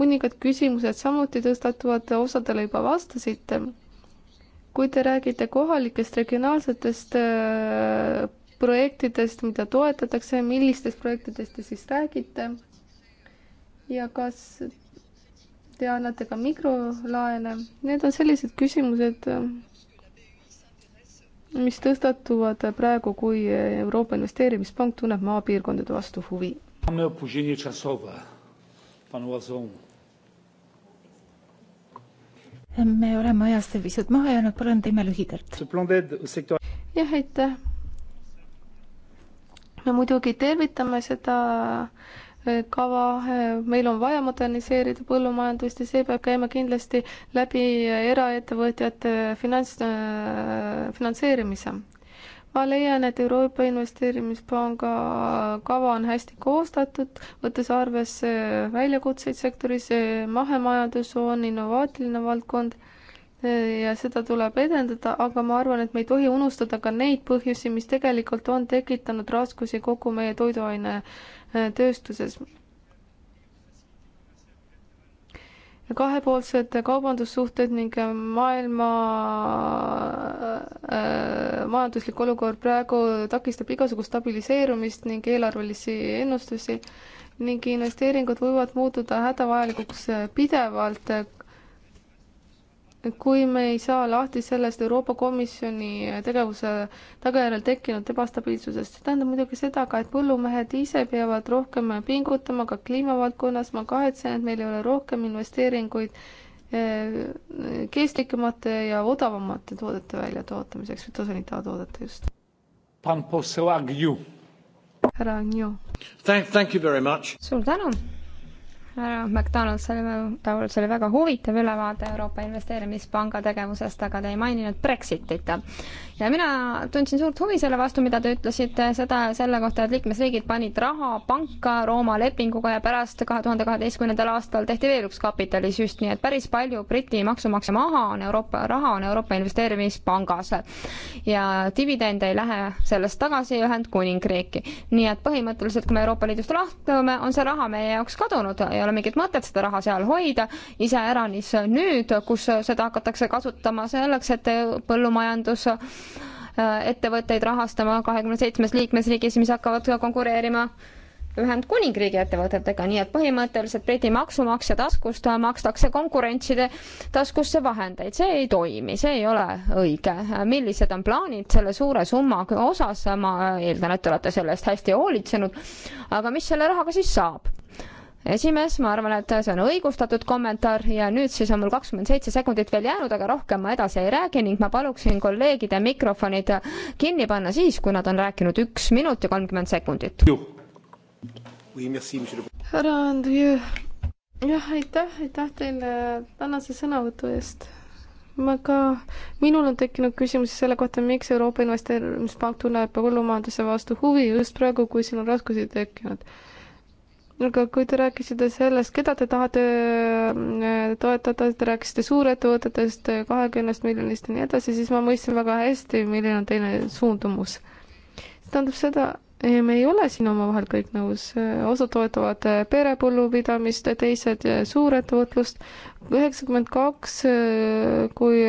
mõningad küsimused samuti tõstatuvad, osadele juba vastasite. kui te räägite kohalikest regionaalsetest projektidest, mida toetatakse, millistest projektidest te siis räägite? ja kas te annate ka mikrolaene? Need on sellised küsimused, mis tõstatuvad praegu, kui Euroopa Investeerimispank tunneb maapiirkondade vastu huvi. me oleme ajast pisut maha jäänud, palun teeme lühidalt. jah, aitäh me muidugi tervitame seda äh, kava, äh, meil on vaja moderniseerida põllumajandust ja see peab käima kindlasti läbi äh, eraettevõtjate finants, finantseerimise. ma leian, et Euroopa Investeerimispanga kava on hästi koostatud, võttes arvesse väljakutseid sektoris, mahemajandus on innovaatiline valdkond ja seda tuleb edendada, aga ma arvan, et me ei tohi unustada ka neid põhjusi, mis tegelikult on tekitanud raskusi kogu meie toiduainetööstuses. Äh, kahepoolsed kaubandussuhted ning maailma äh, äh, majanduslik olukord praegu takistab igasugust stabiliseerumist ning eelarvelisi ennustusi ning investeeringud võivad muutuda hädavajalikuks pidevalt kui me ei saa lahti sellest Euroopa Komisjoni tegevuse tagajärjel tekkinud ebastabiilsusest, see tähendab muidugi seda ka, et põllumehed ise peavad rohkem pingutama ka kliimavaldkonnas, ma kahetsen, et meil ei ole rohkem investeeringuid eh, kestlikemate ja odavamate toodete väljatootmiseks, tosanitaaltoodete just. härra Agnew. suur tänu härra McDonald, see oli, Taul, see oli väga huvitav ülevaade Euroopa Investeerimispanga tegevusest, aga te ei maininud Brexitit. ja mina tundsin suurt huvi selle vastu, mida te ütlesite, seda, selle kohta, et liikmesriigid panid raha panka Rooma lepinguga ja pärast kahe tuhande kaheteistkümnendal aastal tehti veel üks kapitalisüst, nii et päris palju Briti maksumaksja maha on Euroopa, raha on Euroopa Investeerimispangas. ja dividende ei lähe sellest tagasi Ühendkuningriiki. nii et põhimõtteliselt, kui me Euroopa Liidust lahtume, on see raha meie jaoks kadunud, ei ole ole mingit mõtet seda raha seal hoida, iseäranis nüüd, kus seda hakatakse kasutama selleks, et põllumajandus äh, ettevõtteid rahastama kahekümne seitsmes liikmesriigis, mis hakkavad konkureerima Ühendkuningriigi ettevõtetega, nii et põhimõtteliselt Briti maksumaksja taskust makstakse konkurentside taskusse vahendeid, see ei toimi, see ei ole õige. millised on plaanid selle suure summa osas, ma eeldan, et te olete selle eest hästi hoolitsenud, aga mis selle rahaga siis saab? esimees, ma arvan, et see on õigustatud kommentaar ja nüüd siis on mul kakskümmend seitse sekundit veel jäänud, aga rohkem ma edasi ei räägi ning ma paluksin kolleegide mikrofonid kinni panna siis, kui nad on rääkinud üks minut ja kolmkümmend sekundit. härra Andrei, jah, aitäh, aitäh teile tänase sõnavõtu eest ma ka, minul on tekkinud küsimusi selle kohta, miks Euroopa Investeerimispank tunneb põllumajanduse vastu huvi just praegu, kui siin on raskusi tekkinud aga kui te rääkisite sellest, keda te tahate äh, toetada, te rääkisite suurettevõtetest, kahekümnest miljonist ja nii edasi, siis ma mõistsin väga hästi, milline on teine suundumus. see tähendab seda, me ei ole siin omavahel kõik nõus, osad toetavad perepõllupidamist, teised suurettevõtlust. üheksakümmend kaks, äh, kui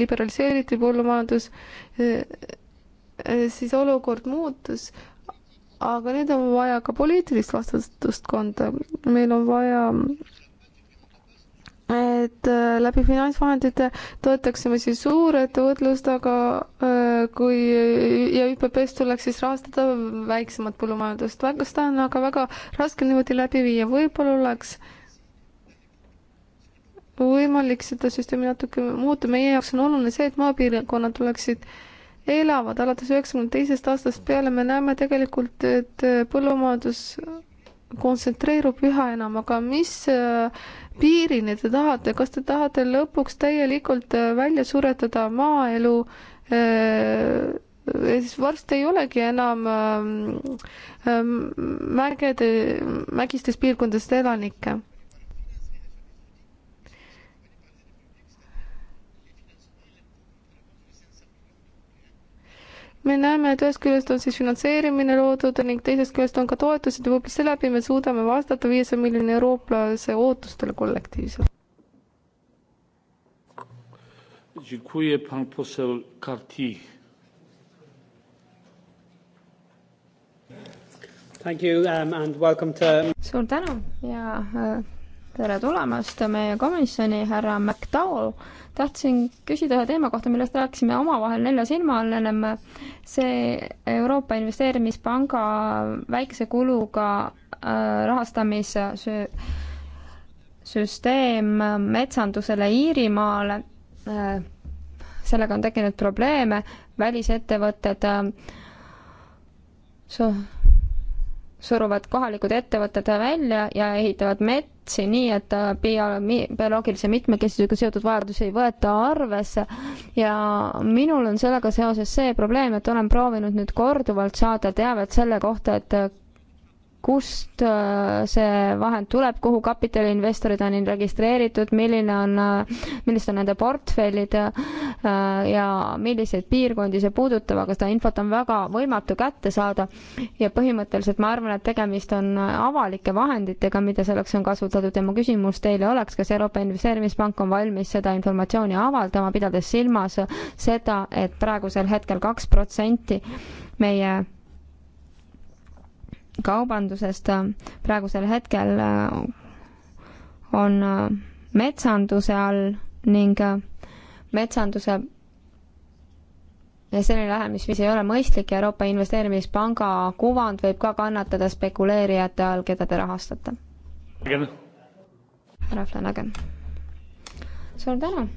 liberaliseeriti põllumajandus, äh, siis olukord muutus, aga nüüd on vaja ka poliitilist vastutust kanda, meil on vaja et äh, läbi finantsvahendite toetaksime siis suurettevõtlust, aga äh, kui ja ÜPP-st tuleks siis rahastada väiksemat põllumajandust, väga, seda on aga väga raske niimoodi läbi viia, võib-olla oleks võimalik seda süsteemi natuke muuta, meie jaoks on oluline see, et maapiirkonnad oleksid äh, elavad. alates üheksakümne teisest aastast peale me näeme tegelikult, et äh, põllumajandus kontsentreerub üha enam, aga mis äh, piirini te tahate, kas te tahate lõpuks täielikult äh, välja suretada maaelu äh, siis varsti ei olegi enam ähm, ähm, mägede, mägistes piirkondades elanikke me näeme, et ühest küljest on siis finantseerimine loodud ning teisest küljest on ka toetused ja võib-olla seeläbi me suudame vastata viiesaja miljoni eurooplase ootustele kollektiivselt. Um, suur tänu ja äh, tere tulemast meie komisjoni, härra McDowell tahtsin küsida ühe teema kohta, millest rääkisime omavahel nelja silma all ennem. see Euroopa Investeerimispanga väikese kuluga äh, rahastamissüsteem metsandusele Iirimaale, äh, sellega on tekkinud probleeme, välisettevõtted äh, so suruvad kohalikud ettevõtted välja ja ehitavad metsi nii, et äh, bioloogilise mitmekesisusega seotud vajadusi ei võeta arvesse. ja minul on sellega seoses see probleem, et olen proovinud nüüd korduvalt saada teavet selle kohta, et kust äh, see vahend tuleb, kuhu kapitaliinvestorid on registreeritud, milline on, äh, millised on nende portfellid äh, ja milliseid piirkondi see puudutab, aga seda infot on väga võimatu kätte saada. ja põhimõtteliselt ma arvan, et tegemist on avalike vahenditega, mida selleks on kasutatud ja mu küsimus teile oleks, kas Euroopa Investeerimispank on valmis seda informatsiooni avaldama, pidades silmas seda, et praegusel hetkel kaks protsenti meie kaubandusest äh, praegusel hetkel äh, on äh, metsanduse all ning metsanduse ja selline lähenemisviis ei ole mõistlik ja Euroopa Investeerimispanga kuvand võib ka kannatada spekuleerijate all, keda te rahastate. härra Flanagan. suur tänu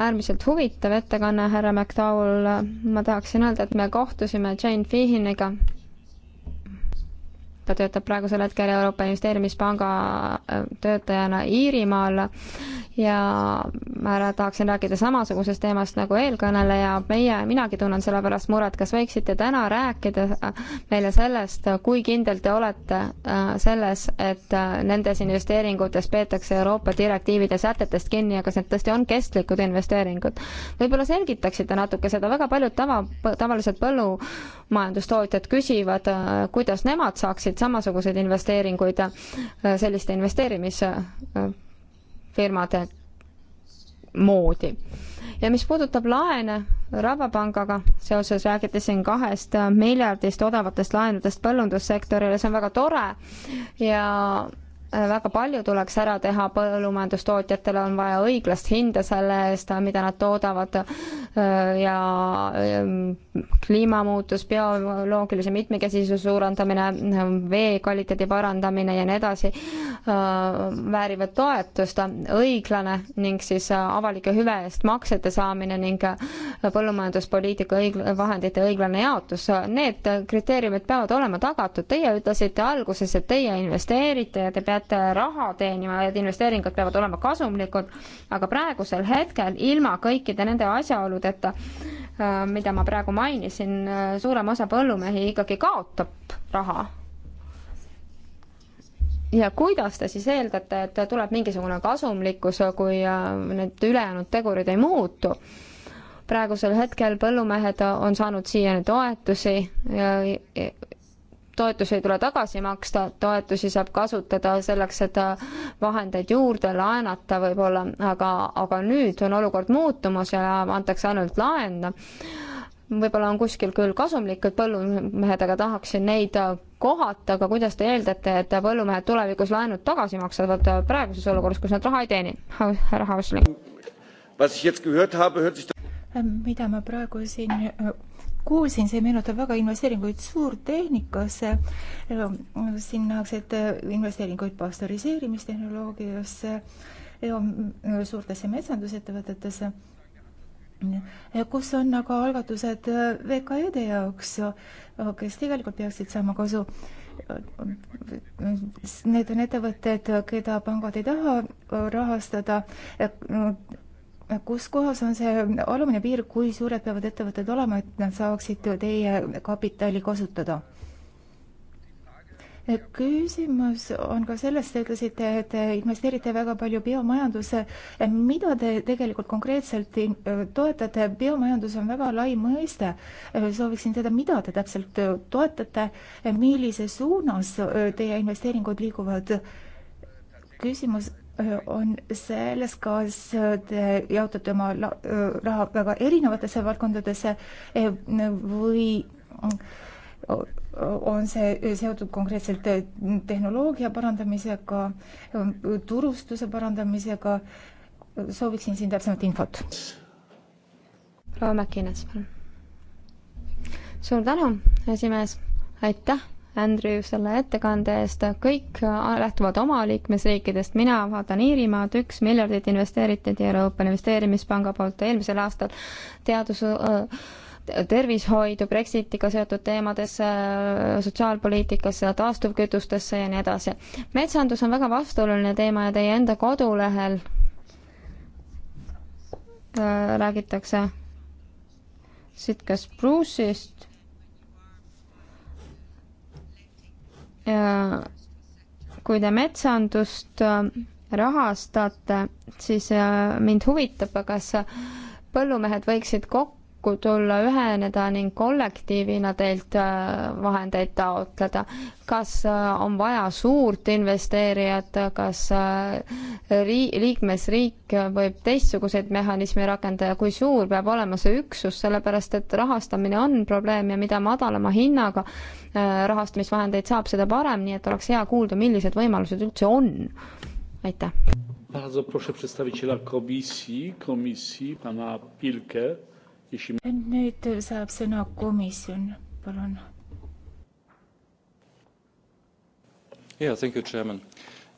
äärmiselt huvitav ettekanne, härra McDowell. ma tahaksin öelda, et me kohtusime Jane Fihiniga ta töötab praegusel hetkel Euroopa Investeerimispanga äh, töötajana Iirimaal ja ma tahaksin rääkida samasugusest teemast nagu eelkõneleja, meie, minagi tunnen selle pärast muret, kas võiksite täna rääkida äh, meile sellest, kui kindel te olete äh, selles, et nendes investeeringutes peetakse Euroopa direktiivide sätetest kinni ja kas need tõesti on kestlikud investeeringud? võib-olla selgitaksite natuke seda, väga paljud tava, tavalised põllu majandustootjad küsivad, äh, kuidas nemad saaksid samasuguseid investeeringuid äh, selliste investeerimisfirmade moodi. ja mis puudutab laene Rabopangaga seoses, räägiti siin kahest miljardist odavatest laenudest põllundussektorile, see on väga tore ja Äh, väga palju tuleks ära teha, põllumajandustootjatele on vaja õiglast hinda selle eest, mida nad toodavad äh, ja äh, kliimamuutus, bioloogilise mitmekesisuse suurendamine, vee kvaliteedi parandamine ja nii edasi väärivad toetust, õiglane ning siis avalike hüve eest maksete saamine ning põllumajanduspoliitika õig-, vahendite õiglane jaotus, need kriteeriumid peavad olema tagatud, teie ütlesite alguses, et teie investeerite ja te peate peavad äh, raha teenima, et investeeringud peavad olema kasumlikud, aga praegusel hetkel ilma kõikide nende asjaoludeta, äh, mida ma praegu mainisin, äh, suurem osa põllumehi ikkagi kaotab raha. ja kuidas te siis eeldate, et tuleb mingisugune kasumlikkus, kui need ülejäänud tegurid ei muutu? praegusel hetkel põllumehed on saanud siiani toetusi ja toetusi ei tule tagasi maksta, toetusi saab kasutada selleks, et äh, vahendeid juurde laenata võib-olla, aga, aga nüüd on olukord muutumas ja antakse ainult laen võib-olla on kuskil küll kasumlikud põllumehed, aga tahaksin neid äh, kohata, aga kuidas te eeldate, et põllumehed tulevikus laenud tagasi maksavad äh, praeguses olukorras, kus nad raha ei teeni? härra Hausling. mida ma praegu siin kuulsin, see meenutab väga investeeringuid suurtehnikasse. siin nähakse ette investeeringuid pastöriseerimistehnoloogiasse ja suurtesse metsandusettevõtetesse, kus on aga algatused VKE-de jaoks, kes tegelikult peaksid saama kasu. Need on ettevõtted, keda pangad ei taha rahastada kus kohas on see alumine piir, kui suured peavad ettevõtted olema, et nad saaksid teie kapitali kasutada? küsimus on ka selles, te ütlesite, et te investeerite väga palju biomajandusse. mida te tegelikult konkreetselt toetate? biomajandus on väga lai mõiste. sooviksin teada, mida te täpselt toetate, millises suunas teie investeeringud liiguvad? küsimus on selles, kas te jaotate oma raha väga erinevatesse valdkondadesse või on see seotud konkreetselt tehnoloogia parandamisega, turustuse parandamisega, sooviksin siin täpsemat infot. proua Mäkinas, palun. suur tänu, esimees, aitäh Andrew, selle ettekande eest, kõik äh, lähtuvad oma liikmesriikidest, mina vaatan Iirimaad, üks miljardit investeeritati Euroopa Investeerimispanga poolt eelmisel aastal teadus äh, tervishoidu, Brexitiga seotud teemadesse, äh, sotsiaalpoliitikasse, taastuvkütustesse ja nii edasi. metsandus on väga vastuoluline teema ja teie enda kodulehel räägitakse sitkas Bruce'ist kui te metsandust äh, rahastate, siis äh, mind huvitab, kas põllumehed võiksid kokku kokku tulla, üheneda ning kollektiivina teilt äh, vahendeid taotleda. kas äh, on vaja suurt investeerijat, kas äh, ri-, liikmesriik võib teistsuguseid mehhanisme rakendada, kui suur peab olema see üksus, sellepärast et rahastamine on probleem ja mida madalama hinnaga rahastamisvahendeid saab, seda parem, nii et oleks hea kuulda, millised võimalused üldse on. aitäh. Bardzo proszę przedstawiciela komisji, komisji pana Pilkę nüüd saab sõna komisjon, palun. jaa, thank you, chairman.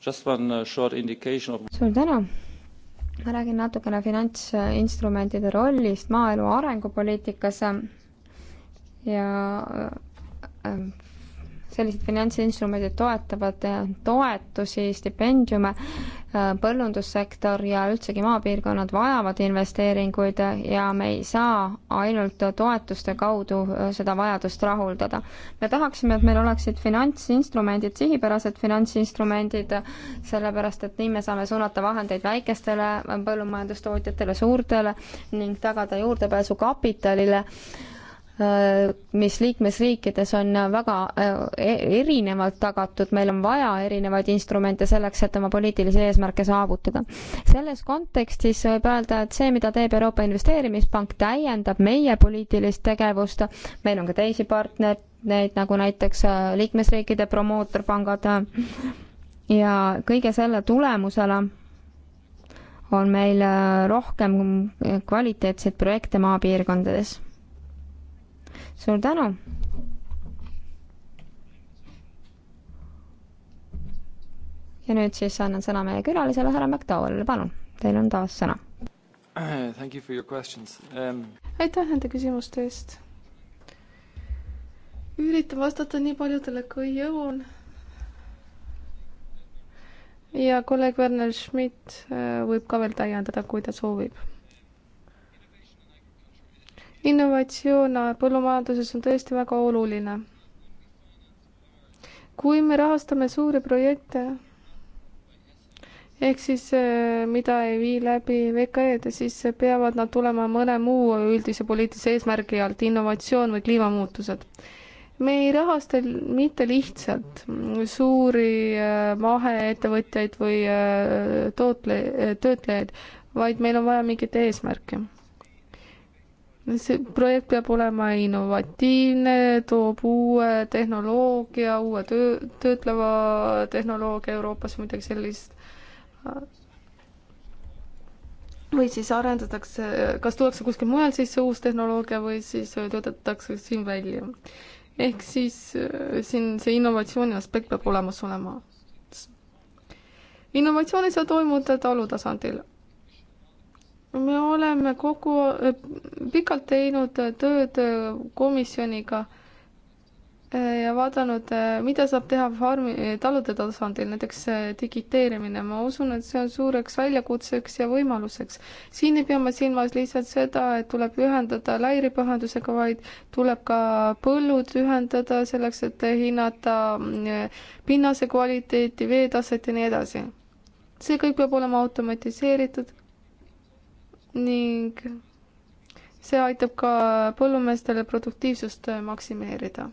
Just one uh, short indication of suur tänu. ma räägin natukene finantsinstrumentide rollist maaelu arengupoliitikas ja sellised finantsinstrumendid toetavad toetusi, stipendiume Äh, põllundussektor ja üldsegi maapiirkonnad vajavad investeeringuid ja me ei saa ainult toetuste kaudu äh, seda vajadust rahuldada. me tahaksime, et meil oleksid finantsinstrumendid, sihipärased finantsinstrumendid, sellepärast et nii me saame suunata vahendeid väikestele äh, põllumajandustootjatele, suurtele ning tagada juurdepääsu kapitalile Äh, mis liikmesriikides on väga äh, e-, erinevalt tagatud, meil on vaja erinevaid instrumente selleks, et oma poliitilisi eesmärke saavutada. selles kontekstis võib öelda, et see, mida teeb Euroopa Investeerimispank, täiendab meie poliitilist tegevust, meil on ka teisi partnereid, nagu näiteks äh, liikmesriikide promootorpangad ja kõige selle tulemusena on meil rohkem kvaliteetseid projekte maapiirkondades suur tänu. ja nüüd siis annan sõna meie külalisele, härra McDowellile, palun, teil on taas sõna. (clears throat) You um... aitäh nende küsimuste eest. üritan vastata nii paljudele, kui jõuan ja kolleeg Werner Schmidt äh, võib ka veel täiendada, kui ta soovib innovatsioon põllumajanduses on tõesti väga oluline. kui me rahastame suuri projekte, ehk siis eh, mida ei vii läbi VKE-d, siis peavad nad tulema mõne muu üldise poliitilise eesmärgi alt, innovatsioon või kliimamuutused. me ei rahasta mitte lihtsalt suuri eh, maheettevõtjaid või eh, tootle-, töötlejaid, vaid meil on vaja mingit eesmärki see projekt peab olema innovatiivne, toob uue tehnoloogia, uue töö, töötleva tehnoloogia Euroopas või midagi sellist. või siis arendatakse, kas tuuakse kuskil mujal sisse uus tehnoloogia või siis töötatakse siin välja. ehk siis äh, siin see innovatsiooni aspekt peab olemas olema. innovatsioon ei saa toimuda talutasandil me oleme kogu, eh, pikalt teinud tööd eh, komisjoniga eh, ja vaadanud, mida saab teha farmi, talude tasandil, näiteks digiteerimine, ma usun, et see on suureks väljakutseks ja võimaluseks. siin ei pea ma silmas lihtsalt seda, et tuleb ühendada lairipühendusega, vaid tuleb ka põllud ühendada selleks, et hinnata mm, pinnase kvaliteeti, veetaset ja nii edasi. see kõik peab olema automatiseeritud ning see aitab ka põllumeestele produktiivsust äh, maksimeerida.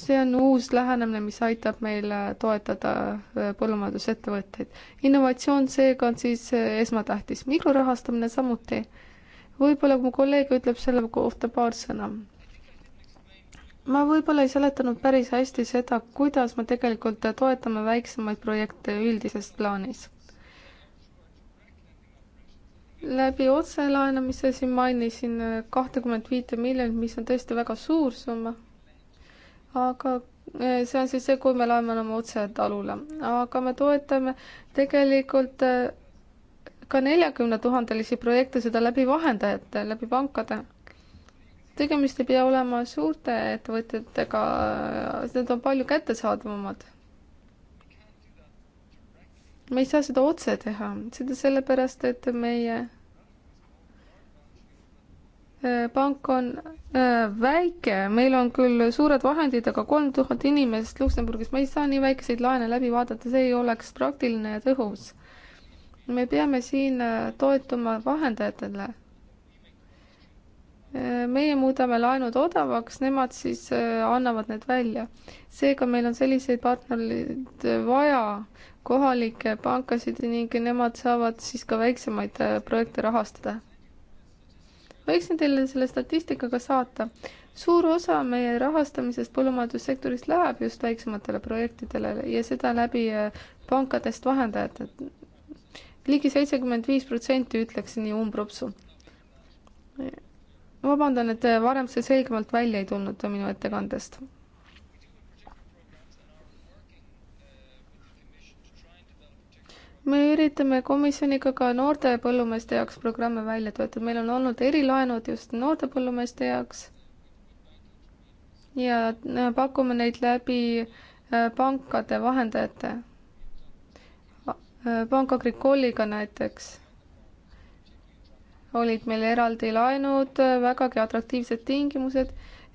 see on uus lähenemine, mis aitab meil äh, toetada äh, põllumajandusettevõtteid. innovatsioon seega on siis esmatähtis, mikrorahastamine samuti. võib-olla mu kolleeg ütleb selle kohta paar sõna. ma võib-olla ei seletanud päris hästi seda, kuidas me tegelikult toetame väiksemaid projekte üldises plaanis läbi otselaenamise siin mainisin äh, kahtekümmet viite miljonit, mis on tõesti väga suur summa. aga äh, see on siis see, kui me laename oma otse talule, aga me toetame tegelikult äh, ka neljakümne tuhandelisi projekte, seda läbi vahendajate, läbi pankade. tegemist ei pea olema suurte ettevõtjatega, need on palju kättesaadavamad me ei saa seda otse teha, seda sellepärast, et meie äh, pank on äh, väike, meil on küll suured vahendid, aga kolm tuhat inimest Luksemburgis, me ei saa nii väikeseid laene läbi vaadata, see ei oleks praktiline ja tõhus. me peame siin äh, toetuma vahendajatele meie muudame laenud odavaks, nemad siis äh, annavad need välja. seega meil on selliseid partnereid äh, vaja, kohalikke pankasid ning nemad saavad siis ka väiksemaid äh, projekte rahastada. võiksin teile selle statistikaga saata. suur osa meie rahastamisest põllumajandussektoris läheb just väiksematele projektidele ja seda läbi pankadest vahendajate. ligi seitsekümmend viis protsenti ütleks nii umbrupsu vabandan, et varem see selgemalt välja ei tulnud minu ettekandest. me üritame komisjoniga ka noorte põllumeeste jaoks programme välja töötada, meil on olnud erilaenud just noorte põllumeeste jaoks. ja pakume neid läbi äh, pankade vahendajate, äh, Bank Agricoliga näiteks olid meil eraldi laenud, vägagi atraktiivsed tingimused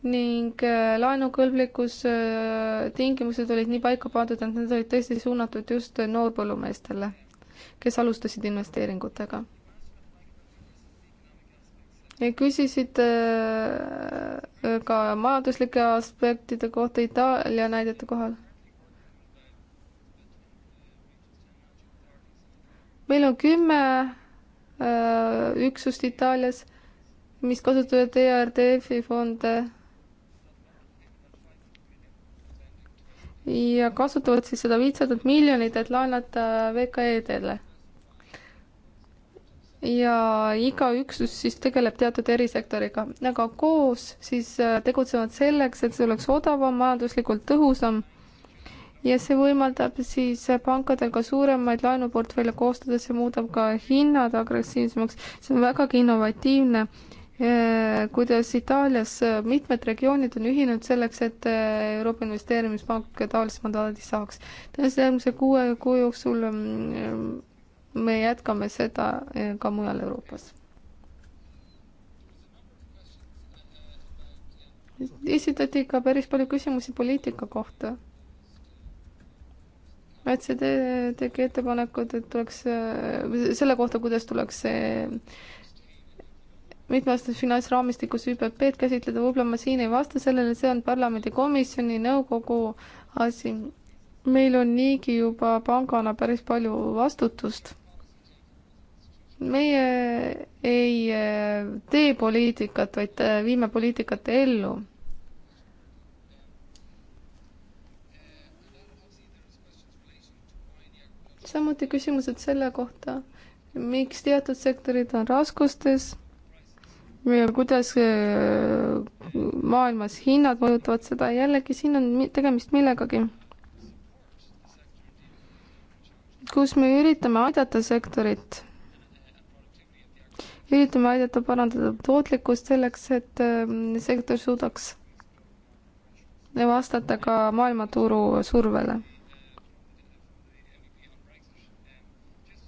ning äh, laenukõlblikus äh, tingimused olid nii paika pandud, et need olid tõesti suunatud just noorpõllumeestele, kes alustasid investeeringutega. küsisid äh, ka majanduslike aspektide kohta Itaalia näidete kohal. meil on kümme Äh, üksust Itaalias, mis kasutavad e ERDF-i fonde ja kasutavad siis seda viitsadat miljonit, et laenata VKE-dele. ja iga üksus siis tegeleb teatud erisektoriga, aga koos siis äh, tegutsevad selleks, et see oleks odavam, majanduslikult tõhusam ja see võimaldab siis pankadel ka suuremaid laenuportfelle koostada, see muudab ka hinnad agressiivsemaks, see on vägagi innovatiivne. Eh, kuidas Itaalias mitmed regioonid on ühinenud selleks, et eh, Euroopa Investeerimispank taolist mandaadi saaks. tõenäoliselt järgmise kuue kuu jooksul mm, me jätkame seda eh, ka mujal Euroopas. esitati ka päris palju küsimusi poliitika kohta OECD tegi ettepanekud, et tuleks, selle kohta, kuidas tuleks mitmeaastases finantsraamistikus ÜPP-d käsitleda, võib-olla ma siin ei vasta sellele, see on parlamendikomisjoni, nõukogu asi. meil on niigi juba pangana päris palju vastutust. meie ei tee poliitikat, vaid viime poliitikat ellu samuti küsimused selle kohta, miks teatud sektorid on raskustes ja kuidas äh, maailmas hinnad mõjutavad seda, jällegi siin on tegemist millegagi, kus me üritame aidata sektorit, üritame aidata parandada tootlikkust selleks, et äh, sektor suudaks vastata ka maailmaturu survele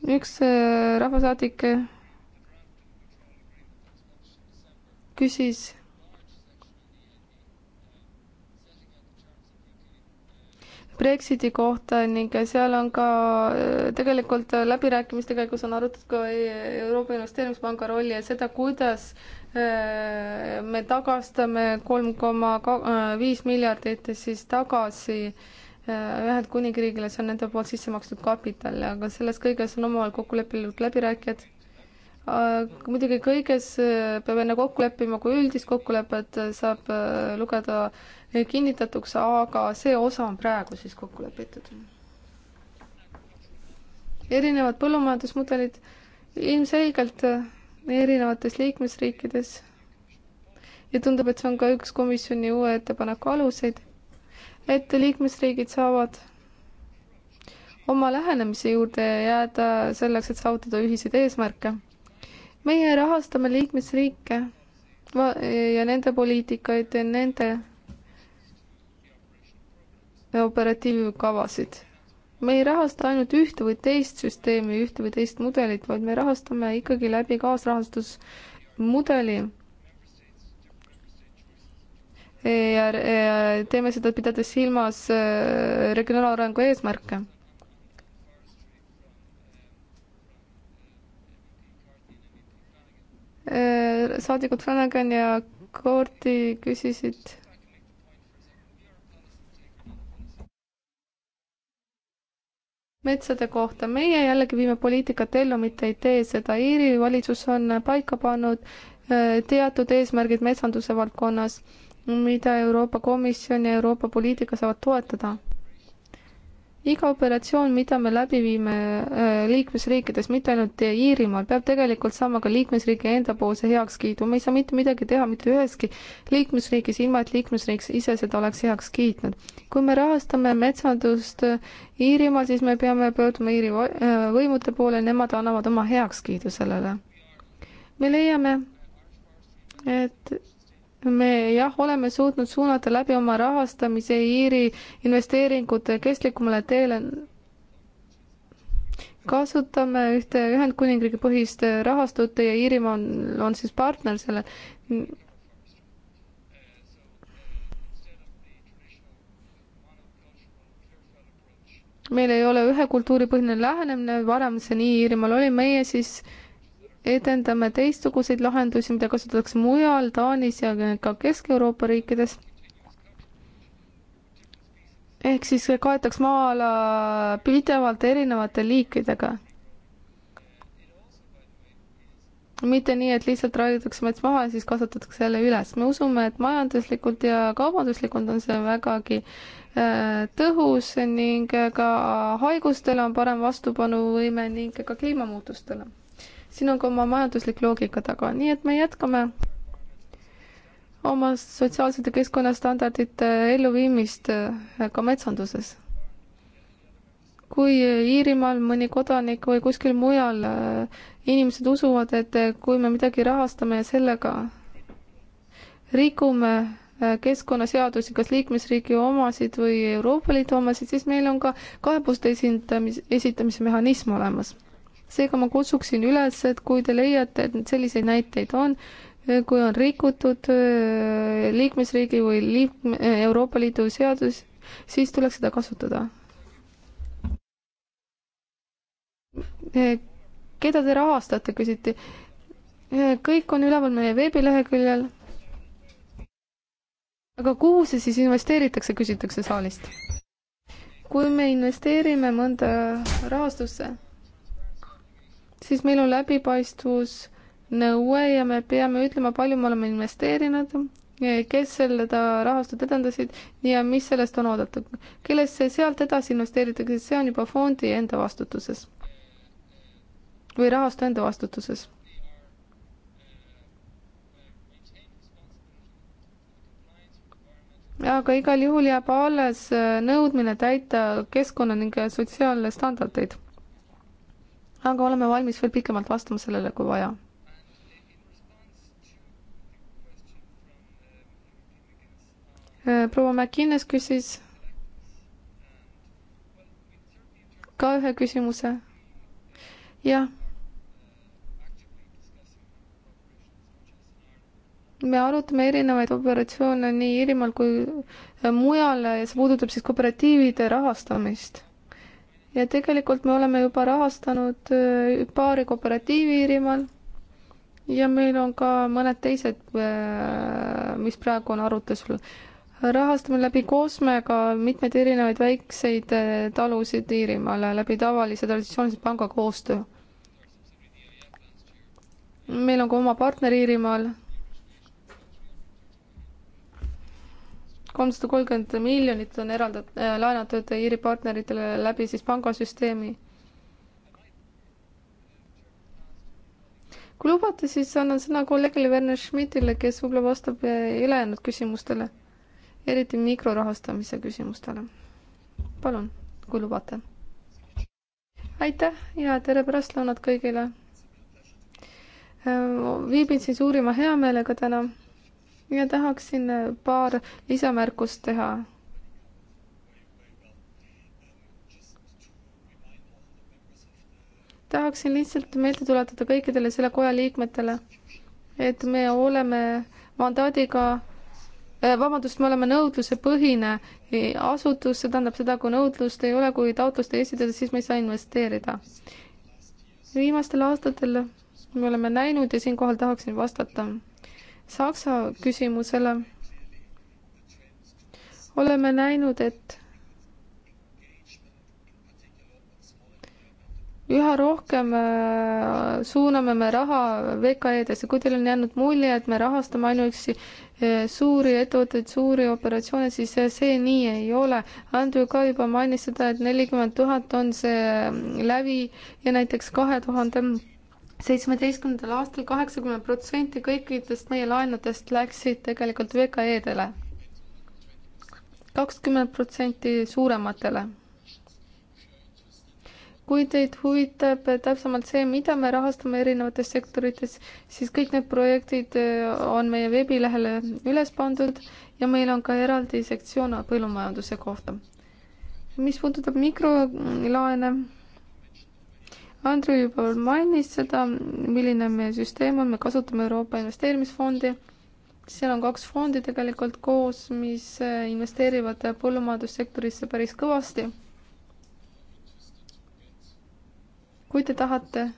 üks äh, rahvasaadik äh, küsis Brexiti kohta ning seal on ka äh, tegelikult läbirääkimiste käigus on arutatud ka e-, Euroopa Investeerimispanga rolli ja seda, kuidas me tagastame kolm koma viis miljardit siis tagasi äh, Äh, Ühendkuningriigile, see on nende poolt sisse makstud kapital, aga selles kõiges on omavahel kokkuleppinud läbirääkijad. Äh, muidugi kõiges äh, peab enne kokku leppima, kui üldist kokkulepet saab lugeda kinnitatuks, aga see osa on praegu siis kokku lepitud. erinevad põllumajandusmudelid ilmselgelt erinevates liikmesriikides ja tundub, et see on ka üks komisjoni uue ettepaneku aluseid et liikmesriigid saavad oma lähenemise juurde jääda selleks, et saavutada ühiseid eesmärke. meie rahastame liikmesriike ja nende poliitikaid, nende operatiivkavasid. me ei rahasta ainult ühte või teist süsteemi, ühte või teist mudelit, vaid me rahastame ikkagi läbi kaasrahastusmudeli ja, ER, ja ER, teeme seda, pidades silmas äh, regionaalarengu eesmärke äh, saadikud Flanagan ja Kordi küsisid. metsade kohta, meie jällegi viime poliitikat ellu, mitte ei tee seda, Iiri valitsus on paika pannud äh, teatud eesmärgid metsanduse valdkonnas mida Euroopa Komisjon ja Euroopa poliitika saavad toetada. iga operatsioon, mida me läbi viime äh, liikmesriikides, mitte ainult Iirimaal, peab tegelikult saama ka liikmesriigi endapoolse heakskiidu, me ei saa mitte midagi teha mitte üheski liikmesriigis, ilma et liikmesriik ise seda oleks heaks kiitnud. kui me rahastame metsandust Iirimaal, siis me peame pöörduma Iiri äh, võimude poole, nemad annavad oma heakskiidu sellele. me leiame, et me jah, oleme suutnud suunata läbi oma rahastamise Iiri investeeringud kestlikumale teele. kasutame ühte Ühendkuningriigi põhist rahastut ja Iirimaa on, on siis partner selle. meil ei ole ühe kultuuripõhine lähenemine, varem see nii Iirimaal oli, meie siis äh, edendame teistsuguseid lahendusi, mida kasutatakse mujal, Taanis ja ka Kesk-Euroopa riikides. ehk siis kaetaks maa-ala pidevalt erinevate liikidega. mitte nii, et lihtsalt raiutakse mets maha ja siis kasvatatakse jälle üles. me usume, et majanduslikult ja kaubanduslikult on see vägagi äh, tõhus ning ka haigustele on parem vastupanuvõime ning ka kliimamuutustele siin on ka oma majanduslik loogika taga, nii et me jätkame oma sotsiaalsete keskkonnastandardite elluviimist äh, ka metsanduses. kui Iirimaal mõni kodanik või kuskil mujal äh, inimesed usuvad, et äh, kui me midagi rahastame ja sellega rikume keskkonnaseadusi, kas liikmesriigi omasid või Euroopa Liidu omasid, siis meil on ka kaebuste esindamis, esitamise mehhanism olemas seega ma kutsuksin üles, et kui te leiate, et selliseid näiteid on, eh, kui on rikutud eh, liikmesriigi või liikme, eh, Euroopa Liidu seadus, siis tuleks seda kasutada. keda te rahastate, küsiti. kõik on üleval meie veebileheküljel. aga kuhu see siis investeeritakse, küsitakse saalist. kui me investeerime mõnda rahastusse siis meil on läbipaistvus nõue ja me peame ütlema, palju me oleme investeerinud, kes seda rahastut edendasid ja mis sellest on oodatud. kellesse sealt edasi investeeritakse, see on juba fondi enda vastutuses või rahastu enda vastutuses. aga igal juhul jääb alles nõudmine täita keskkonna ning sotsiaalstandardeid aga oleme valmis veel pikemalt vastama sellele, kui vaja. Äh, proua McInnes küsis ka ühe küsimuse. jah. me arutame erinevaid operatsioone nii Iirimaal kui äh, mujal ja see puudutab siis kooperatiivide rahastamist ja tegelikult me oleme juba rahastanud äh, paari kooperatiivi Iirimaal ja meil on ka mõned teised, äh, mis praegu on arutlusel. rahastame läbi Koosmega mitmeid erinevaid väikseid äh, talusid Iirimaale läbi tavalise traditsioonilise panga koostöö. meil on ka oma partner Iirimaal kolmsada kolmkümmend miljonit on eraldat- äh,, laenatud Iiri partneritele läbi siis pangasüsteemi. kui lubate, siis annan sõna kolleegile Werner Schmidtile, kes võib-olla vastab äh, ülejäänud küsimustele, eriti mikrorahastamise küsimustele. palun, kui lubate. aitäh ja tere pärastlõunat kõigile. Äh, viibin siin suurima heameelega täna ja tahaksin äh, paar lisamärkust teha tahaksin lihtsalt meelde tuletada kõikidele selle koja liikmetele, et me oleme mandaadiga, äh, vabandust, me oleme nõudlusepõhine asutus, see tähendab seda, kui nõudlust ei ole, kui taotlust ei esitada, siis me ei saa investeerida. viimastel aastatel me oleme näinud ja siinkohal tahaksin vastata Saksa küsimusele oleme näinud, et üha rohkem äh, suuname me raha VKE-desse, kui teil on jäänud mulje, et me rahastame ainuüksi äh, suuri ettevõtteid, suuri operatsioone, siis äh, see nii ei ole. Andrew ka juba mainis seda, et nelikümmend tuhat on see lävi ja näiteks kahe tuhande 000 seitsmeteistkümnendal aastal kaheksakümmend protsenti kõikidest meie laenudest läksid tegelikult VKE-dele, kakskümmend protsenti suurematele. kui teid huvitab täpsemalt see, mida me rahastame erinevates sektorites, siis kõik need projektid äh, on meie veebilehele üles pandud ja meil on ka eraldi sektsioon põllumajanduse kohta. mis puudutab mikrolaene Andrei juba mainis seda, milline meie süsteem on, me kasutame Euroopa Investeerimisfondi. seal on kaks fondi tegelikult koos, mis eh, investeerivad põllumajandussektorisse päris kõvasti. kui te tahate eh,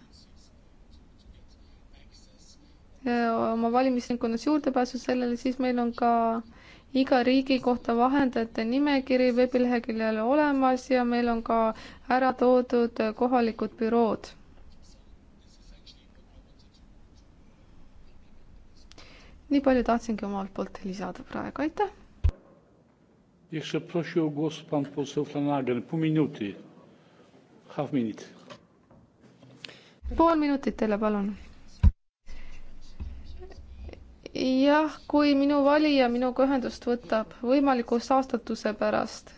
oma valimisringkonnas juurdepääsu sellele, siis meil on ka äh, iga riigi kohta vahendajate nimekiri veebileheküljel olemas ja meil on ka ära toodud kohalikud bürood. nii palju tahtsingi omalt poolt lisada praegu, aitäh. Jeszcze prosił o głos pan poseł Flanagan. Pół minuty. Half minute. Pool minutit teile, palun jah, kui minu valija minuga ühendust võtab võimaliku saastatuse pärast,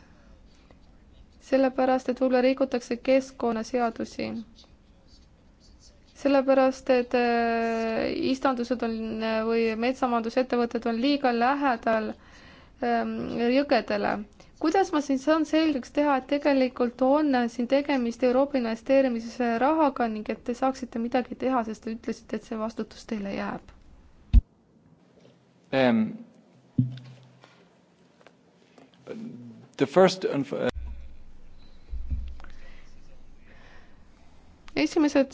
sellepärast et võib-olla rikutakse keskkonnaseadusi, sellepärast et äh, istandused on äh, või metsamajandusettevõtted on liiga lähedal ähm, jõgedele. kuidas ma siin saan selgeks teha, et tegelikult on siin tegemist Euroopa investeerimise rahaga ning et te saaksite midagi teha, sest te ütlesite, et see vastutus teile jääb Um, the first uh, esimesed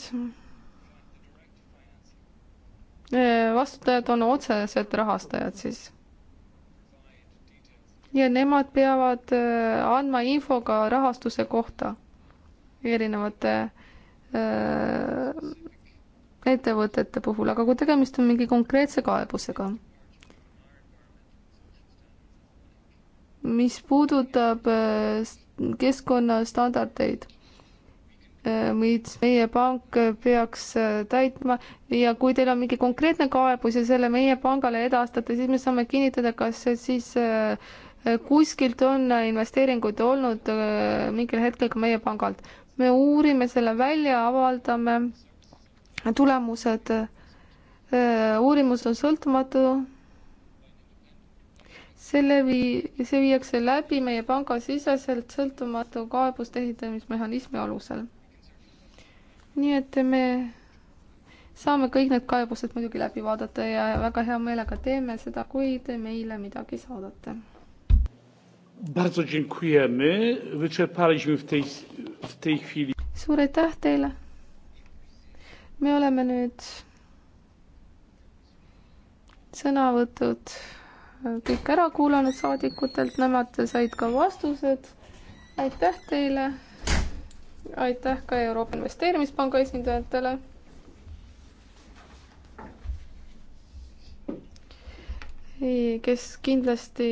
äh, vastutajad on otsesed rahastajad siis. ja nemad peavad äh, andma info ka rahastuse kohta erinevate äh, ettevõtete puhul, aga kui tegemist on mingi konkreetse kaebusega mis puudutab äh, keskkonnastandardeid, äh, mis meie pank peaks äh, täitma ja kui teil on mingi konkreetne kaebus ja selle meie pangale edastate, siis me saame kinnitada, kas siis kuskilt on investeeringuid olnud mingil hetkel ka meie pangalt. me uurime selle välja, avaldame tulemused. uurimus on sõltumatu selle vii-, see viiakse läbi meie pangasiseselt sõltumatu kaebuste ehitamismehhanismi alusel. nii et me saame kõik need kaebused muidugi läbi vaadata ja väga hea meelega teeme seda, kui te meile midagi saadate. suur aitäh teile. me oleme nüüd sõnavõtud kõik ära kuulanud saadikutelt, nemad said ka vastused. aitäh teile. aitäh ka Euroopa Investeerimispanga esindajatele. kes kindlasti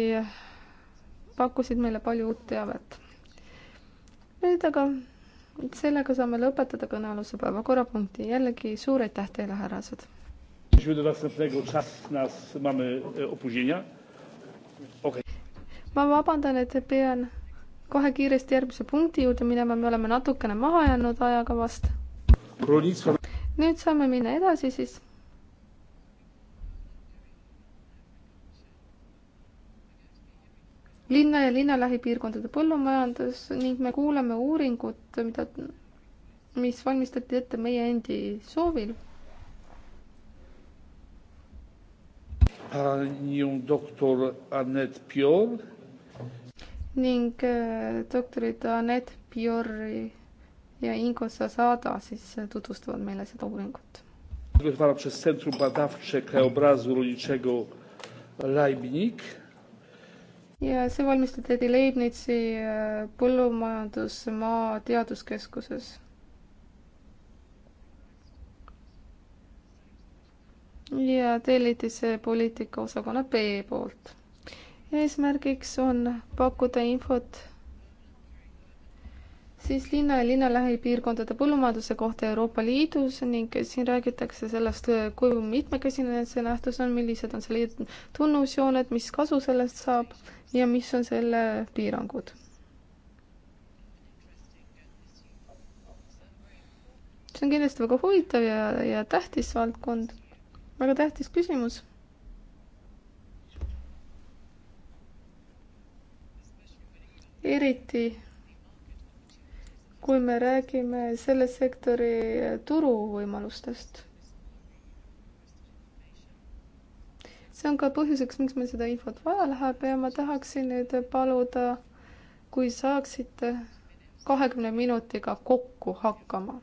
pakkusid meile palju uut teavet. nüüd aga sellega saame lõpetada kõnealuse päevakorrapunkti. jällegi suur aitäh teile, härrased. Jesteśmy do następnego, czas nas mamy e, opóźnienia okay.. ma vabandan, et pean kohe kiiresti järgmise punkti juurde minema, me oleme natukene maha jäänud ajakavast. nüüd saame minna edasi siis. linna ja linna lähipiirkondade põllumajandus ning me kuulame uuringut, mida, mis valmistati ette meie endi soovil panią doktor Anett Pior. ning e, doktorid Anett Piori ja Ingo Sasada siis tutvustavad meile seda uuringut. przygotowana przez Centrum Badawcze Krajobrazu Rolniczego Leibnik. ja see valmistati Leibnizi e, põllumajandusmaa teaduskeskuses ja tellitise poliitikaosakonna B poolt. eesmärgiks on pakkuda infot siis linna ja linna lähipiirkondade põllumajanduse kohta Euroopa Liidus ning siin räägitakse sellest, kui mitmekesine see nähtus on, millised on selle tunnusjooned, mis kasu sellest saab ja mis on selle piirangud. see on kindlasti väga huvitav ja, ja tähtis valdkond väga tähtis küsimus. eriti kui me räägime selle sektori turuvõimalustest. see on ka põhjuseks, miks meil seda infot vaja läheb ja ma tahaksin nüüd paluda, kui saaksite kahekümne minutiga kokku hakkama.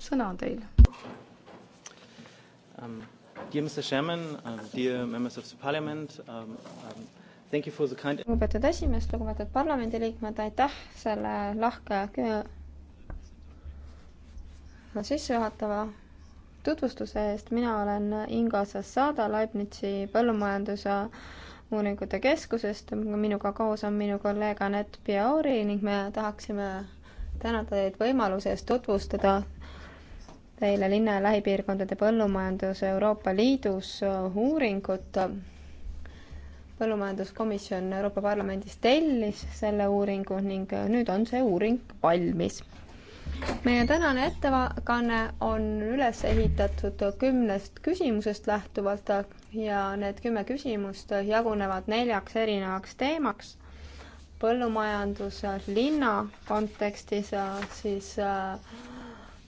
sõna on teil Um, dear Mr. Chairman, uh, dear members of the parliament, um, um, thank you for the kind... lugupeetud esimees, lugupeetud parlamendiliikmed, aitäh selle lahke sissejuhatava tutvustuse eest, mina olen Inga Sassada Leibnizi põllumajanduse uuringute keskusest, minuga koos on minu kolleeg Anett Piauri ning me tahaksime tänada teid võimaluse eest tutvustada eile linna ja lähipiirkondade põllumajanduse Euroopa Liidus äh, uuringut. põllumajanduskomisjon Euroopa Parlamendis tellis selle uuringu ning äh, nüüd on see uuring valmis. meie tänane ettekanne on üles ehitatud kümnest küsimusest lähtuvalt ja need kümme küsimust jagunevad neljaks erinevaks teemaks. põllumajandus linna kontekstis äh, siis äh,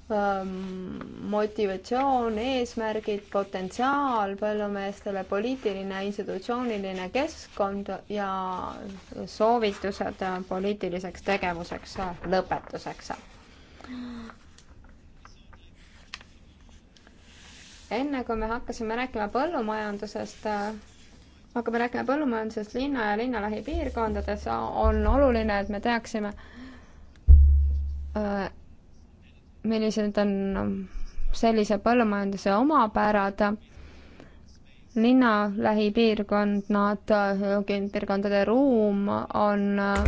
Ähm, motivatsioon, eesmärgid, potentsiaal põllumeestele, poliitiline, institutsiooniline keskkond ja soovitused poliitiliseks tegevuseks lõpetuseks. enne kui me hakkasime rääkima põllumajandusest, hakkame rääkima põllumajandusest linna ja linna lähipiirkondades, on oluline, et me teaksime millised on sellise põllumajanduse omapärad, linna lähipiirkond, nad, piirkondade ruum on äh,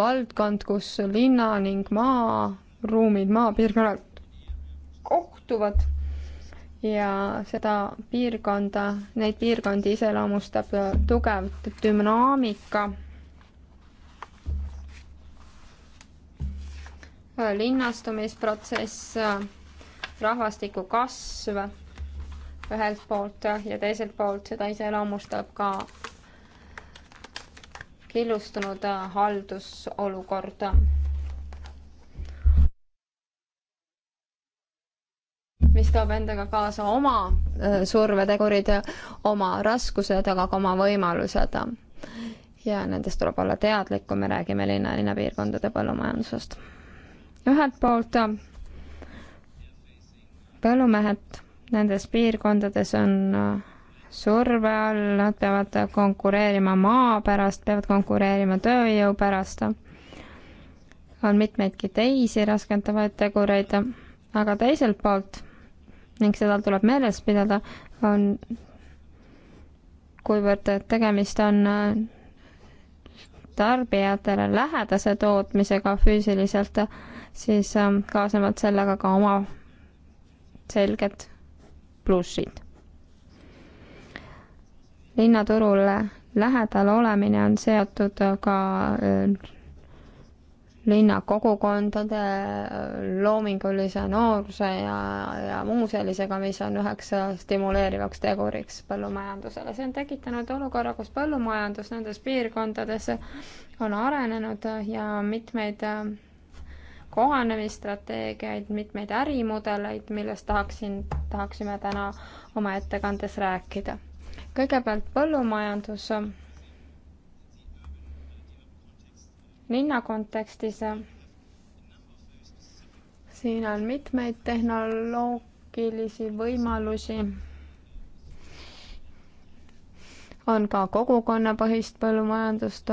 valdkond, kus linna ning maaruumid, maapiirkonnad kohtuvad ja seda piirkonda, neid piirkondi iseloomustab tugev dünaamika linnastumisprotsess, rahvastiku kasv ühelt poolt ja teiselt poolt seda iseloomustab ka killustunud haldusolukord. mis toob endaga kaasa oma äh, survetegurid, oma raskused, aga ka oma võimalused. ja nendest tuleb olla teadlik, kui me räägime linna, linnapiirkondade põllumajandusest ühelt poolt äh, põllumehed nendes piirkondades on äh, surve all, nad peavad konkureerima maa pärast, peavad konkureerima tööjõu pärast. on mitmeidki teisi raskendavaid tegureid, aga teiselt poolt ning seda tuleb meeles pidada, on kuivõrd tegemist on äh, tarbijatele lähedase tootmisega füüsiliselt, siis ähm, kaasnevad sellega ka oma selged plussid. linnaturule lähedal olemine on seotud äh, ka äh, linna kogukondade äh, loomingulise nooruse ja, ja muu sellisega, mis on üheks stimuleerivaks teguriks põllumajandusele. see on tekitanud olukorra, kus põllumajandus nendes piirkondades on arenenud ja mitmeid kohanemisstrateegiaid, mitmeid ärimudeleid, millest tahaksin, tahaksime täna oma ettekandes rääkida. kõigepealt põllumajandus. linna kontekstis siin on mitmeid tehnoloogilisi võimalusi. on ka kogukonnapõhist põllumajandust,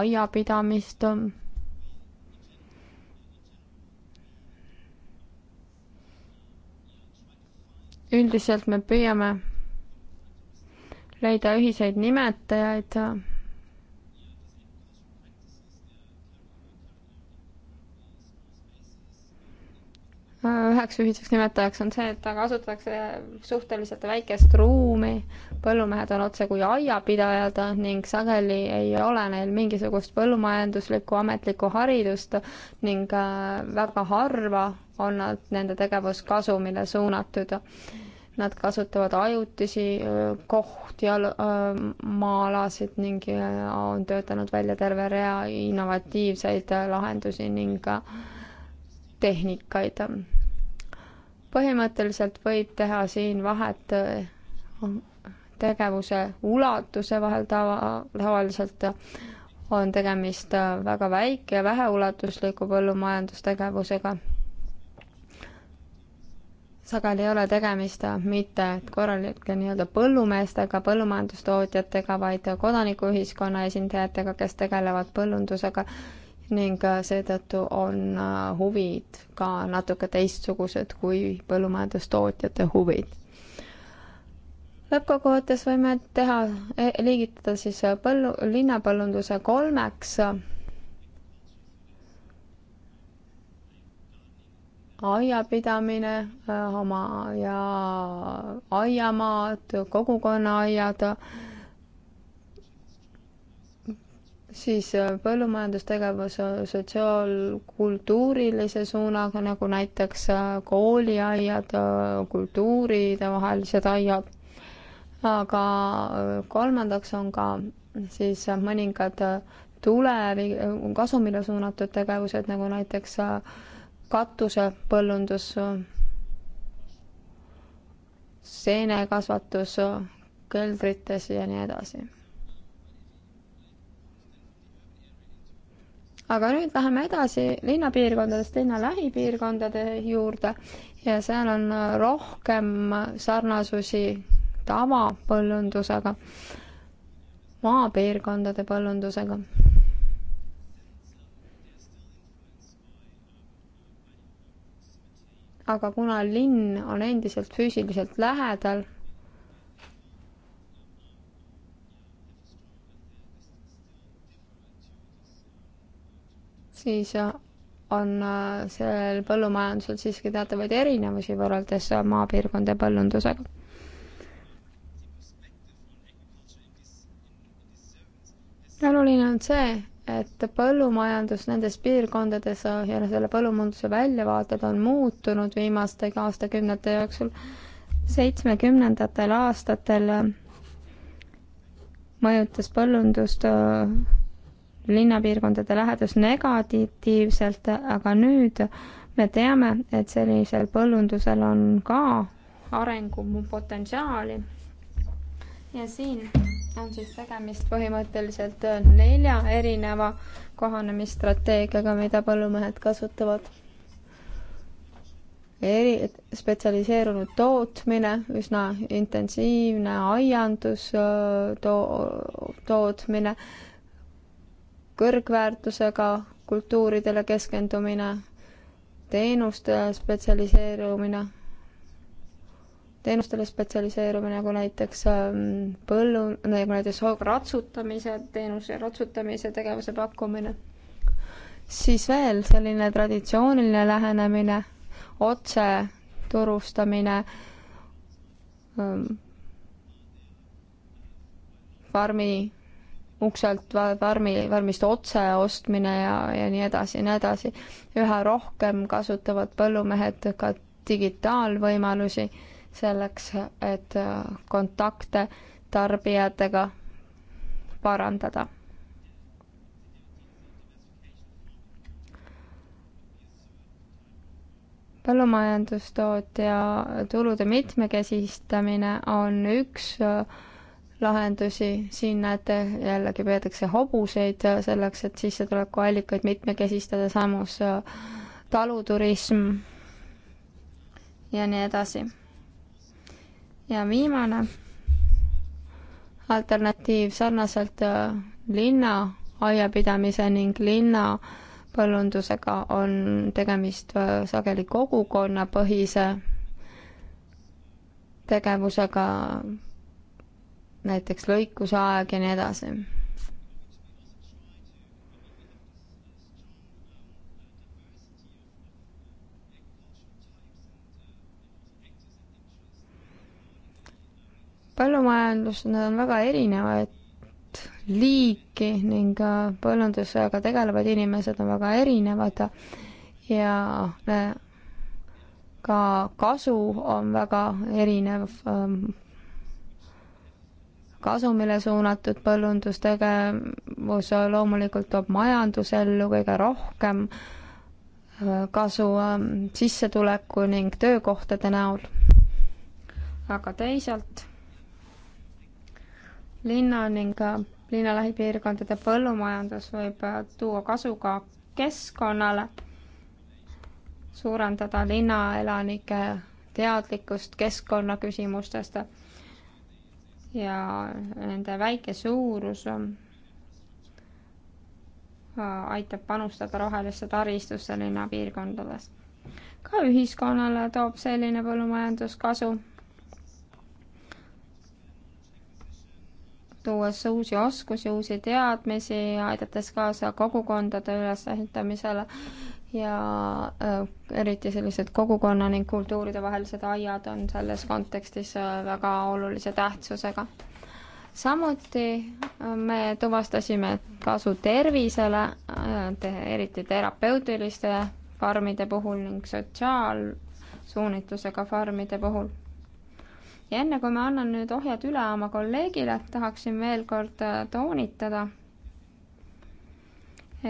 aiapidamist üldiselt me püüame leida ühiseid nimetajaid. üheks ühiseks nimetajaks on see, et kasutatakse suhteliselt väikest ruumi, põllumehed on otse kui aiapidajad ning sageli ei ole neil mingisugust põllumajanduslikku ametlikku haridust ning äh, väga harva on nad, nende tegevus kasumile suunatud Nad kasutavad ajutisi kohti, maa-alasid ning on töötanud välja terve rea innovatiivseid lahendusi ning tehnikaid. põhimõtteliselt võib teha siin vahet tegevuse ulatuse vahel tava, tavaliselt on tegemist väga väike ja väheulatusliku põllumajandustegevusega sageli ei ole tegemist mitte korralike nii-öelda põllumeestega, põllumajandustootjatega, vaid kodanikuühiskonna esindajatega, kes tegelevad põllundusega ning seetõttu on huvid ka natuke teistsugused kui põllumajandustootjate huvid. lõppkokkuvõttes võime teha, e-, liigitada siis põllu, linnapõllunduse kolmeks aiapidamine äh, oma ja aiamaad, kogukonnaaiad, siis äh, põllumajandustegevus äh, sotsiaalkultuurilise suunaga, nagu näiteks kooliaiad, kultuuridevahelised aiad, aga kolmandaks on ka siis mõningad tulevi-, kasumile suunatud tegevused, nagu näiteks äh, katusepõllundus, seenekasvatus keldrites ja nii edasi. aga nüüd läheme edasi linnapiirkondadest linna lähipiirkondade juurde ja seal on rohkem sarnasusi tavapõllundusega, maapiirkondade põllundusega. aga kuna linn on endiselt füüsiliselt lähedal, siis on äh, sellel põllumajandusel siiski teatavaid erinevusi võrreldes äh, maapiirkonda ja põllundusega. oluline on see, et põllumajandus nendes piirkondades ja selle põllumajanduse väljavaated on muutunud viimaste aastakümnete jooksul. seitsmekümnendatel aastatel mõjutas põllundust äh, linnapiirkondade lähedus negatiivselt, aga nüüd me teame, et sellisel põllundusel on ka arengupotentsiaali. ja siin on siis tegemist põhimõtteliselt nelja erineva kohanemisstrateegiaga, mida põllumehed kasutavad. eri, spetsialiseerunud tootmine, üsna intensiivne aiandus to-, tootmine, kõrgväärtusega kultuuridele keskendumine, teenuste spetsialiseerumine teenustele spetsialiseerumine, nagu näiteks ähm, põllu, nagu näiteks ratsutamise teenuse, ratsutamise tegevuse pakkumine. siis veel selline traditsiooniline lähenemine, otse turustamine ähm, farmi ukselt, farmi, farmist otse ostmine ja, ja nii edasi ja nii edasi. üha rohkem kasutavad põllumehed ka digitaalvõimalusi selleks, et äh, kontakte tarbijatega parandada. põllumajandustootja tulude mitmekesistamine on üks äh, lahendusi, siin näete, jällegi peetakse hobuseid äh, selleks, et sissetulekuallikaid mitmekesistada, samus taluturism ja nii edasi ja viimane alternatiiv sarnaselt äh, linna aiapidamise ning linna põllundusega on tegemist äh, sageli kogukonnapõhise tegevusega, näiteks lõikuseaeg ja nii edasi põllumajandused on väga erinevad liiki ning äh, põllundusega tegelevad inimesed on väga erinevad ja äh, ka kasu on väga erinev. Ähm, kasumile suunatud põllundustegevus äh, loomulikult toob majandusellu kõige rohkem kasu ähm, sissetuleku ning töökohtade näol. aga teisalt linna ning äh, linna lähipiirkondade põllumajandus võib äh, tuua kasu ka keskkonnale, suurendada linnaelanike teadlikkust keskkonnaküsimustest ja nende väike suurus äh, aitab panustada rohelisse taristusse linnapiirkondades. ka ühiskonnale toob selline põllumajandus kasu tuues uusi oskusi, uusi teadmisi, aidates kaasa kogukondade ülesehitamisele ja äh, eriti sellised kogukonna ning kultuuride vahelised aiad on selles kontekstis äh, väga olulise tähtsusega. samuti äh, me tuvastasime kasu tervisele, eriti terapeutiliste farmide puhul ning sotsiaalsuunitlusega farmide puhul ja enne kui ma annan nüüd ohjad üle oma kolleegile, tahaksin veel kord äh, toonitada,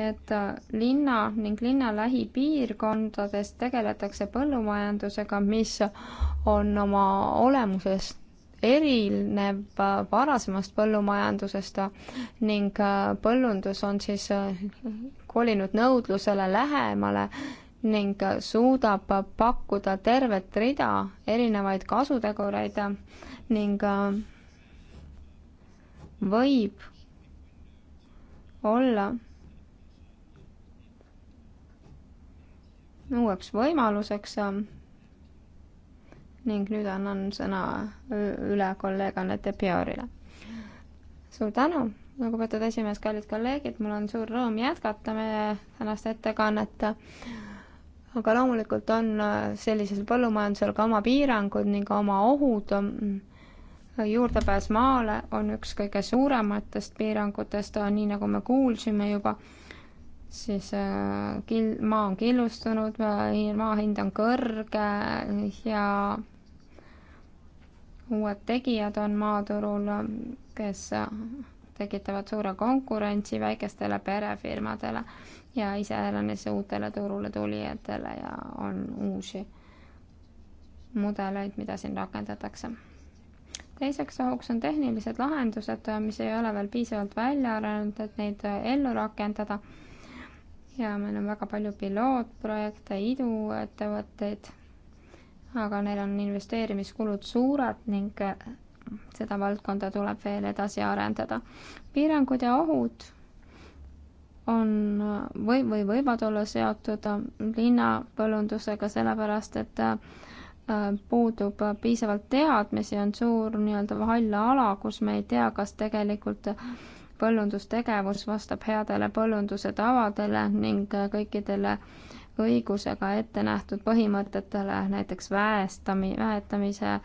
et äh, linna ning linna lähipiirkondades tegeletakse põllumajandusega, mis on oma olemusest erinev äh, varasemast põllumajandusest ning põllundus on siis kolinud nõudlusele lähemale ning suudab pakkuda tervet rida erinevaid kasutegureid ning äh, võib olla uueks võimaluseks äh, ning nüüd annan sõna üle kolleeg Annette Peorile. suur tänu, lugupeetud esimees, kallid kolleegid, mul on suur rõõm jätkata meie tänast ettekannet aga loomulikult on äh, sellisel põllumajandusel ka oma piirangud ning oma ohud. Mm, juurdepääs maale on üks kõige suurematest piirangutest, äh, nii nagu me kuulsime juba, siis äh, kil-, maa on killustunud, maa hind on kõrge ja uued tegijad on maaturul, kes tekitavad suure konkurentsi väikestele perefirmadele ja iseäranis uutele turule tulijatele ja on uusi mudeleid, mida siin rakendatakse. teiseks ohuks on tehnilised lahendused, mis ei ole veel piisavalt välja arenenud, et neid ellu rakendada. ja meil on väga palju pilootprojekte, iduettevõtteid, aga neil on investeerimiskulud suured ning seda valdkonda tuleb veel edasi arendada. piirangud ja ohud on või, või võivad olla seotud linnapõllundusega, sellepärast et äh, puudub piisavalt teadmisi, on suur nii-öelda hall ala, kus me ei tea, kas tegelikult põllundustegevus vastab headele põllunduse tavadele ning kõikidele õigusega ette nähtud põhimõtetele, näiteks väestami, väetamise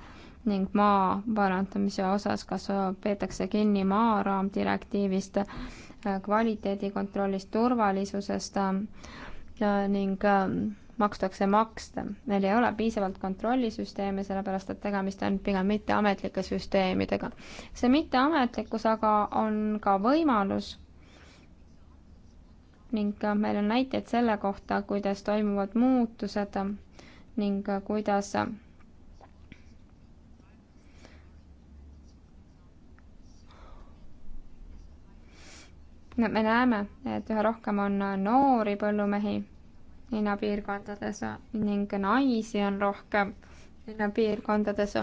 ning maa parandamise osas, kas peetakse kinni maaraamdirektiivist, äh, kvaliteedikontrollist, turvalisusest äh, ning ähm, makstakse maksta. Neil ei ole piisavalt kontrollisüsteeme, sellepärast et tegemist on pigem mitteametlike süsteemidega. see mitteametlikkus aga on ka võimalus ning äh, meil on näiteid selle kohta, kuidas toimuvad muutused ning kuidas me näeme, et üha rohkem on noori põllumehi linnapiirkondades ning naisi on rohkem linnapiirkondades.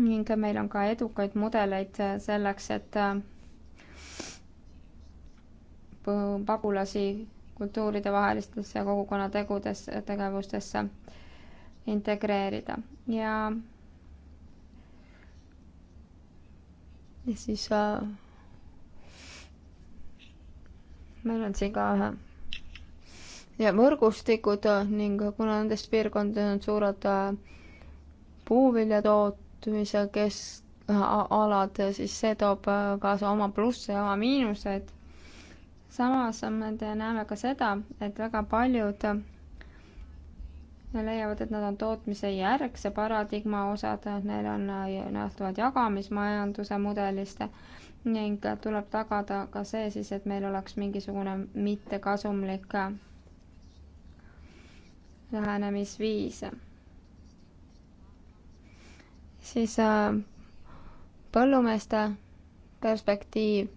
ning meil on ka edukaid mudeleid selleks, et äh, pagulasi kultuuridevahelistesse kogukonnategudesse, tegevustesse integreerida ja ja siis äh, meil on siin ka ühe äh, ja võrgustikud äh, ning kuna nendes piirkondades on suured äh, puuviljatootmise keskalad, siis see toob kaasa oma plusse ja oma miinuseid. samas me näeme ka seda, et väga paljud leiavad, et nad on tootmise järgse paradigma osad, neil on, nad lähtuvad jagamismajanduse mudelist ning tuleb tagada ka see siis, et meil oleks mingisugune mittekasumlik lähenemisviis. siis äh, põllumeeste perspektiiv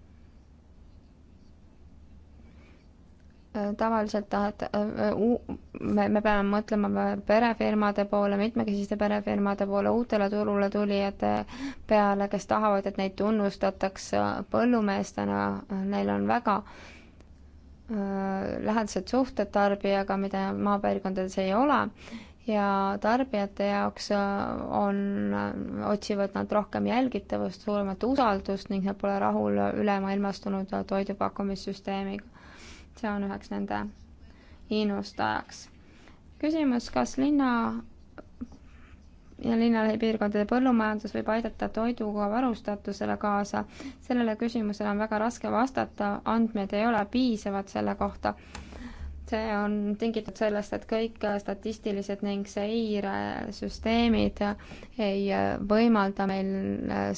Äh, tavaliselt tahad, äh, äh, me, me peame mõtlema perefirmade poole, mitmekesiste perefirmade poole, uutele turule tulijate peale, kes tahavad, et neid tunnustataks põllumeestena, neil on väga äh, lähedased suhted tarbijaga, mida maapiirkondades ei ole, ja tarbijate jaoks on, otsivad nad rohkem jälgitavust, suuremat usaldust ning nad pole rahul ülemaailmastunud toidupakkumissüsteemiga see on üheks nende innustajaks. küsimus, kas linna ja linnapiirkondade põllumajandus võib aidata toiduga varustatusele kaasa, sellele küsimusele on väga raske vastata, andmed ei ole piisavad selle kohta. see on tingitud sellest, et kõik statistilised ning seiresüsteemid ei võimalda meil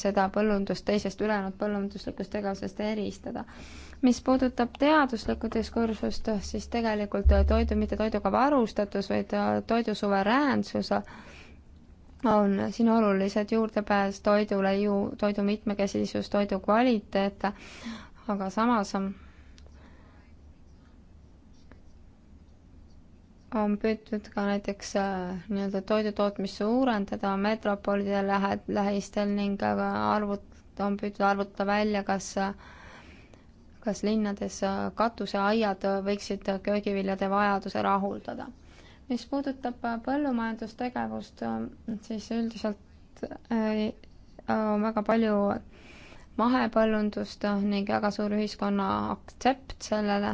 seda põllundust teisest ülejäänud põllunduslikust tegevusest eristada mis puudutab teaduslikku diskursust, siis tegelikult äh, toidu, mitte toiduga varustatus, vaid äh, toidu suveräänsus äh, on siin olulised, juurdepääs toidule ju, toidu mitmekesisus, toidu kvaliteet, aga samas on on püütud ka näiteks nii-öelda toidutootmist suurendada metropolide lähe, lähistel ning arvut-, on püütud arvutada välja, kas äh, kas linnades äh, katuseaiad äh, võiksid äh, köögiviljade vajaduse rahuldada. mis puudutab põllumajandustegevust, siis üldiselt on väga palju mahepõllundust ning väga suur ühiskonna aktsept sellele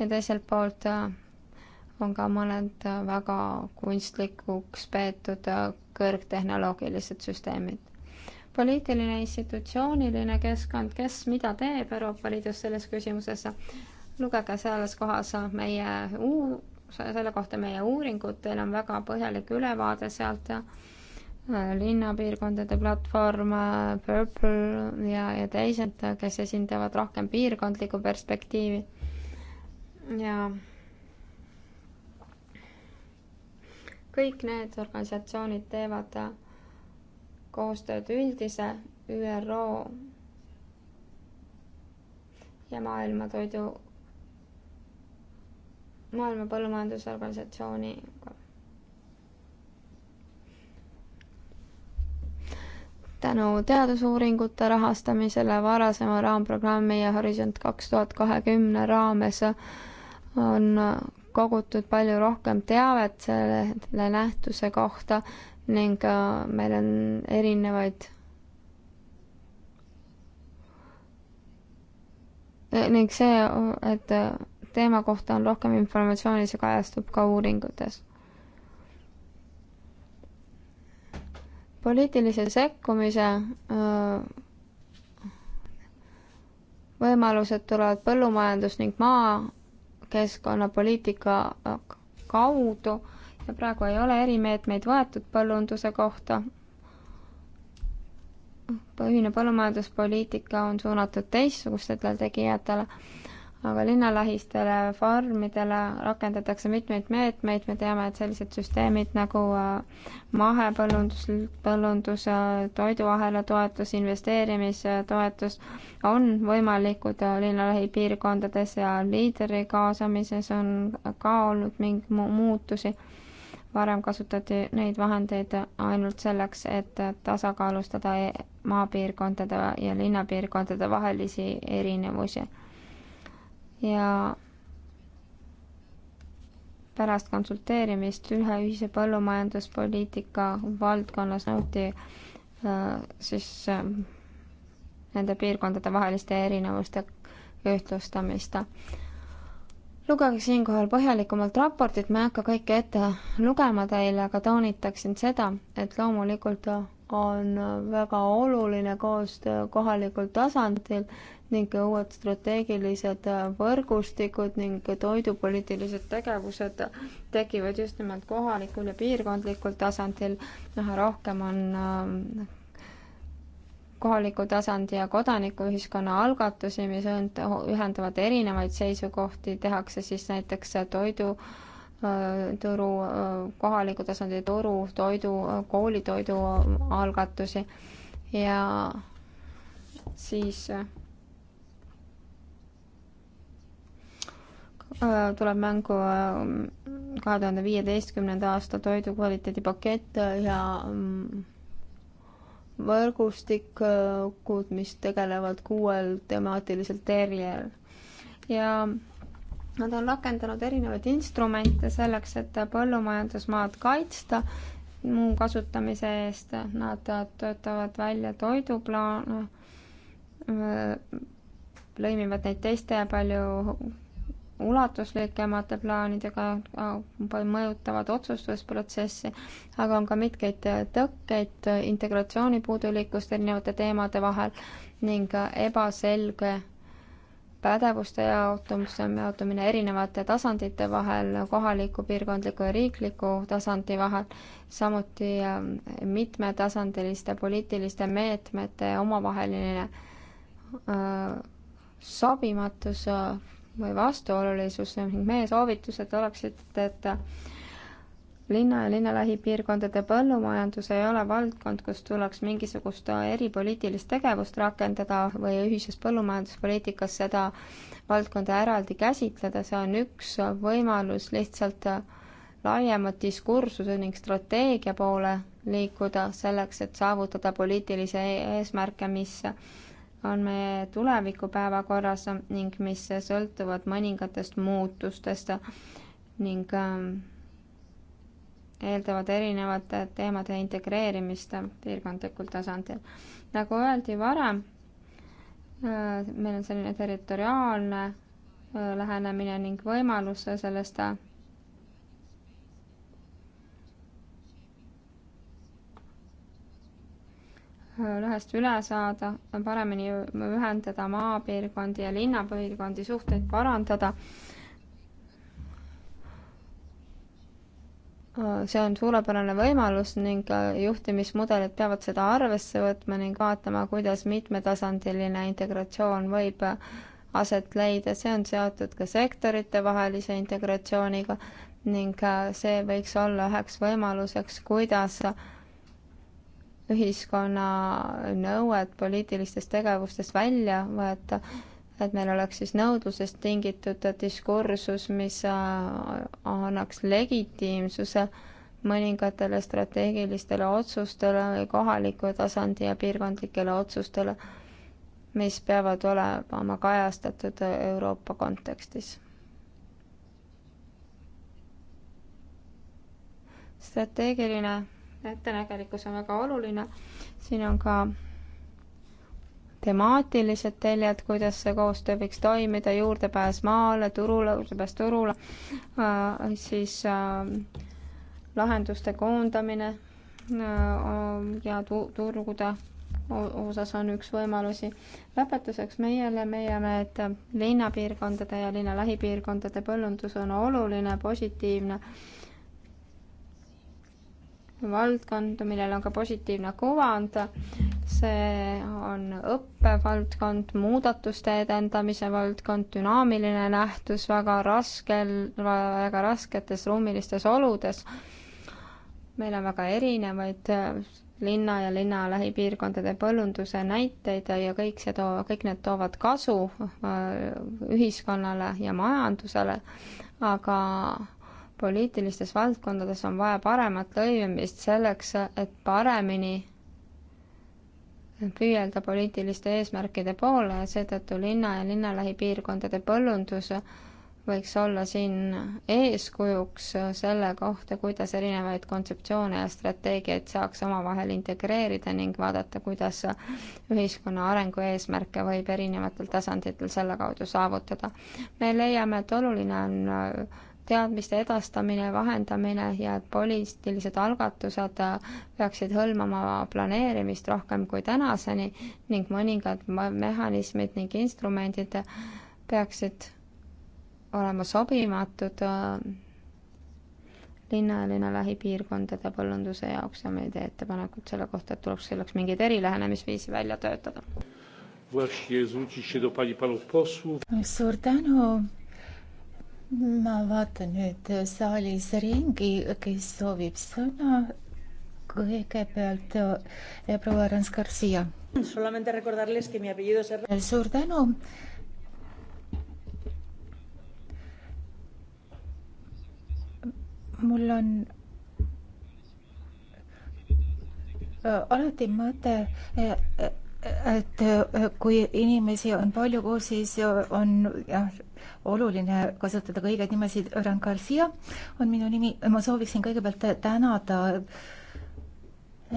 ja teiselt poolt on ka mõned väga kunstlikuks peetud kõrgtehnoloogilised süsteemid poliitiline, institutsiooniline keskkond, kes mida teeb Euroopa Liidus selles küsimuses, lugege selles kohas meie uu-, selle kohta meie uuringut, teil on väga põhjalik ülevaade sealt ja linnapiirkondade platvorm, Purple ja, ja teised, kes esindavad rohkem piirkondlikku perspektiivi. ja kõik need organisatsioonid teevad koostööd üldise ÜRO ja Maailma Toidu, Maailma Põllumajandusorganisatsiooniga. tänu teadusuuringute rahastamisele varasema raamprogrammi ja Horisont kaks tuhat kahekümne raames on kogutud palju rohkem teavet selle nähtuse kohta ning meil on erinevaid ning see, et teema kohta on rohkem informatsiooni, see kajastub ka uuringutes. poliitilise sekkumise võimalused tulevad põllumajandus- ning maakeskkonnapoliitika kaudu praegu ei ole erimeetmeid võetud põllunduse kohta. ühine põllumajanduspoliitika on suunatud teistsugustele tegijatele, aga linnalahistele farmidele rakendatakse mitmeid meetmeid, me teame, et sellised süsteemid nagu äh, mahepõllundus, põllundus, äh, toiduahela toetus, investeerimistoetus on võimalikud äh, linnalahi piirkondades ja liideri kaasamises on ka olnud mingi muutusi varem kasutati neid vahendeid ainult selleks, et tasakaalustada e-, maapiirkondade ja linnapiirkondade vahelisi erinevusi. ja pärast konsulteerimist ühe ühise põllumajanduspoliitika valdkonnas nõuti äh, siis äh, nende piirkondade vaheliste erinevuste ühtlustamist lugege siinkohal põhjalikumalt raportit, ma ei hakka kõike ette lugema teile, aga toonitaksin seda, et loomulikult on väga oluline koostöö kohalikul tasandil ning uued strateegilised võrgustikud ning toidupoliitilised tegevused tekivad just nimelt kohalikul ja piirkondlikul tasandil. üha rohkem on kohaliku tasandi ja kodanikuühiskonna algatusi, mis ühendavad erinevaid seisukohti, tehakse siis näiteks toidu turu, kohaliku tasandi turu, toidu, koolitoidu algatusi ja siis tuleb mängu kahe tuhande viieteistkümnenda aasta toidukvaliteedipakett ja mm, võrgustikud, mis tegelevad kuuel temaatilisel terjel. ja nad on rakendanud erinevaid instrumente selleks, et põllumajandusmaad kaitsta muu kasutamise eest. Nad töötavad välja toiduplaane, lõimivad neid teiste palju ulatuslikemate plaanidega mõjutavad otsustusprotsessi, aga on ka mitmeid tõkkeid integratsiooni puudulikkust erinevate teemade vahel ning ebaselge pädevuste jaotumine, jaotumine erinevate tasandite vahel, kohaliku, piirkondliku ja riikliku tasandi vahel, samuti ähm, mitmetasandiliste poliitiliste meetmete omavaheline äh, sobimatus äh, või vastuolulisus ning meie soovitused oleksid, et linna ja linna lähipiirkondade põllumajandus ei ole valdkond, kus tuleks mingisugust eripoliitilist tegevust rakendada või ühises põllumajanduspoliitikas seda valdkonda eraldi käsitleda, see on üks võimalus lihtsalt laiema diskursuse ning strateegia poole liikuda selleks, et saavutada poliitilisi e-, eesmärke, mis on meie tuleviku päevakorras ning mis sõltuvad mõningatest muutustest ning ähm, eeldavad erinevate teemade integreerimist piirkondlikul tasandil. nagu öeldi varem, äh, meil on selline territoriaalne äh, lähenemine ning võimalus sellest äh, Äh, lõhest üle saada, paremini ühendada maapiirkondi ja linnapiirkondi, suhteid parandada. Äh, see on suurepärane võimalus ning äh, juhtimismudelid peavad seda arvesse võtma ning vaatama, kuidas mitmetasandiline integratsioon võib aset leida, see on seotud ka sektoritevahelise integratsiooniga ning see võiks olla üheks võimaluseks, kuidas ühiskonna nõued poliitilistest tegevustest välja võtta, et meil oleks siis nõudlusest tingitud diskursus, mis äh, annaks legitiimsuse mõningatele strateegilistele otsustele või kohaliku tasandi ja piirkondlikele otsustele, mis peavad olema kajastatud Euroopa kontekstis. strateegiline ettenägelikkus on väga oluline. siin on ka temaatilised teljed, kuidas see koostöö võiks toimida, juurdepääs maale, turule, juurdepääs turule, äh, siis äh, lahenduste koondamine äh, ja turgude osas on üks võimalusi. lõpetuseks meiele leiame, et linnapiirkondade ja linna lähipiirkondade põllundus on oluline, positiivne valdkond, millel on ka positiivne kuvand. see on õppevaldkond, muudatuste edendamise valdkond, dünaamiline nähtus väga raskel, väga rasketes ruumilistes oludes. meil on väga erinevaid äh, linna ja linna lähipiirkondade põllunduse näiteid ja kõik see too, kõik need toovad kasu äh, ühiskonnale ja majandusele, aga poliitilistes valdkondades on vaja paremat lõimimist selleks, et paremini püüelda poliitiliste eesmärkide poole ja seetõttu linna ja linna lähipiirkondade põllundus võiks olla siin eeskujuks selle kohta, kuidas erinevaid kontseptsioone ja strateegiaid saaks omavahel integreerida ning vaadata, kuidas ühiskonna arengu eesmärke võib erinevatel tasanditel selle kaudu saavutada. me leiame, et oluline on teadmiste edastamine, vahendamine ja poliitilised algatused äh, peaksid hõlmama planeerimist rohkem kui tänaseni ning mõningad mehhanismid ning instrumendid peaksid olema sobimatud äh, linna ja linna lähipiirkondade põllunduse jaoks ja me ei tee ettepanekut selle kohta, et tuleks selleks mingeid erilähenemisviisi välja töötada. suur tänu ma vaatan nüüd saalis ringi, kes soovib sõna. kõigepealt eh, proua Rans-Garcia. suur tänu. mul on eh, alati mõte, eh, et kui inimesi on palju koos, siis on jah oluline kasutada ka õigeid nimesid, Ran Garcia on minu nimi, ma sooviksin kõigepealt tänada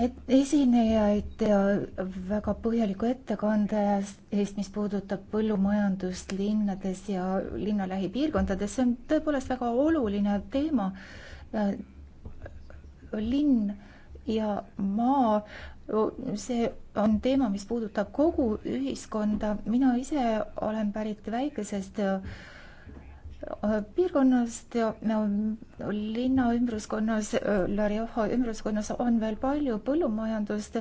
et esinejaid väga põhjaliku ettekande eest, mis puudutab põllumajandust linnades ja linna lähipiirkondades, see on tõepoolest väga oluline teema. linn ja maa, see on teema, mis puudutab kogu ühiskonda, mina ise olen pärit väikesest piirkonnast ja linna ümbruskonnas, La Rioja ümbruskonnas on veel palju põllumajandust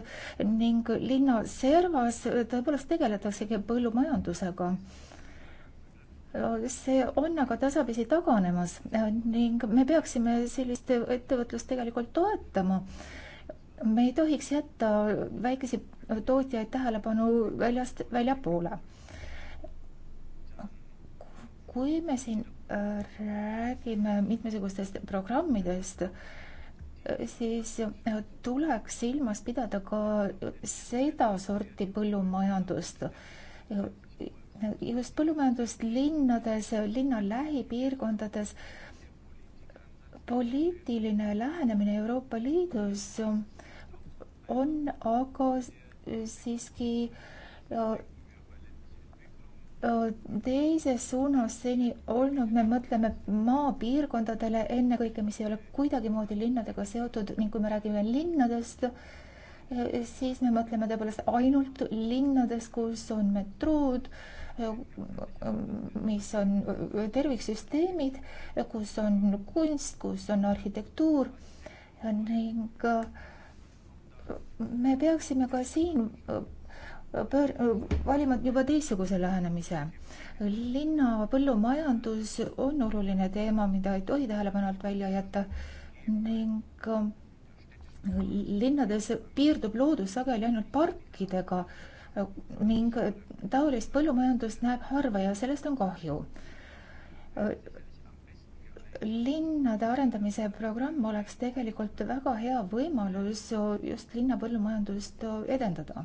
ning linna servas tõepoolest tegeletaksegi põllumajandusega. see on aga tasapisi taganemas ning me peaksime sellist ettevõtlust tegelikult toetama. me ei tohiks jätta väikesi tootjaid tähelepanu väljast, väljapoole kui me siin äh, räägime mitmesugustest programmidest, äh, siis äh, tuleks silmas pidada ka sedasorti põllumajandust. just põllumajandust linnades, linna lähipiirkondades. poliitiline lähenemine Euroopa Liidus on aga siiski teises suunas seni olnud, me mõtleme maapiirkondadele ennekõike, mis ei ole kuidagimoodi linnadega seotud ning kui me räägime linnadest, siis me mõtleme tõepoolest ainult linnades, kus on metrood, mis on terviksüsteemid, kus on kunst, kus on arhitektuur ning me peaksime ka siin pöör-, valima juba teistsuguse lähenemise. linna põllumajandus on oluline teema, mida ei tohi tähelepanu alt välja jätta ning äh, linnades piirdub loodus sageli ainult parkidega äh, ning taolist põllumajandust näeb harva ja sellest on kahju. Äh, linnade arendamise programm oleks tegelikult väga hea võimalus just linna põllumajandust edendada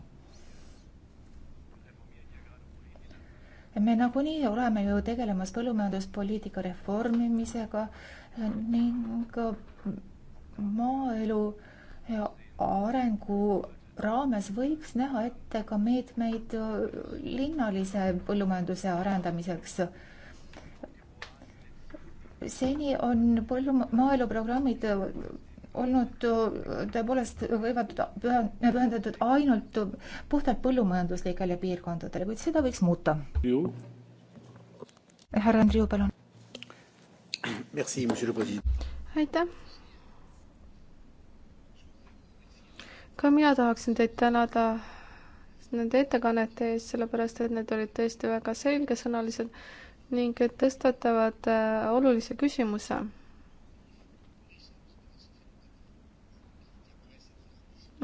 me nagunii oleme ju tegelemas põllumajanduspoliitika reformimisega ning maaelu arengu raames võiks näha ette ka meetmeid linnalise põllumajanduse arendamiseks. seni on põllum-, maaeluprogrammid olnud äh, tõepoolest võivad pühendatud ainult puhtalt põllumajanduslikele piirkondadele, kuid seda võiks muuta. härra Andriu, palun. aitäh. ka mina tahaksin teid tänada nende ettekannete eest, sellepärast et need olid tõesti väga selgesõnalised ning tõstatavad äh, olulise küsimuse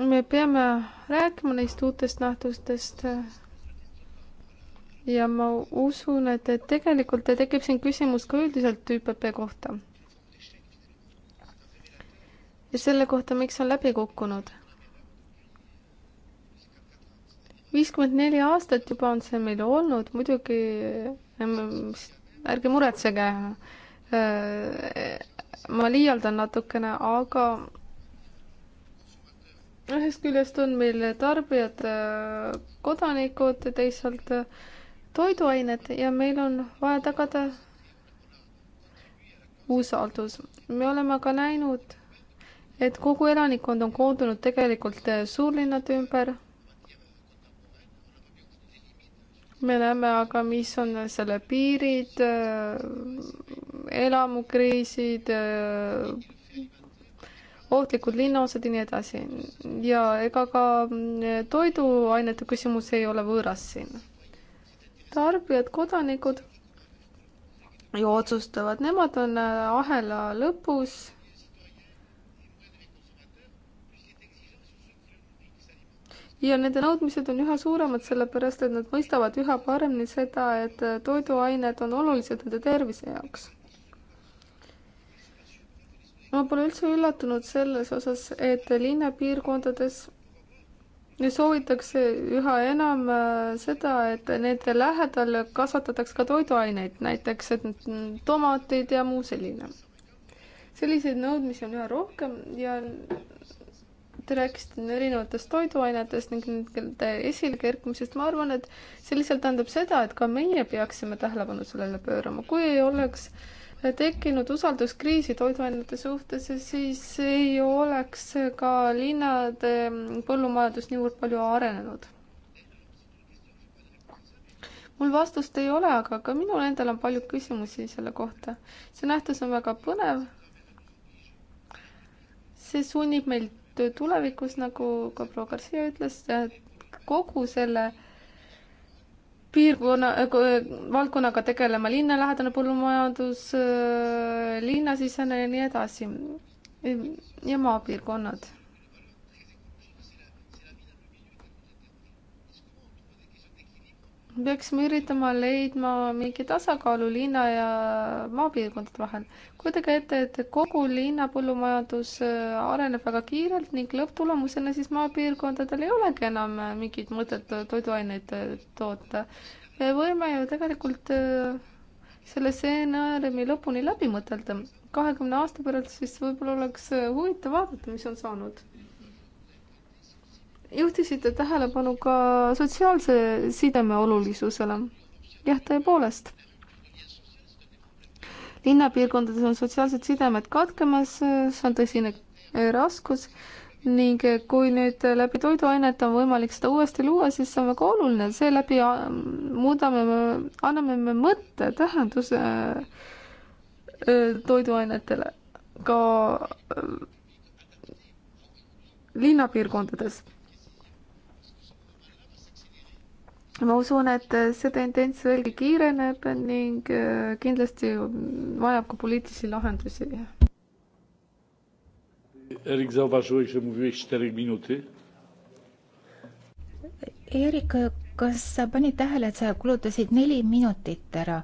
me peame rääkima neist uutest nähtustest. ja ma usun, et, et tegelikult tekib siin küsimus ka üldiselt ÜPP kohta. ja selle kohta, miks on läbi kukkunud. viiskümmend neli aastat juba on see meil olnud, muidugi ärge muretsege. Äh, ma liialdan natukene, aga ühest küljest on meil tarbijad, äh, kodanikud, teisalt äh, toiduained ja meil on vaja tagada usaldus. me oleme ka näinud, et kogu elanikkond on koondunud tegelikult äh, suurlinnade ümber. me näeme aga, mis on selle piirid, elamukriisid ohtlikud linnaosad ja nii edasi. ja ega ka mm, toiduainete küsimus ei ole võõras siin. tarbijad, kodanikud ju otsustavad, nemad on äh, ahela lõpus ja nende nõudmised on üha suuremad, sellepärast et nad mõistavad üha paremini seda, et äh, toiduained on olulised nende tervise jaoks ma pole üldse üllatunud selles osas, et linnapiirkondades soovitakse üha enam äh, seda, et nende lähedal kasvatatakse ka toiduaineid, näiteks tomateid ja muu selline. selliseid nõudmisi on üha rohkem ja te rääkisite erinevatest toiduainetest ning nende esilekerkimisest, ma arvan, et see lihtsalt tähendab seda, et ka meie peaksime tähelepanu sellele pöörama, kui ei oleks äh, tekkinud usalduskriisi toiduainete suhtes, siis ei oleks ka linnade põllumajandus niivõrd palju arenenud. mul vastust ei ole, aga ka minul endal on palju küsimusi selle kohta. see nähtus on väga põnev. see sunnib meil tulevikus, nagu ka proua Garcia ütles, kogu selle äh, piirkonna, äh, äh, valdkonnaga tegelema, linnalähedane põllumajandus, äh, linnasisene ja nii edasi. ja maapiirkonnad peaksime üritama leidma mingi tasakaalu linna ja maapiirkondade vahel. kujutage ette, et kogu linna põllumajandus äh, areneb väga kiirelt ning lõpptulemusena siis maapiirkondadel ei olegi enam äh, mingit mõtet toiduaineid äh, toota. me võime ju tegelikult selle stsenaariumi lõpuni läbi mõtelda. kahekümne aasta pärast siis võib-olla oleks huvitav vaadata, mis on saanud juhtisite tähelepanu ka sotsiaalse sideme olulisusele. jah, tõepoolest. linnapiirkondades on sotsiaalsed sidemed katkemas, see on tõsine raskus ning kui nüüd läbi toiduainete on võimalik seda uuesti luua, siis see on väga oluline, seeläbi äh, muudame, anname me mõtte, tähenduse äh, toiduainetele ka äh, linnapiirkondades ma usun, et äh, see tendents veelgi kiireneb ning äh, kindlasti vajab ka poliitilisi lahendusi. Erik, zauważyłeś, że mówiłeś cztery minuty? Erik, kas sa panid tähele, et sa kulutasid neli minutit ära?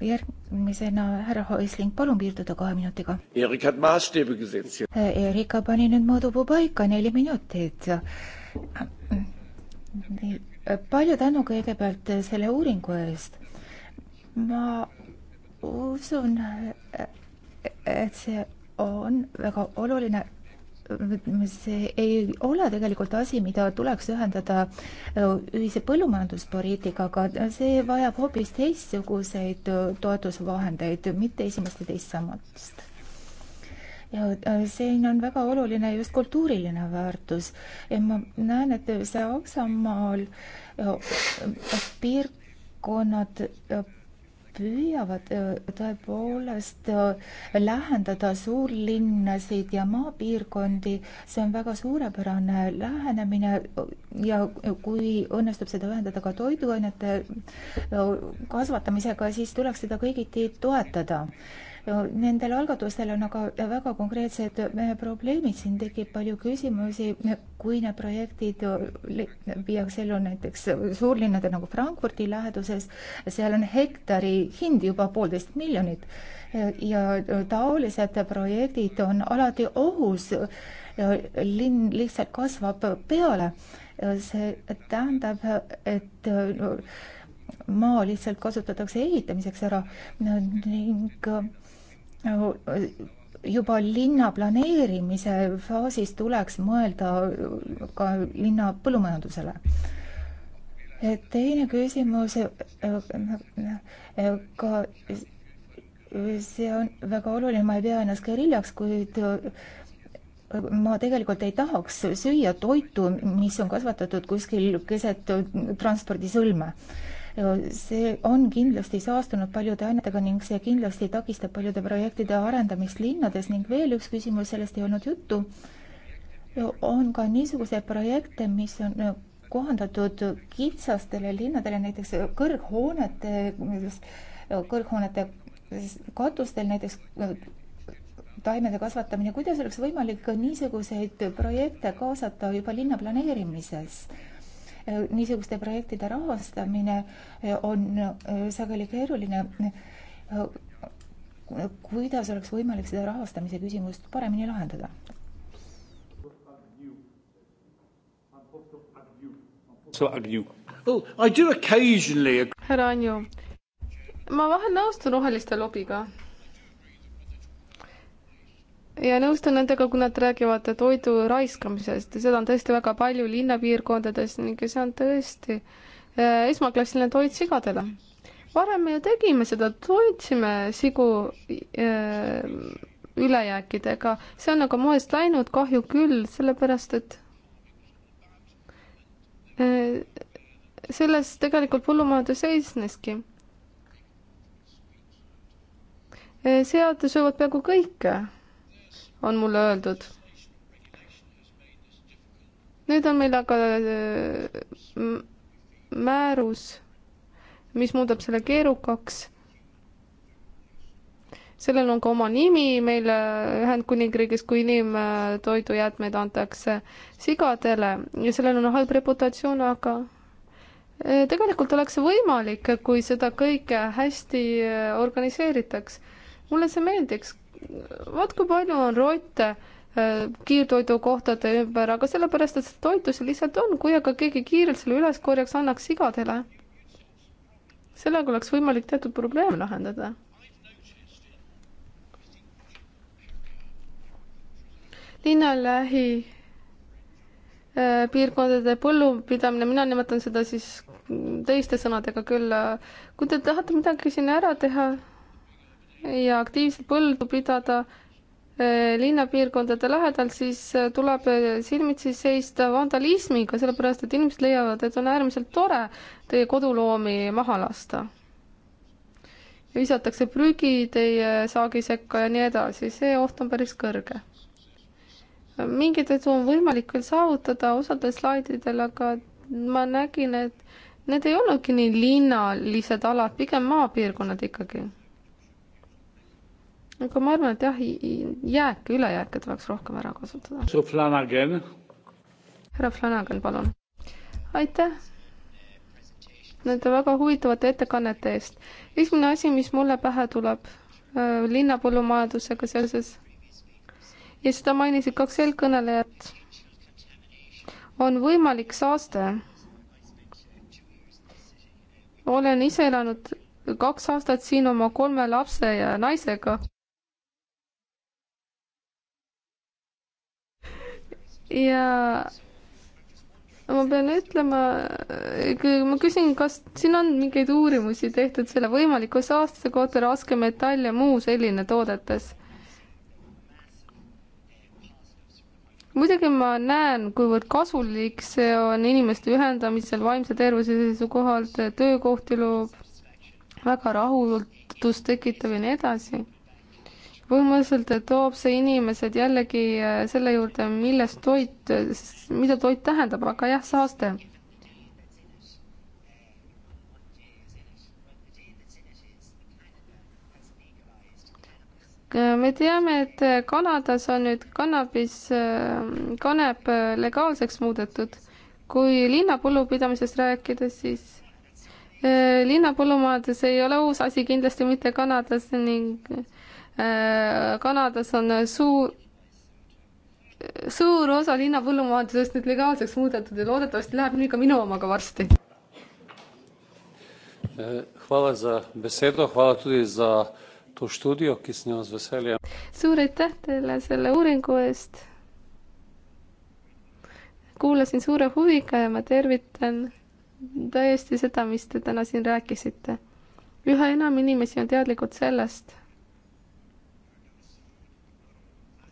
järgmisena härra Häusling, palun piirduda kahe minutiga. Erika pani nüüd mõõdupuu paika, neli minutit. nii palju tänu kõigepealt selle uuringu eest. ma usun, et see on väga oluline. see ei ole tegelikult asi, mida tuleks ühendada ühise põllumajanduspoliitikaga, see vajab hoopis teistsuguseid toetusvahendeid, mitte esimest ja teist sammast ja äh, siin on väga oluline just kultuuriline väärtus ja ma näen, et Saksamaal äh, piirkonnad äh, püüavad tõepoolest lähendada suurlinnasid ja maapiirkondi, see on väga suurepärane lähenemine ja kui õnnestub seda ühendada ka toiduainete kasvatamisega, siis tuleks seda kõigiti toetada Nendel algatustel on aga väga konkreetsed äh, probleemid, siin tekib palju küsimusi, äh, kui need projektid äh, viiakse ellu näiteks suurlinnade nagu Frankfurdi läheduses, seal on hektari hind juba poolteist miljonit ja taolised projektid on alati ohus. linn lihtsalt kasvab peale. see tähendab, et maa lihtsalt kasutatakse ehitamiseks ära ning Nagu, äh, juba linna planeerimise faasis tuleks mõelda ka linna põllumajandusele. teine küsimus, äh, ka see on väga oluline, ma ei pea ennast Kirillaks, kuid äh, ma tegelikult ei tahaks süüa toitu, mis on kasvatatud kuskil keset transpordisõlme. Äh, see on kindlasti saastunud paljude ainetega ning see kindlasti takistab paljude projektide arendamist linnades ning veel üks küsimus, sellest ei olnud juttu, äh, on ka niisuguseid projekte, mis on äh, kohandatud kitsastele linnadele, näiteks kõrghoonete, kõrghoonete katustel näiteks taimede kasvatamine, kuidas oleks võimalik niisuguseid projekte kaasata juba linna planeerimises? Äh, niisuguste projektide rahastamine äh, on äh, sageli keeruline. kuidas oleks võimalik seda rahastamise küsimust paremini lahendada? Oh, härra Anju, ma vahel nõustun roheliste lobiga ja nõustun nendega, kui nad räägivad toidu raiskamisest ja seda on tõesti väga palju linnapiirkondades ning see on tõesti äh, esmaklassiline toit sigadele. varem me ju tegime seda, toitsime sigu äh, ülejääkidega, see on aga moest läinud, kahju küll, sellepärast et äh, selles tegelikult põllumajandus seisneski. sead söövad peaaegu kõike on mulle öeldud. nüüd on meil aga äh, määrus, mis muudab selle keerukaks. sellel on ka oma nimi meil äh, Ühendkuningriigis, kui inimtoidujäätmeid äh, antakse sigadele ja sellel on halb reputatsioon, aga tegelikult oleks see võimalik, kui seda kõike hästi organiseeritaks. mulle see meeldiks, vaat kui palju on rotte äh, kiirtoidukohtade ümber, aga sellepärast, et toitu seal lihtsalt on, kui aga keegi kiirelt selle üles korjaks, annaks sigadele. sellega oleks võimalik teatud probleem lahendada. linna lähi äh, piirkondade põllupidamine, mina nimetan seda siis teiste sõnadega küll. kui te tahate midagi siin ära teha, ja aktiivselt põldu pidada eh, linnapiirkondade lähedal, siis eh, tuleb eh, silmitsi seista vandalismiga, sellepärast et inimesed leiavad, et on äärmiselt tore teie koduloomi maha lasta. visatakse prügi teie saagi sekka ja nii edasi, see oht on päris kõrge. mingit edu on võimalik veel saavutada osadel slaididel, aga ma nägin, et need ei olnudki nii linnalised alad, pigem maapiirkonnad ikkagi aga ma arvan, et jah, jääke, ülejääke tuleks rohkem ära kasutada. härra Flanagan, palun. aitäh nende väga huvitavate ettekannete eest. esimene asi, mis mulle pähe tuleb äh, linnapõllumajandusega seoses ja seda mainisid kaks eelkõnelejat, on võimalik saaste. olen ise elanud kaks aastat siin oma kolme lapse ja naisega ja ma pean ütlema, kui ma küsin, kas siin on mingeid uurimusi tehtud selle võimaliku saaste kohta raskemetall ja muu selline toodetes? muidugi ma näen, kuivõrd kasulik see on inimeste ühendamisel vaimse tervise seisukohalt, töökohti loob, väga rahuldust tekitav ja nii edasi põhimõtteliselt toob see inimesed jällegi äh, selle juurde, millest toit, mida toit tähendab, aga jah, saaste. me teame, et Kanadas on nüüd kannabis, äh, kanep äh, legaalseks muudetud. kui linnapõllupidamisest rääkida, siis linnapõllumaades ei ole uus asi kindlasti mitte Kanadas ning Äh, Kanadas on äh, suur suur osa linna põllumajandusest nüüd legaalseks muudetud ja loodetavasti läheb nii ka minu omaga varsti. Äh, hvala za besedo, hvala tudi za to študijo, ki sem jo z veseljem. suur aitäh teile selle uuringu eest. kuulasin suure huviga ja ma tervitan täiesti seda, mis te täna siin rääkisite. üha enam inimesi on teadlikud sellest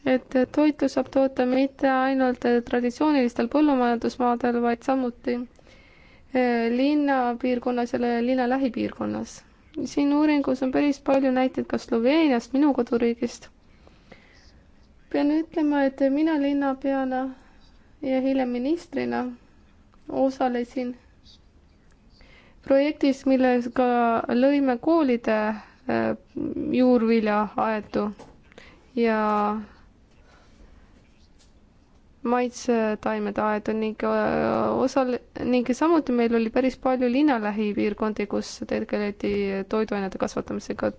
et toitu saab toota mitte ainult traditsioonilistel põllumajandusmaadel, vaid samuti eh, linnapiirkonnas ja linna lähipiirkonnas. siin uuringus on päris palju näiteid ka Sloveeniast, minu koduriigist. pean ütlema, et mina linnapeana ja hiljem ministrina osalesin projektis, millega lõime koolide eh, juurvilja aedu ja maitstaimede aedu ning osal- ning samuti meil oli päris palju linnalähi piirkondi, kus tegeleti toiduainete kasvatamisega.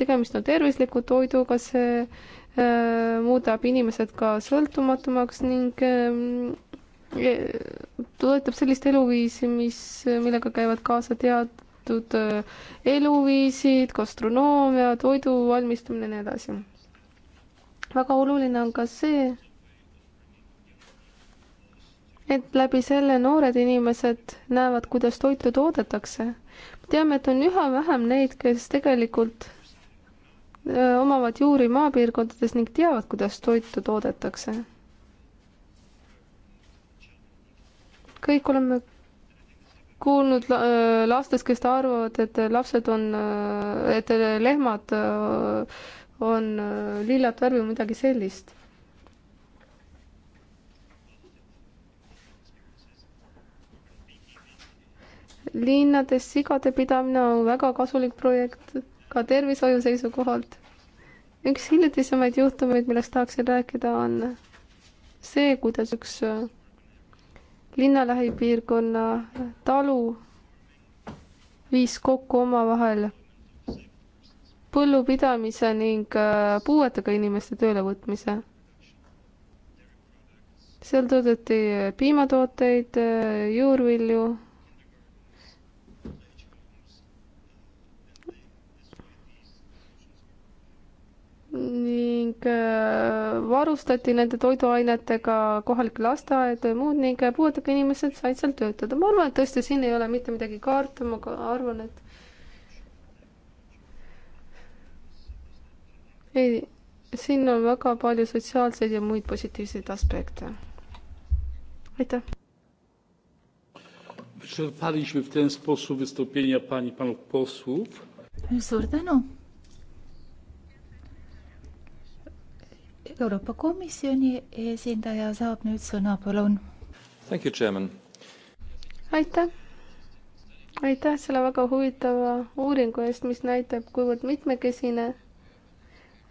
tegemist on tervisliku toiduga, see äh, muudab inimesed ka sõltumatumaks ning äh, toetab sellist eluviisi, mis, millega käivad kaasa teatud äh, eluviisid, gastronoomia, toidu valmistamine ja nii edasi. väga oluline on ka see, et läbi selle noored inimesed näevad, kuidas toitu toodetakse. teame, et on üha vähem neid, kes tegelikult öö, omavad juuri maapiirkondades ning teavad, kuidas toitu toodetakse. kõik oleme kuulnud lastest, kes arvavad, et lapsed on, et lehmad on lillat värvi või midagi sellist. linnades sigade pidamine on väga kasulik projekt ka tervishoiu seisukohalt. üks hiljutisemaid juhtumeid, millest tahaksin rääkida, on see, kuidas üks äh, linna lähipiirkonna talu viis kokku omavahel põllupidamise ning äh, puuetega inimeste töölevõtmise seal toodeti äh, piimatooteid, juurvilju ning äh, varustati nende toiduainetega kohalikke lasteaedu ja muud ning äh, puuetega inimesed said seal töötada. ma arvan, et tõesti siin ei ole mitte midagi kaarta, ma arvan, et ei, siin on väga palju sotsiaalseid ja muid positiivseid aspekte. aitäh. Wyczerpaliśmy w ten sposób wystąpienia pani panów posłów. Suur tänu Euroopa Komisjoni esindaja saab nüüd sõna, palun. aitäh aitäh selle väga huvitava uuringu eest, mis näitab, kuivõrd mitmekesine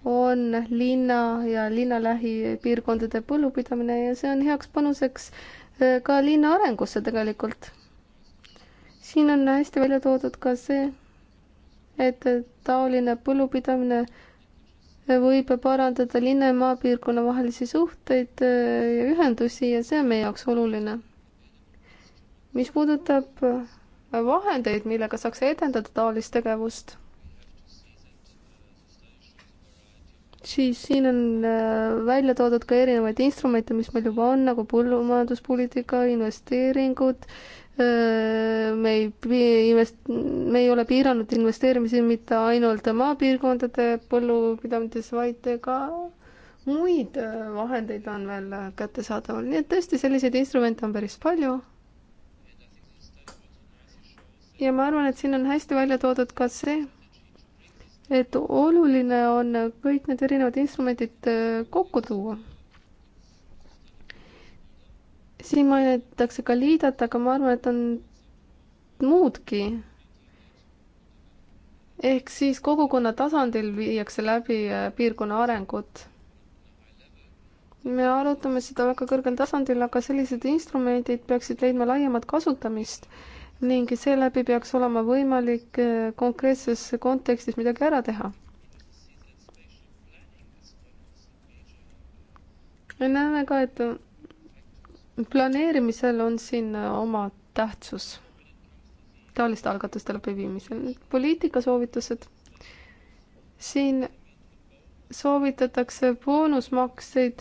on linna ja linna lähipiirkondade põllupidamine ja see on heaks panuseks äh, ka linna arengusse tegelikult. siin on hästi välja toodud ka see, et taoline põllupidamine võib parandada linna ja maapiirkonna vahelisi suhteid äh, ja ühendusi ja see on meie jaoks oluline. mis puudutab äh, vahendeid, millega saaks edendada taolist tegevust, siis siin on äh, välja toodud ka erinevaid instrumente, mis meil juba on, nagu põllumajanduspoliitika, investeeringud, me ei invest-, me ei ole piiranud investeerimisi mitte ainult maapiirkondade põllupidamises, vaid ka muid vahendeid on veel kättesaadaval, nii et tõesti, selliseid instrumente on päris palju ja ma arvan, et siin on hästi välja toodud ka see, et oluline on kõik need erinevad instrumendid kokku tuua siin mainitakse ka liidet, aga ma arvan, et on muudki. ehk siis kogukonna tasandil viiakse läbi äh, piirkonna arengut. me arutame seda väga kõrgel tasandil, aga sellised instrumendid peaksid leidma laiemat kasutamist ning seeläbi peaks olema võimalik äh, konkreetses kontekstis midagi ära teha me näeme ka, et planeerimisel on siin äh, oma tähtsus taoliste algatuste läbiviimisel. poliitikasoovitused. siin soovitatakse boonusmakseid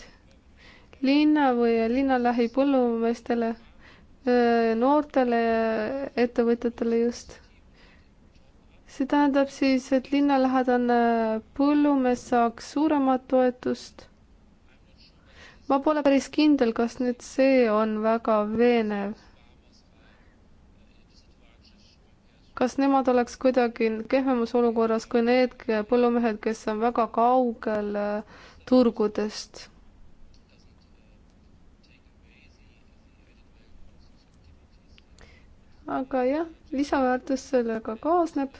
linna või linna lähipõllumeestele, äh, noortele ettevõtjatele just. see tähendab siis, et linnalähedane põllumees saaks suuremat toetust ma pole päris kindel, kas nüüd see on väga veenev. kas nemad oleks kuidagi kehvemas olukorras kui need põllumehed, kes on väga kaugel äh, turgudest? aga jah, lisaväärtus sellega kaasneb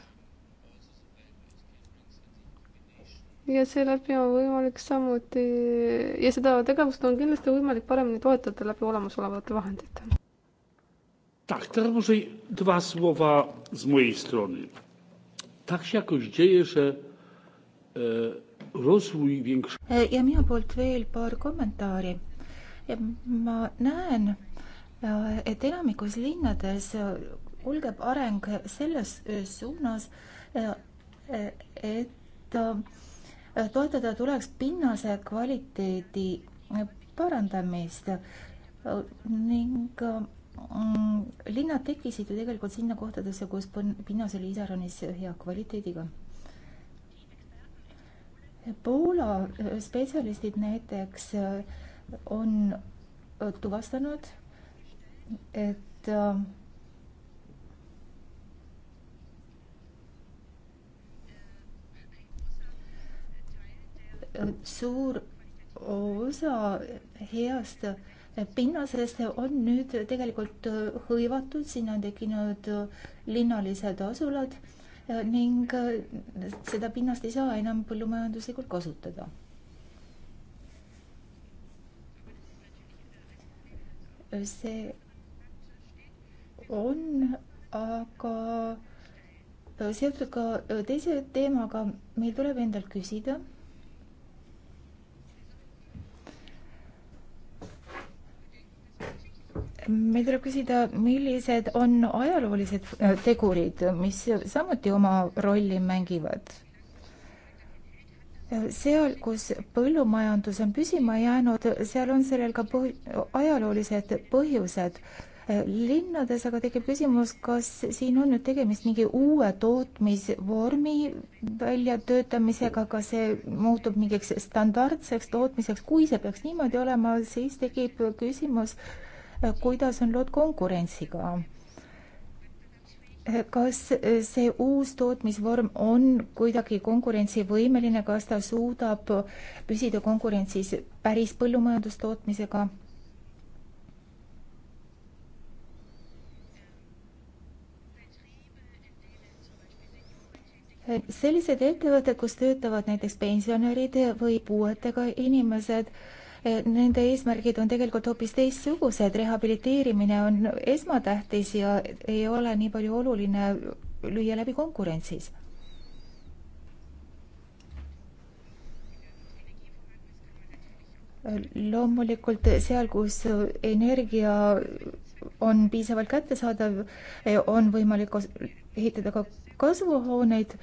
ja seeläbi on võimalik samuti ja seda tegevust on kindlasti võimalik paremini toetada läbi olemasolevate vahendite. Tak, teraz może dwa słowa z mojej strony. Tak się jakoś dzieje, że e, rozwój większości... E, ja minu poolt veel paar kommentaari. Ja ma näen, e, et enamikus linnades kulgeb areng selles suunas, e, et toetada tuleks pinnase kvaliteedi parandamist ning mm, linnad tekkisid ju tegelikult sinna kohtadesse, kus pinnas oli iseäranis hea kvaliteediga. Poola äh, spetsialistid näiteks äh, on tuvastanud, et äh, suur osa heast pinnasest on nüüd tegelikult hõivatud, sinna on tekkinud linnalised asulad ning seda pinnast ei saa enam põllumajanduslikult kasutada. see on aga seotud ka teise teemaga, meil tuleb endalt küsida meil tuleb küsida, millised on ajaloolised äh, tegurid, mis samuti oma rolli mängivad? Äh, seal, kus põllumajandus on püsima jäänud, seal on sellel ka põh-, ajaloolised põhjused. Äh, linnades aga tekib küsimus, kas siin on nüüd tegemist mingi uue tootmisvormi väljatöötamisega, kas see muutub mingiks standardseks tootmiseks, kui see peaks niimoodi olema, siis tekib küsimus äh, Äh, kuidas on lood konkurentsiga? Äh, kas äh, see uus tootmisvorm on kuidagi konkurentsivõimeline, kas ta suudab püsida konkurentsis päris põllumajandustootmisega? sellised ettevõtted, kus töötavad näiteks pensionärid või puuetega inimesed, Nende eesmärgid on tegelikult hoopis teistsugused, rehabiliteerimine on esmatähtis ja ei ole nii palju oluline lüüa läbi konkurentsis. loomulikult seal, kus energia on piisavalt kättesaadav, on võimalik ehitada ka kasvuhooneid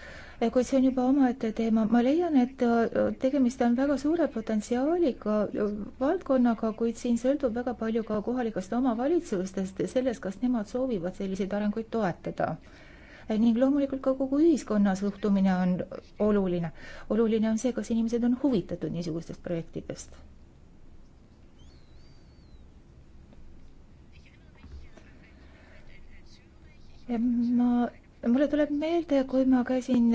Eh, kuid see on juba omaette teema. ma leian, et äh, tegemist on väga suure potentsiaaliga äh, valdkonnaga, kuid siin sõltub väga palju ka kohalikest omavalitsustest ja sellest, kas nemad soovivad selliseid arenguid toetada eh, ning loomulikult ka kogu ühiskonna suhtumine on oluline. oluline on see, kas inimesed on huvitatud niisugustest projektidest. Eh, ma mulle tuleb meelde, kui ma käisin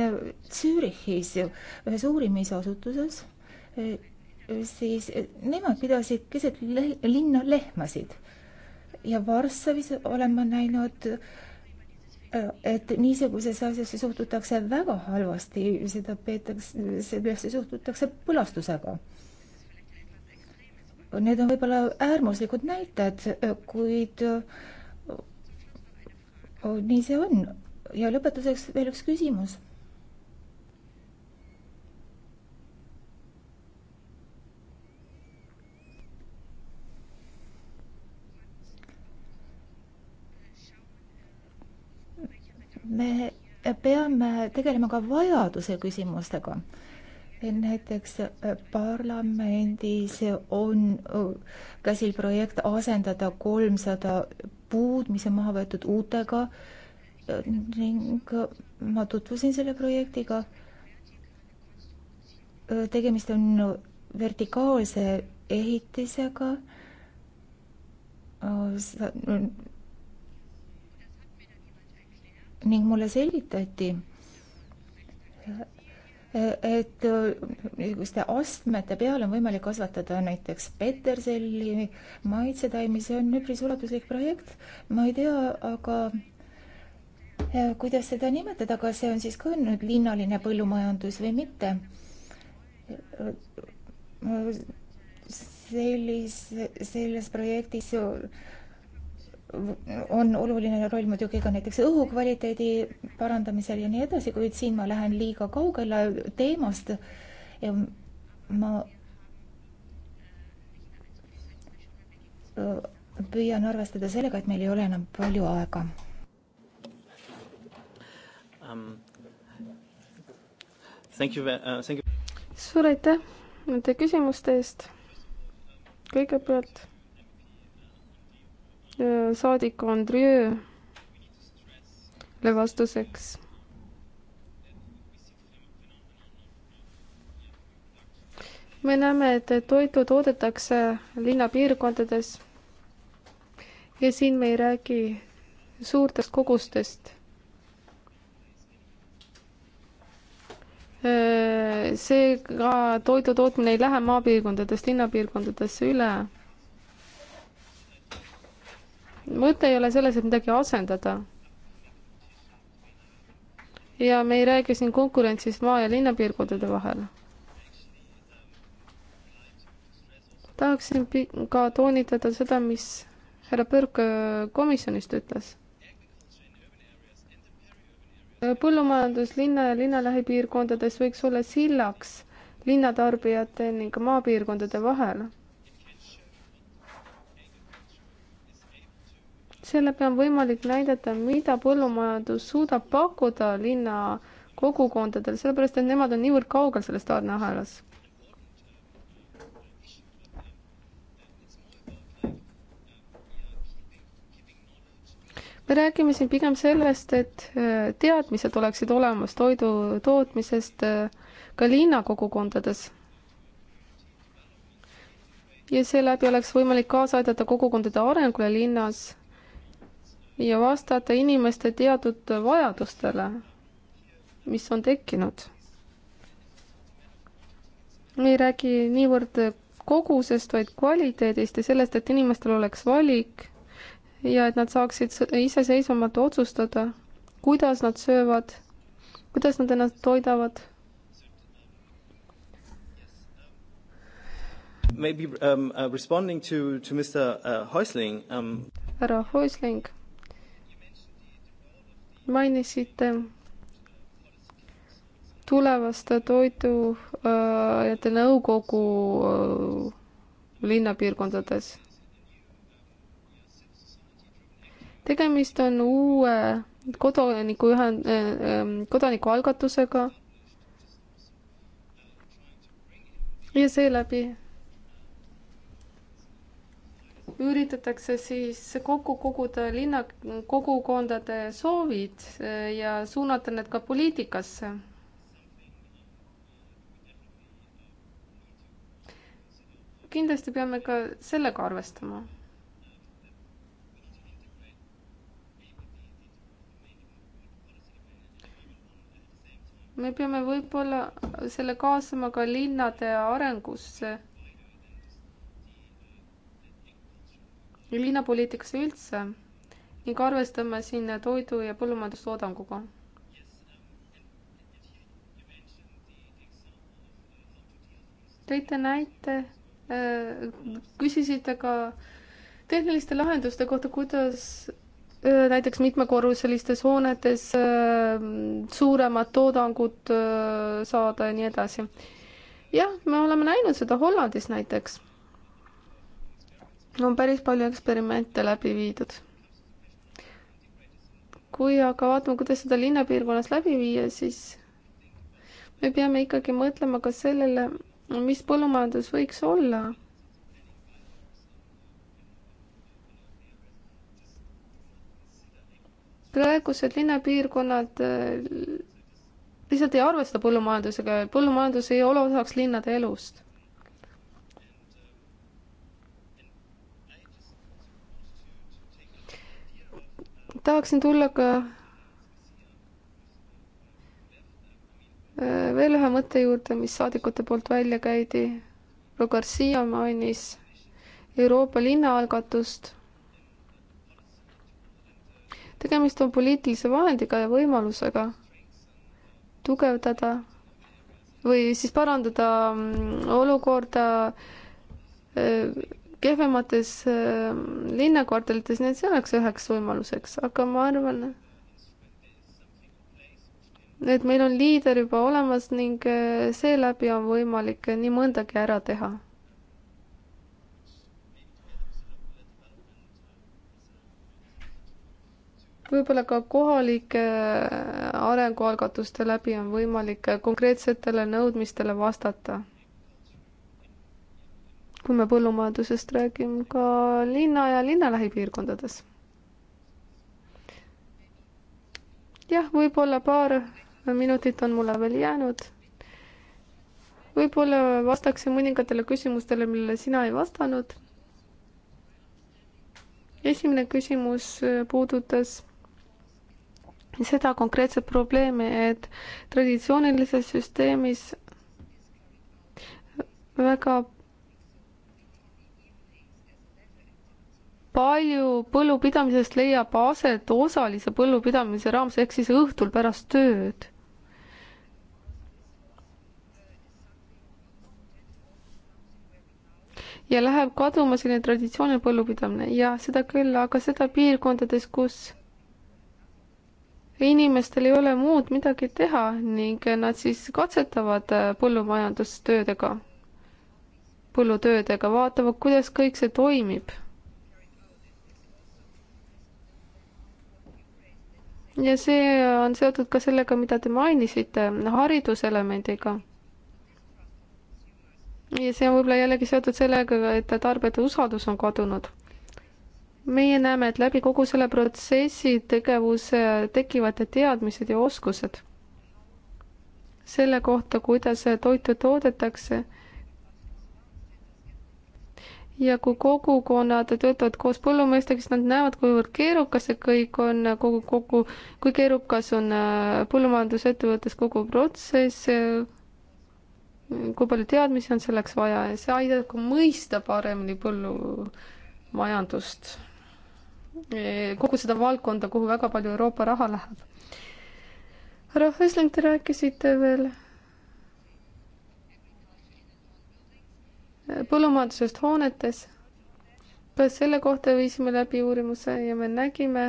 Zürichis ühes uurimisasutuses, siis nemad pidasid keset le linna lehmasid ja Varssavis olen ma näinud, et niisugusesse asjasse suhtutakse väga halvasti, seda peetakse, sellesse suhtutakse põlastusega. Need on võib-olla äärmuslikud näited, kuid nii see on ja lõpetuseks veel üks küsimus. me peame tegelema ka vajaduse küsimustega. näiteks äh, parlamendis on äh, käsil projekt asendada kolmsada puud, mis on maha võetud uutega äh, ning ma tutvusin selle projektiga. tegemist on vertikaalse ehitisega. ning mulle selgitati, et niisuguste astmete peale on võimalik kasvatada näiteks peterselli, maitsetaimi, see on üpris ulatuslik projekt. ma ei tea, aga kuidas seda nimetada, kas see on siis ka nüüd linnaline põllumajandus või mitte? sellise, selles projektis on oluline roll muidugi ka näiteks õhukvaliteedi parandamisel ja nii edasi, kuid siin ma lähen liiga kaugele teemast ja ma püüan arvestada sellega, et meil ei ole enam palju aega um,. Thank you uh,, thank you. suur aitäh nende küsimuste eest. kõigepealt äh, saadik Andreele vastuseks me näeme, et toitu toodetakse linnapiirkondades. ja siin me ei räägi suurtest kogustest. seega toidu tootmine ei lähe maapiirkondadest linnapiirkondadesse üle. mõte ei ole selles, et midagi asendada. ja me ei räägi siin konkurentsist maa- ja linnapiirkondade vahel tahaksin ka toonitada seda, mis härra Põrk komisjonist ütles põllumajandus linna ja linna lähipiirkondades võiks olla sillaks linnatarbijate ning maapiirkondade vahel. sellega on võimalik näidata, mida põllumajandus suudab pakkuda linna kogukondadel, sellepärast et nemad on niivõrd kaugel selles tarneahelas. me räägime siin pigem sellest, et äh, teadmised oleksid olemas toidu tootmisest äh, ka linnakogukondades. ja seeläbi oleks võimalik kaasa aidata kogukondade arengule linnas ja vastata inimeste teatud vajadustele, mis on tekkinud. me ei räägi niivõrd kogusest, vaid kvaliteedist ja sellest, et inimestel oleks valik ja et nad saaksid iseseisvamalt otsustada, kuidas nad söövad, kuidas nad ennast toidavad. Maybe um, uh, responding to, to Mr uh, Häusling um.... härra Häusling, mainisite tulevast toidu uh, nõukogu uh, linnapiirkondades tegemist on uue kodaniku ühe, äh, ähm, kodanikualgatusega. ja seeläbi üritatakse siis kokku koguda linna kogukondade soovid äh, ja suunata need ka poliitikasse kindlasti peame ka sellega arvestama me peame võib-olla selle kaasama ka linnade arengusse. linnapoliitikasse üldse ning arvestama siin toidu ja põllumajandustoodanguga. tõite näite, äh, küsisite ka tehniliste lahenduste kohta, kuidas näiteks mitmekorruselistes hoonetes suuremat toodangut saada ja nii edasi. jah, me oleme näinud seda Hollandis näiteks. on päris palju eksperimente läbi viidud. kui aga vaatame, kuidas seda linnapiirkonnas läbi viia, siis me peame ikkagi mõtlema ka sellele, mis põllumajandus võiks olla praegused linnapiirkonnad äh, lihtsalt ei arvesta põllumajandusega ja põllumajandus ei ole osaks linnade elust. tahaksin tulla ka äh, veel ühe mõtte juurde, mis saadikute poolt välja käidi. Rogarcia mainis Euroopa linnaalgatust tegemist on poliitilise vahendiga ja võimalusega tugevdada või siis parandada mm, olukorda äh, kehvemates äh, linnakvartalites, nii et see oleks üheks võimaluseks, aga ma arvan, et meil on liider juba olemas ning äh, seeläbi on võimalik nii mõndagi ära teha võib-olla ka kohalike äh, arengualgatuste läbi on võimalik äh, konkreetsetele nõudmistele vastata. kui me põllumajandusest räägime ka linna ja linna lähipiirkondades. jah, võib-olla paar minutit on mulle veel jäänud. võib-olla vastaksin mõningatele küsimustele, millele sina ei vastanud. esimene küsimus äh, puudutas seda konkreetset probleemi, et traditsioonilises süsteemis väga palju põllupidamisest leiab aset osalise põllupidamise raames ehk siis õhtul pärast tööd. ja läheb kaduma selline traditsiooniline põllupidamine ja seda küll, aga seda piirkondades, kus inimestel ei ole muud midagi teha ning nad siis katsetavad äh, põllumajandustöödega, põllutöödega, vaatavad, kuidas kõik see toimib. ja see on seotud ka sellega, mida te mainisite, hariduselemendiga ja see on võib-olla jällegi seotud sellega, et tarbijate usaldus on kadunud meie näeme, et läbi kogu selle protsessi tegevuse tekivad teadmised ja oskused selle kohta, kuidas toitu toodetakse. ja kui kogukonnad töötavad koos põllumeestega, siis nad näevad, kuivõrd keerukas see kõik on, kogu, kogu, kui keerukas on äh, põllumajandusettevõttes kogu protsess, äh, kui palju teadmisi on selleks vaja ja see aitab ka mõista paremini põllumajandust Eh, kogu seda valdkonda, kuhu väga palju Euroopa raha läheb. härra Hösling, te rääkisite veel eh, põllumajandusest hoonetes. ka selle kohta viisime läbi uurimuse ja me nägime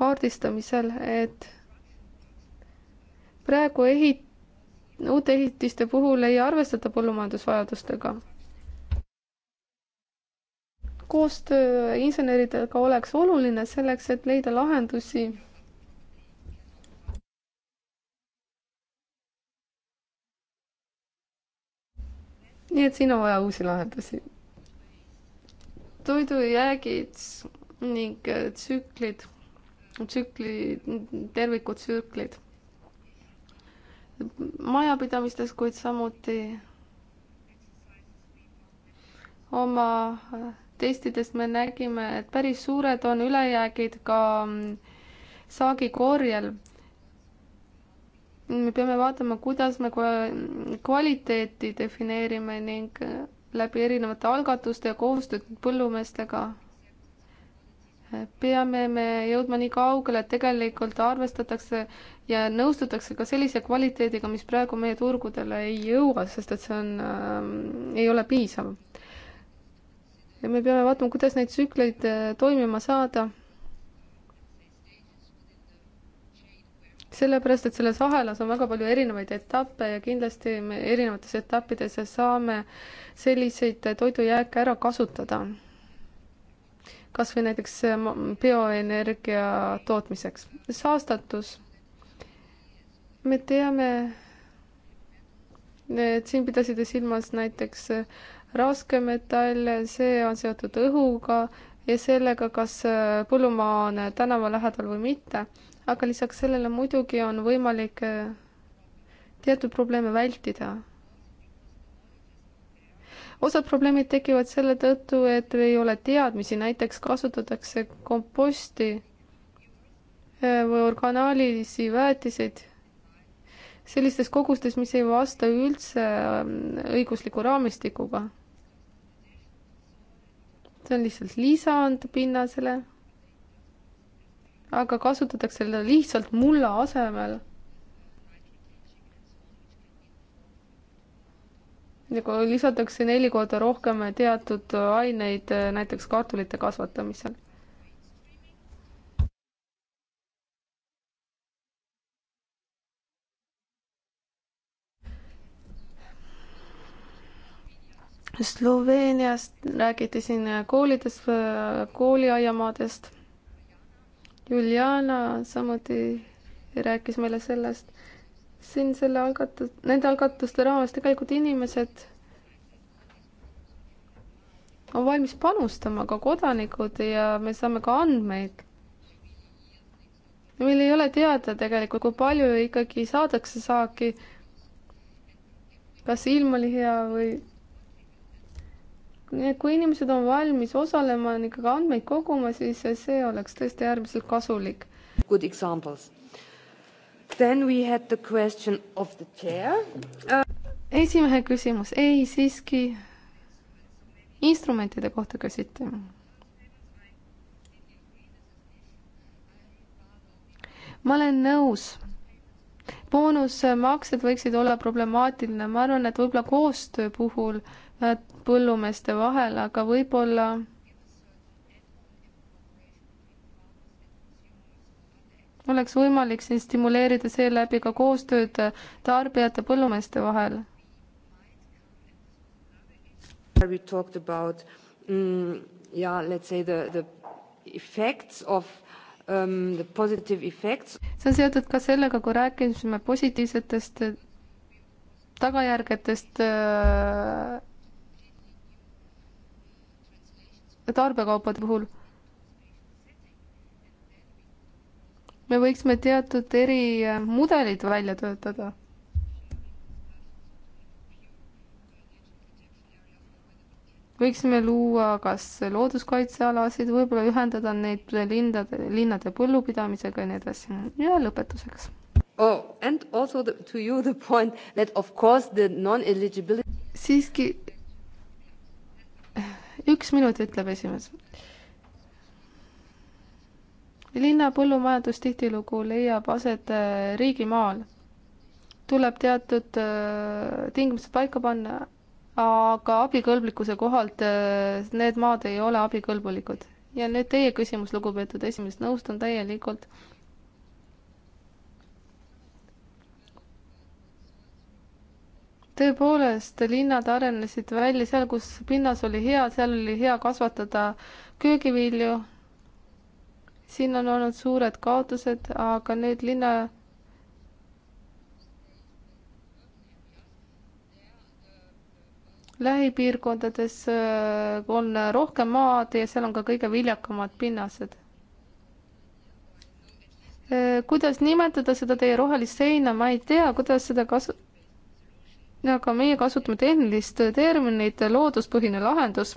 kaardistamisel, et praegu ehit-, uute ehitiste puhul ei arvestata põllumajandusvajadustega koostöö inseneridega oleks oluline selleks, et leida lahendusi nii et siin on vaja uusi lahendusi. toidujäägid ning tsüklid, tsükli, tervikud tsüklid majapidamistes, kuid samuti oma testidest me nägime, et päris suured on ülejäägid ka mm, saagikorjel. me peame vaatama, kuidas me kvaliteeti defineerime ning äh, läbi erinevate algatuste ja koostööd põllumeestega peame me jõudma nii kaugele, et tegelikult arvestatakse ja nõustutakse ka sellise kvaliteediga, mis praegu meie turgudele ei jõua, sest et see on äh,, ei ole piisav ja me peame vaatama, kuidas neid tsükleid äh, toimima saada. sellepärast, et selles ahelas on väga palju erinevaid etappe ja kindlasti me erinevates etappides saame selliseid toidujääke ära kasutada. kas või näiteks äh, bioenergia tootmiseks. saastatus. me teame, et siin pidasid silmas näiteks äh, raskemetall, see on seotud õhuga ja sellega, kas äh, põllumaa on tänava lähedal või mitte. aga lisaks sellele muidugi on võimalik äh, teatud probleeme vältida osad probleemid tekivad selle tõttu, et ei ole teadmisi, näiteks kasutatakse komposti äh, või organaalisi väetiseid sellistes kogustes, mis ei vasta üldse õigusliku raamistikuga see on lihtsalt lisand pinnasele. aga kasutatakse seda lihtsalt mulla asemel. nagu lisatakse neli korda rohkem teatud aineid näiteks kartulite kasvatamisel Sloveeniast räägiti siin koolidest, kooliaiamaadest. Juliana samuti rääkis meile sellest. siin selle algatus, nende algatuste raames tegelikult inimesed on valmis panustama, ka kodanikud ja me saame ka andmeid. meil ei ole teada tegelikult, kui palju ikkagi saadakse saaki. kas ilm oli hea või kui inimesed on valmis osalema on ikkagi andmeid koguma, siis see oleks tõesti äärmiselt kasulik. Good examples. Then we had the question of the chair uh.... esimehe küsimus, ei siiski instrumentide kohta küsiti. ma olen nõus boonusmaksed võiksid olla problemaatiline, ma arvan, et võib-olla koostöö puhul põllumeeste vahel, aga võib-olla oleks võimalik siin stimuleerida seeläbi ka koostööd tarbijate põllumeeste vahel. We talked about mm, yeah, let's say the, the effects of um, the positive effects. see on seotud ka sellega, kui rääkisime positiivsetest tagajärgedest äh, tarbekaupade puhul me võiksime teatud erimudelid äh, välja töötada. võiksime luua kas looduskaitsealasid, võib-olla ühendada neid lindade, linnade põllupidamisega ja nii edasi. ja lõpetuseks. Oh, and also the, to you the point that of course the non-eligibility siiski üks minut, ütleb esimees. linna põllumajandus tihtilugu leiab aset äh, riigimaal. tuleb teatud äh, tingimused paika panna, aga abikõlblikkuse kohalt äh, need maad ei ole abikõlbulikud. ja nüüd teie küsimus, lugupeetud esimees, nõustun täielikult tõepoolest, linnad arenesid välja seal, kus pinnas oli hea, seal oli hea kasvatada köögivilju. siin on olnud suured kaotused, aga nüüd linna lähipiirkondades äh, on rohkem maad ja seal on ka kõige viljakamad pinnased. Äh, kuidas nimetada seda teie rohelist seina, ma ei tea, kuidas seda kasu-, aga meie kasutame tehnilist terminit looduspõhine lahendus.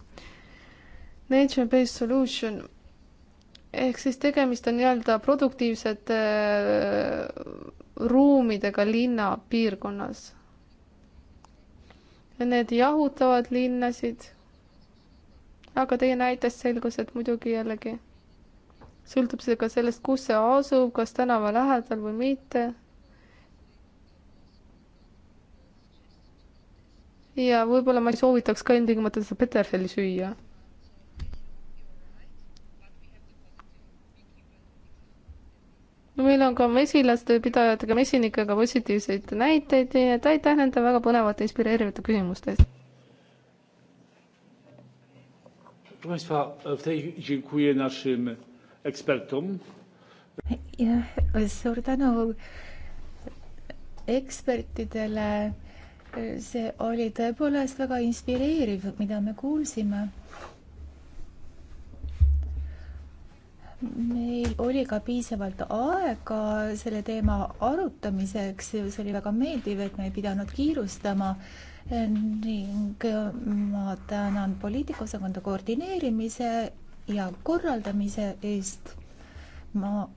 Nature-based solution ehk siis tegemist on nii-öelda produktiivsete äh, ruumidega linnapiirkonnas. Need jahutavad linnasid. aga teie näitest selgus, et muidugi jällegi sõltub see ka sellest, kus see asub, kas tänava lähedal või mitte ja võib-olla ma ei soovitaks ka ilmtingimata seda peterselli süüa. no meil on ka mesilaste pidajatega, mesinikega positiivseid näiteid, nii et aitäh nende väga põnevate, inspireerivate küsimuste eest. Państwa, w tej dziękuję naszym ekspertom. Ja, suur tänu ekspertidele see oli tõepoolest väga inspireeriv, mida me kuulsime. meil oli ka piisavalt aega selle teema arutamiseks, see oli väga meeldiv, et me ei pidanud kiirustama ning ma tänan poliitikaosakonda koordineerimise ja korraldamise eest. ma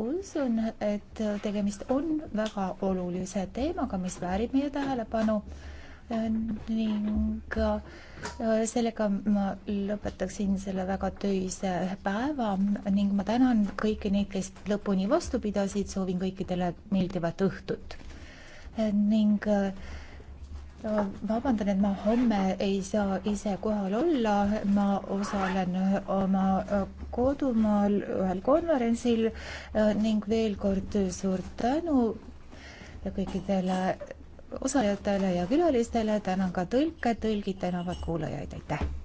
usun, et tegemist on väga olulise teemaga, mis väärib meie tähelepanu ning äh, sellega ma lõpetaksin selle väga töise päeva ning ma tänan kõiki neid, kes lõpuni vastu pidasid, soovin kõikidele meeldivat õhtut äh, ning äh, vabandan, et ma homme ei saa ise kohal olla, ma osalen oma äh, kodumaal ühel konverentsil äh, ning veel kord suur tänu kõikidele osalejatele ja külalistele, tänan ka tõlke, tõlgid tänavad kuulajaid, aitäh!